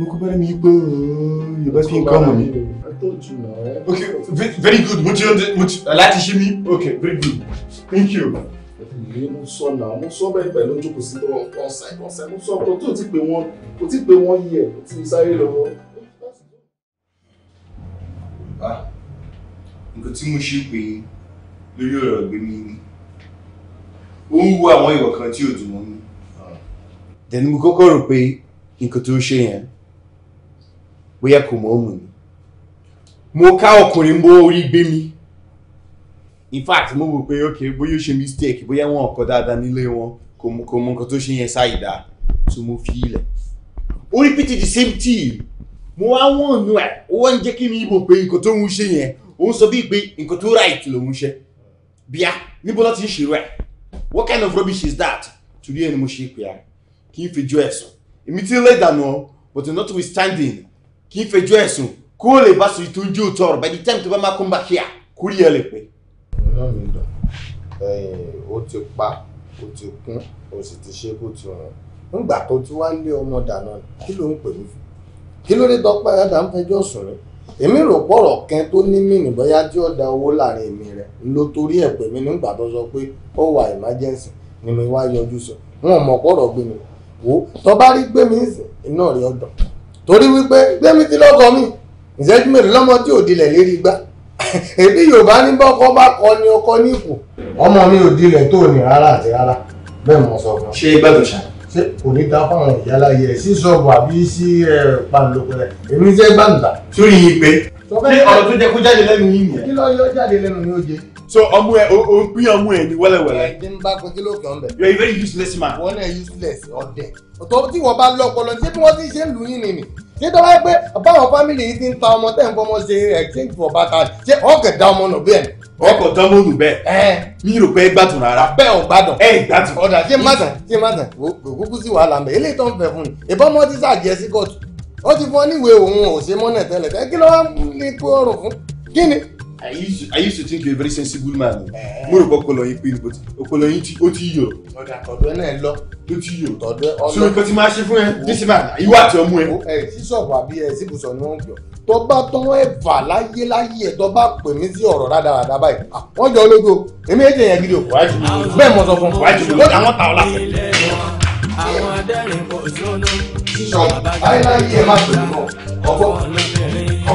N kò bẹ̀rẹ̀ mi pọ̀. Uh, Yorùbá I told you now. Eh? Okay, very good. Would you like to ṣí me? Okay, very good. Thank you ní mo sọ náà mo sọ bẹ́ẹ̀ pẹ̀lú ojókòó sí lọ́wọ́ kọ́ńsà kọ́ńsà mo sọ pé tó ti pé wọ́n kò ti pé wọ́n yẹ kò ti sáré lọ́wọ́. Ah, nǹkan tí mo ṣe pé lórí ọ̀rọ̀ ọ̀gbẹ́ mi ni ó ń wo àwọn ìwà kan tí ò dùn mọ́ mi. dẹ̀ni mo kọ́kọ́ rò pé nǹkan tó ṣe yẹn bóyá kò mọ̀ ọ́ mù ni mo ká ọkùnrin mọ́ orí gbé mi in fact mo rò pé ok bóyá ó ṣe mistake bóyá wọn ọkọ dáadáa nílé wọn kò mọ kò mọ nǹkan tó ṣe yẹn ṣàìdá tó mo fi ilẹ̀ ó repeat the same thing mo wá wọ́n nu ẹ̀ ó wọ́n ń jẹ́ kí mi mọ̀ pé nǹkan tó ń ṣe yẹn ó sọ bíi pé nǹkan tó right ló ń ṣe bíá níbo ló ti ń ṣèrò ẹ̀ what kind of rubbish is that torí ẹni mo ṣe pé a kì í fẹjọ́ ẹ̀sùn èmi ti lé ìdànù ọ but notwithstanding kì í fẹjọ́ ẹ̀sùn kó o lè bá sọ ìtọ́jú òótọ́ ọ̀rọ̀ by the time tó bá máa kó ń bá ṣe à kórìí ẹ lè pẹ́ inú mi dùn ó ti pa ó ti kún ó sì ti ṣe bó ti rùn nígbà tó ti wá lé ọmọ dànù kí ló ń pè mí fún kí ló dé tọpẹ ẹdá ń fẹjọ́ sùn rẹ èmi rò pọ̀rọ̀ kan tó ní mìíní bóyá tí ó da owó láàrin èmi rẹ ló torí ẹ̀ pè mí nígbà tó sọ pé ó wà emergency ni mo wá yọjú sọ wọn mọ̀ pọ̀rọ̀ gbé mi wò ó tó bá rí gbé mi iná rí ọdọ torí wípé gbé mi ti lọ́kọ mi ìṣẹ́jú mélòó lọ́mọ tí ò dilẹ̀ lérí gbá èmi yorùbá ní bọ́kọ́ bá kọ ni ọkọ ní ipò ọmọ mi ò dilẹ̀ tó ní rárá àti rárá bẹ́ẹ̀ mo sọ fún un. ṣé gbàdùn ṣá. ṣé kò ní ta fáwọn ìyálà yẹ sí sọ́ọ̀bù àbí sí panloko rẹ̀ èmi jẹ́ gbàǹdà. sórí yìí pé ṣé ọ̀rọ̀ tó jẹ́ kó jáde lẹ́nu yìí nìyẹn. kí ló yọ jáde lẹ́nu ní oje. so ọmú ẹ o pín ọmú ẹ ní wẹ́lẹ́wẹ́lẹ́. ẹ dín bá kó kí ló kàn bẹ̀. you are a very useless man. wọ́n náà useless ọ̀dẹ̀. ọ̀tọ̀ tí wọ́n bá lọ́pọlọ ṣé bí wọ́n ti ṣe ń lù yín nìyí ṣé tó bá pé báwọn fámìlì yìí ti ń ta ọmọ tẹ́ ń fọmọ ṣe exchange for barter ṣé ọkẹ̀ dá ọmọ nù bẹ́ẹ̀. ọkọ̀ dán mọ́nù bẹ́ẹ̀ mi rò pé ẹ gbádùn rárá. bẹ́ẹ̀ ò gbádùn. ẹ gbádùn. ọ̀dà ṣé má tàn ṣé má tàn òkúkú sí wàhálà mẹ́ eléyìí tó ń fẹ́ fún mi ìbọn mọ́ ti sàjẹ́ sí kóòtù ó ti fọ́ níwèé òun ò ṣe mọ́nà tẹ́lẹ̀ tẹ́ kí ló wá ní kó ọrùn fún kí ni I used, to, I used to think you a very sensible man. Eh. Mo rò pé ọpọlọ yín pé ọpọlọ yín ó ti yọ. Ọ̀dà tọ̀dọ̀ náà lọ. Ló ti yọ. Tọ̀dọ̀ ọlọ. Sori kan ti máa ṣe fún ẹ. Dísìmá ìwà àti ọmú ẹ. Ẹ sísọ̀bù àbí ẹ síbùsọ̀ ni wọ́n ń pọ̀. Tọ́ba tán ẹ̀fà láyé láyé ẹ̀ tọ́ba pè mí sí ọ̀rọ̀ rádaràda báyìí. Wọ́n jọ ológo. Èmi èjì yẹn gidi o. Bẹ́ẹ̀ mo sọ fún un. Àwọn adẹ́rìn kò sóná. Sísọ̀bù ayé láyé ẹ má pè mí mọ́.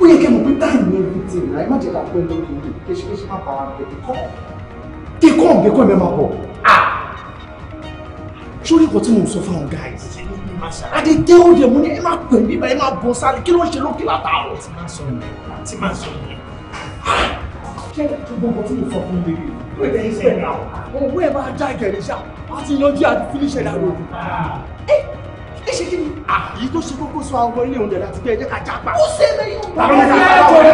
ó yẹ kí mo pín táìmù ẹbí tì náà ẹ má jẹ́ ká pẹ́ lórí ìlú kéṣekéṣe má bàa bẹ̀ ikọ́ ikọ́ ògbékọ́ mi máa pọ̀ ah sórí nǹkan tí mo sọ fún àwọn guys adé dé ó yẹ mo ní ẹ má pè mí bá ẹ má bọ sálẹ kí ló ń ṣe lókè látàárọ̀ tí máa sọ mi tí máa sọ mi ṣé gbogbo tí mo sọ fún mi rí o owó ẹ máa já ìkẹrẹ ṣá a yanjú àti fínísẹ̀ dàrú ẹ ṣe kí ni. àyí tó ṣe kókó sọ àwọn ilé òun láti gbé ẹjẹ́ ká jápa. ó ṣe é lẹ́yìn. àwọn ọmọ ìyá ẹ̀jọ̀ rẹ̀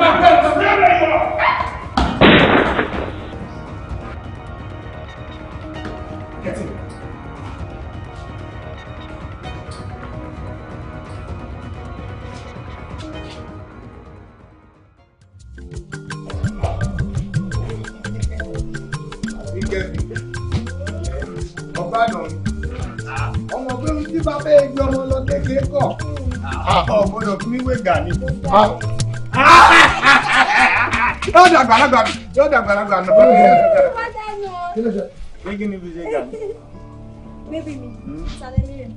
náà ṣe é wíwé gà ni. Ah. yóò dàgbà lágbà yóò dàgbà lágbà nà. kí ni bí ṣe gà ni. bébì mi sálẹ̀ mi rẹ̀.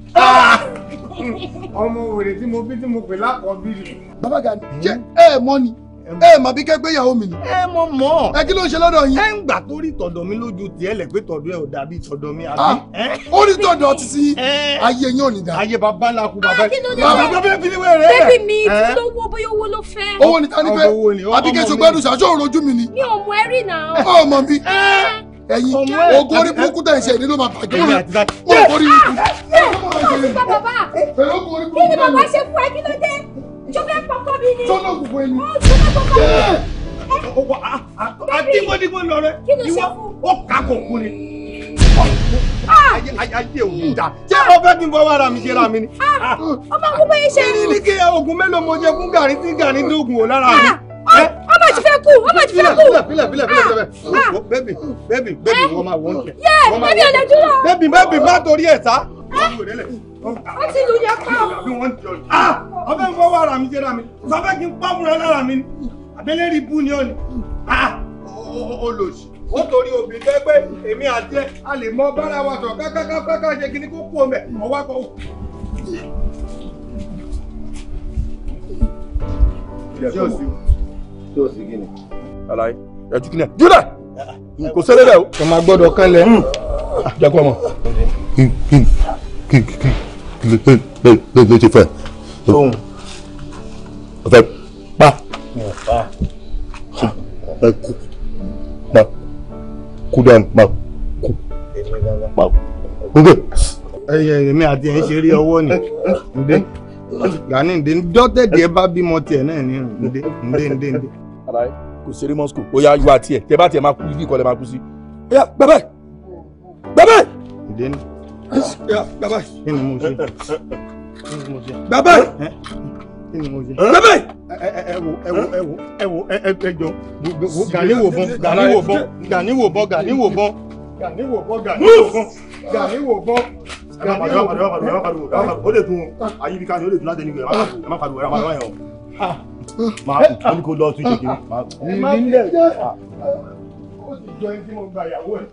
ọmọ wèrè tí mo bí tí mo pè lákọ̀ọ́bí rẹ̀. bàbá gani hmm? jẹ́ ẹ̀ mọ́ ni ẹ mà bí kẹ́gbẹ́ ìyàwó mi ni. ẹ mọ mọ. ẹ kí ló ń ṣe lọ́dọ̀ yín. ẹ ń gbà tó rí tọ̀dọ̀ mi lójú tiẹ̀ lẹ̀ pé tọ̀dọ̀ ẹ ò dàbí tọ̀dọ̀ mi àbí. Ah, ó rí tọ̀dọ̀ ti sí ayé yín ò ní dà. ayé bàbá ńlá kú bàbá yìí. Ah, bàbá bẹ́ẹ̀ fi wé rẹ̀. bébì mi ti lówó bóyá owó ló fẹ́. owó ni ta ni fẹ́ àbí kẹ́sọ̀ gbẹ́dùn ṣàṣọ òrojú mi ni. mi ò mọ ẹrí náà. ọmọ mi ẹyin ogun orí burúkú tẹ̀ ṣe ìdílé máa bàjẹ́ wọn orí burúkú. bẹ́ẹ̀ bàbá kí ni bàbá ṣe fún ẹ kí ló dé. Jókè pọ̀pọ̀ bí ni. Sọ́nà gbogbo ẹni. Sọ́nà gbogbo ẹni. Ọwọ́ àdìgbòdìgbò lọ rẹ. Kí ló ṣe fún? Ó kà á kò kú ni. Ah! Ayé òun dà. Ṣé ọbẹ̀ ah! kí n bọ́ wára mi ṣe ra mi ni? Ah! Ọmọ gbogbo yẹn ṣe. Kí ni kí oògùn mélòó mo jẹ fún gàrí tí gàrí dógùn ò lára mi? ọmọ ti fẹ́ kú ọmọ ti fẹ́ kú. bílẹ̀ bílẹ̀ bílẹ̀ bílẹ̀ ah, bẹ́ẹ̀bì bẹ́ẹ̀bì bẹ́ẹ̀bì ah. wọ́n máa wọ́n kẹ́. yẹ bẹ́ẹ̀bì ẹ̀lẹ́ dúró. bẹ́ẹ̀bì bẹ́ẹ̀bì má torí ẹ̀ sá. Eh? ó ti lù yẹ pa. Ah, ọbẹ̀ ń fọwọ́ ara mi jẹ́ra mi sọ fẹ́ kí n pàmùrẹ́ lára mi abẹ́lẹ́ rí bú ni ó ní. olòṣì ó torí obìnrin tó pé èmi àti ẹ a lè mọ bára wa sọ kákákákáká ṣe kíní kó kú ọmọ ẹ ọwá kọ. Yes, yes tí o sì gé ni. alaye ẹjú kò sẹ́lẹ̀ dẹ̀ o. o máa gbọ́dọ̀ kan lẹ̀. Hmm. Ah, jẹ́ kó mọ̀. kí kí kí kí kí ló ti fẹ́. tóun. o fẹ́ pa. mi ò ẹ kú pa kú dànù pa kú pa kú. ẹyẹ èmi àti ẹ̀ ń ṣeré ọwọ́ ni gani ǹde dọ́tẹ̀dẹ̀ bá bímọ tiẹ̀ náà ní ǹde ǹde ǹde ǹde. alaye kò ṣeré mọ́ sukù ó yá yọ àti ẹ̀ tẹ bá tiẹ̀ máa kú ibi ìkọlẹ̀ máa kú sí. ó yá bẹ́bẹ́ bẹ́bẹ́. ǹde ni bẹ́bẹ́. e ni mo ṣe bẹ́bẹ́ e ni mo ṣe. bẹ́bẹ́. ẹ wo ẹ wo ẹ wo ẹ wo ẹ jọ gani wo bọ́n gani wo bọ́n gani wo bọ́n gani wo bọ́n gani wo bọ́n gani wo bọ́n ẹ má pariwo ẹ má pariwo ẹ má pariwo ẹ má pariwo ó lè dùn o àyíbí ká ni ó lè dùn láti ẹni gbẹ ẹ má pariwo ẹ má pariwo ẹ má pariwo ẹ máa kú ó ní kó lọ tún ṣe kiri máa kú. ẹ má fi jẹ́ ó sì jọ ẹni tí mo gba ìyàwó ẹ̀.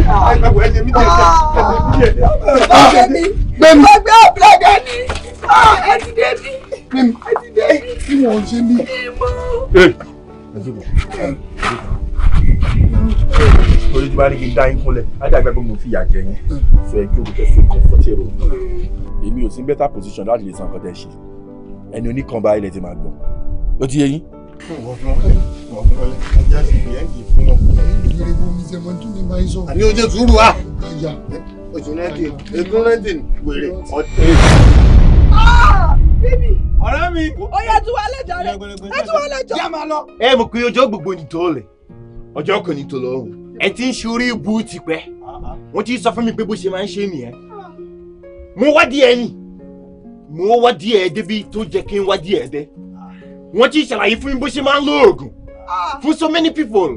Gbẹ̀mí. Ọgbẹ́ ọ̀bùlọ́dẹ ni. Ẹ ti dé bí. Gbẹ̀mí. Ẹ ti dé bí. Kí ni ọ̀hún ṣe ń bí? Ìmọ̀. Ẹ ẹ jẹ́ bọ̀ torí tí bá rí kí n kúnlẹ̀ ajágbá gbọ́n fi ìyà jẹ yín so hmm. ẹ jókòó tẹ fún hmm. èmi ò sí better position láti lè san nǹkan tẹ ṣe ẹni oníkanba ilẹ̀ ti máa gbọ́ ó ti yé yín. Ah, ọ̀rẹ́ mi. ó yẹ tí lẹ́jọ́ rẹ̀ ẹ tí wàá lẹ́jọ́. ẹ mọ̀ pé ojú gbogbo ni tó lẹ̀ ọjọ́ kan ní tòlọ́hùn ẹ ti ń ṣorí ibu tipẹ́ wọ́n ti sọ fún mi pé bó ṣe máa ń ṣe nìyẹn mo wádìí ẹ ni mo wádìí ẹ débi tó jẹ́ kí n wádìí ẹ dé wọ́n ti ṣàlàyé fún mi bó ṣe máa ń lo oògùn fún so many people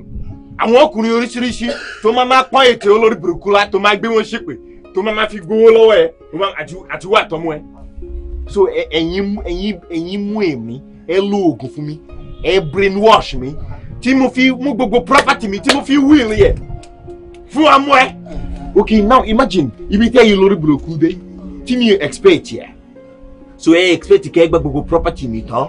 àwọn ọkùnrin oríṣiríṣi tó máa máa pọ́n ètò olórí burúkú la tó máa gbé wọn ṣépè tó máa máa fi gbowó lọ́wọ́ ẹ àti wà tọ́mú ẹ so ẹ̀yin mú èmi ẹ lo oògùn fún mi ẹ brainwash mi tí mo fi mú gbogbo property mi tí mo fi will yẹ fún amú ẹ. okay now imagine ibi tí ẹ̀yin lórí burúkú dé tí mi expect yẹ so ẹ expect kẹ́ ẹ gba gbogbo property mi tán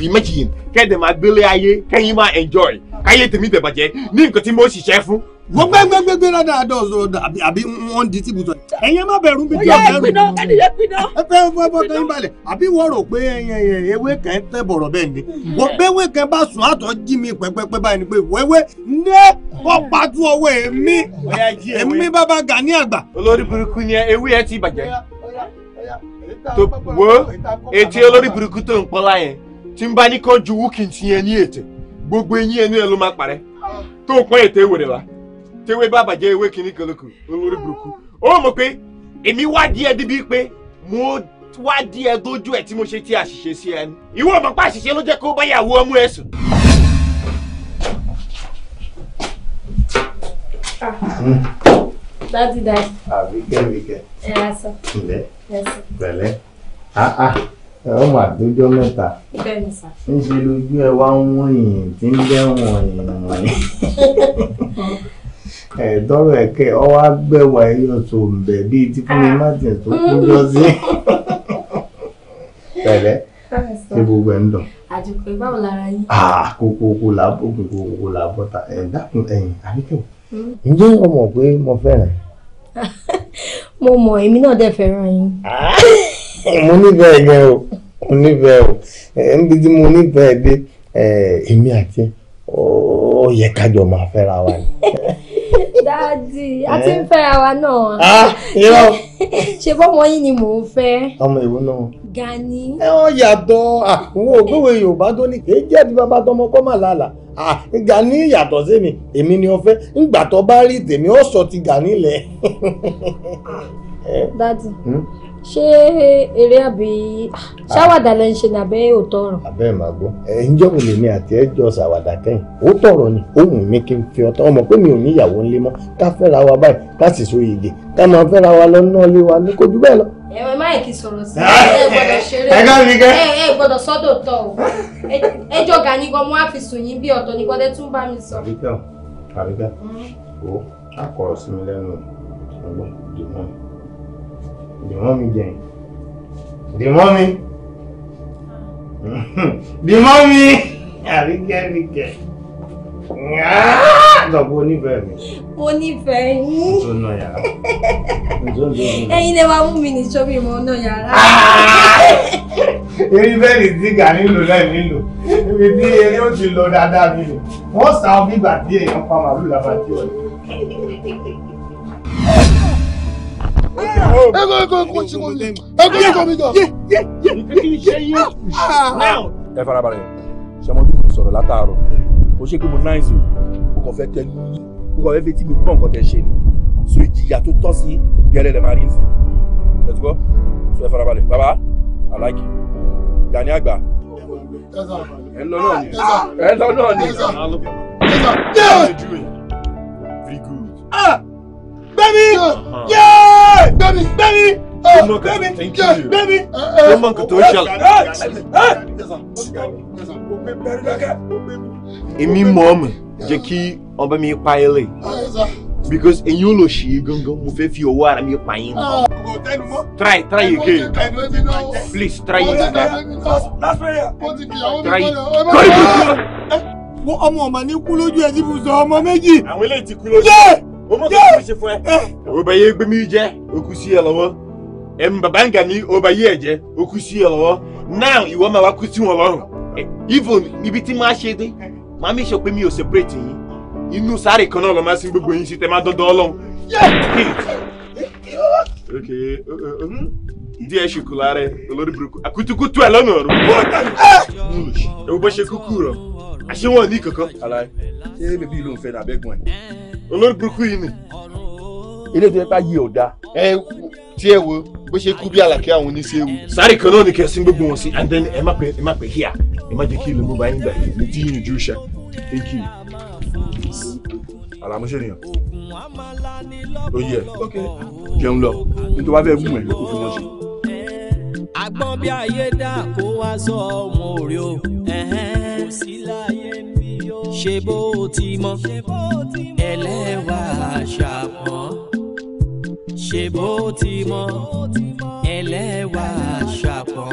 imagine kẹ́ ẹ dẹ̀ máa gbélé ayé kẹ́yìn máa enjoy káyé tèmi dẹ̀ bàjẹ́ ní nǹkan tí mo ṣiṣẹ́ fún wọ́n gbẹ́gbẹ́gbẹ́gbẹ́ rádà àdó àbí àbí wọ́n di tí ibùsọ̀ ẹ̀yin má bẹ̀rù bí bí ọ̀bẹ̀rù ẹ̀yẹ pinna ẹ fẹ́ fẹ́ fọ́ kẹ́yìn balẹ̀ àbí wọ́n rò pé ẹyẹ ewé kan tẹ́ bọ̀rọ̀ bẹ́ẹ̀ ni wọ́n pé ewé kan bá sùn àtọ̀ jí mi pẹ́pẹ́pẹ́ báyìí ni pé wẹ́wẹ́ ní ọ̀pá tó ọwọ́ èmi èmi bàbá Gani àgbà. olórí burúkú ni ewé ẹ ti bàjẹ́ tó wo etí olórí burúkú tó ń pọ́lá yẹn tí ń bá ní kán ju wúkìntì yẹn ní ètè gbogbo eyín ẹnu ẹ ló má parẹ́ tó ń pọ́n ètè ìwòrè la tewé bá bàjẹ́ ewé kìíní kan lóko olórí burúkú ó mọ̀ pé èmi wádìí ẹ débi pé mo wádìí ẹ dójú ẹ tí mo ṣe ti àṣìṣe sí ẹ ní. ìwọ ọmọ pa àṣìṣe ló jẹ́ kó bá yàwó ọmú ẹ sùn. dadi dadi. àbíkẹ́ àbíkẹ́. ẹ á sọ. ǹlẹ́ pẹ̀lẹ́ ọmọ àdójọ mẹ́ta ńṣe lójú ẹ wá ń wọ̀nyìn tí ń bẹ́ wọ̀nyìn wọ̀nyìn. dọ́rọ̀ ẹ̀kẹ́ ọ wá gbẹ̀wà ẹyọ bíi tí Fúnmi tó ah. kú sí pẹ̀lẹ́ ṣé gbogbo ẹ̀ ń dùn. àjùpẹ̀ báwo lára yín. Ah, ẹ̀ dákun ẹ̀yìn o. Hmm. ǹjẹ́ o mọ̀ pé mo fẹ́ràn. mo èmi náà fẹ́ràn yín. Ah, mo nífẹ̀ẹ́ o mo nífẹ̀ẹ́ o níbi tí mo nífẹ̀ẹ́ dé èmi àti máa fẹ́ra wa ni. dáàdì a ti ń eh? fẹ́ra wa náà. Ah, irọ́. ṣe bọ́mọ yín ni mò ń fẹ́. ọmọ ìwọ náà. Gani. ẹ ọ yàtọ̀ àwọn ah, ògbówó Yorùbá tó ní kéé jẹ́ ti bàbá tọmọ kọ́ mà lálà ah, Gani yàtọ̀ sẹ́mi èmi ni o fẹ́ ńgbà tó bá rí tèmi ó sọ ti Gani lẹ̀. dáàdì ṣé eré àbí ah, ṣáwàdà lẹ ṣe nàbẹ́ òótọ́ ọ̀rọ̀. abẹ́ màá gbọ́ ẹ̀yin jọ́wọ́ lèmi àti ẹ̀jọ́ ṣàwàdà kẹ́yìn ó tọ̀rọ̀ ni ohun mi kí n fi ọ̀tọ̀ ọmọ pé mi ò ní ìyàwó ńlé mọ́ ká fẹ́ra wa báyìí ká sì so yege ká máa fẹ́ra wa lọ náà lé wa ní kò jù bẹ́ẹ̀ lọ. sọ̀rọ̀ sí ẹ gbọ́dọ̀ ṣeré ẹ They want me then. They want me. They want me. Àríkẹ́ mi kẹ̀. Dọ̀gbọ́ onífẹ̀ẹ́ mi. Mo nífẹ̀ẹ́ yín. Tó nà yàrá. Ẹ̀yin lè wá mú mi ní sómi mo nà yàrá. Eré bẹ́ẹ̀lì tí gà nílò náà nílò. Ibi tí eré ó ti lọ dáadáa mi nù. Wọ́n sàn án bí ìgbà tí èèyàn pa màálù làbàjẹ́ ọ̀dọ́. Ego ego ego ti mo mi. Ego ego mi jọ. Ah. Ẹ farabalẹ̀, ṣe mo dúró sọ̀rọ̀ látàárọ̀, mo ṣe pé mo náà ìsìn, mo kàn fẹ́ tẹnu yín, mo kàn fẹ́ fi tí mi gbọ́ nǹkan tẹ̀ ṣe ni, so ìjìyà tó tọ́ sí gẹ́lẹ́ lẹ̀ máa rí nsìn. Ẹ ti gbọ́, so ẹ farabalẹ̀, bàbá, aláàkì, Gani àgbà, ẹ ń lọ náà ni, ẹ ń lọ náà ni. Very good. Ah. Baby! Yeah! Baby, baby, gbẹmí gbẹmí. ló mọ nǹkan tó ṣẹlẹ̀. èmi mọ̀ ọ́ mi jẹ́ kí ọba mi pa ẹ́ lẹ̀ ah, because ẹ̀yin ò lọ ṣe é gangan mo fẹ́ fi ọwọ́ ara mi pa yín. Ah, try try again please try again. try kọ́ ìbùsùn. ọmọ ọmọ ní kú lójú ẹ̀ ti bùsùn ọmọ méjì. àwọn eléyìí ti kú lójú o mọ̀ tó kí mo ṣe fún ẹ. ọba eh. yẹ gbé mi jẹ o kú sí ẹ lọ́wọ́ ẹ̀m bàbá ń gà yẹ jẹ o kú sí ẹ lọ́wọ́ náà ìwọ máa wọn lọ́rùn eh, even ibi tí máa ṣe dé máa mi sọ pé mi ò separate yín inú sáré kan náà lọ máa sin gbogbo yín sí tẹ máa dandan Ọlọ́run. Eh, hmm? díẹ̀ ṣùkú lára olórí burúkú àkútúkútú ẹ̀ lọ́nà ọ̀run. ewu ah! bó ṣe kúkú rọ̀ àṣé wọn ní kankan. alaye ṣé bèbí ló ń fẹ́ nàbẹ́gbọ̀n ẹ̀. olórí burúkú yìí ni. ilé tó yẹ ká yí ọ̀dà. ẹ tí ẹ wo bó ṣe kú bí àlàkí àwọn oníṣẹ́ ewu. sáré kan náà ni kẹsí gbogbo wọn sí and then ẹ má pẹ ẹ má pẹ híà ẹ má jẹ kí ìlú mú yín gbà ní tí yín ojú ṣá thank you. àlàmúṣe nìyẹn ó yẹ jẹun lọ nítorí wàá fẹ́ mú ẹ lóko fún wọn ṣe. àgbọn bí ayé dá kó wá sọ ọmọ òrìó ṣe bó ti mọ ẹlẹ́wà ṣàpọ́n ṣe bó ti mọ ẹlẹ́wà ṣàpọ́n.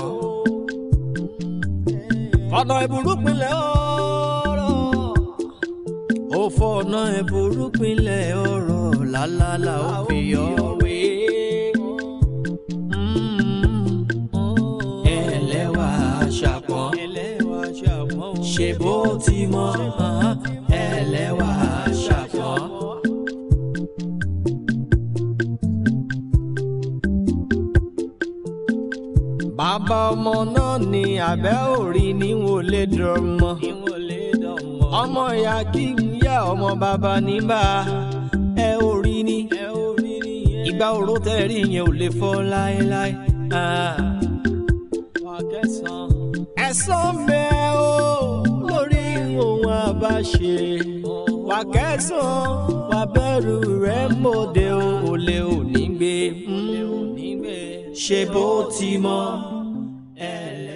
fọ̀nà ìbúrú pinlẹ̀ ọ̀rọ̀ ó fọ̀nà ìbúrú pinlẹ̀ ọ̀rọ̀ lálálà ó fi yọ̀ ọ́. ṣe bó ti mọ́ ẹlẹ́wà ṣàfọ́. bàbá ọmọ náà ni àbẹ́ òrí níwò lè dọ̀mọ. ọmọ ìyá kí n yá ọmọ bàbá níbà ẹ orí ni ìgbà oró tẹ́rí yẹn ò lè fọ́ láéláé. ẹ̀sán bẹ́ẹ̀ o ohun àbáṣe wà kẹsàn-án wà bẹ̀rù rẹ̀ mọ̀dé olè òní hmm. ṣe bó ti mọ ẹ̀lẹ́.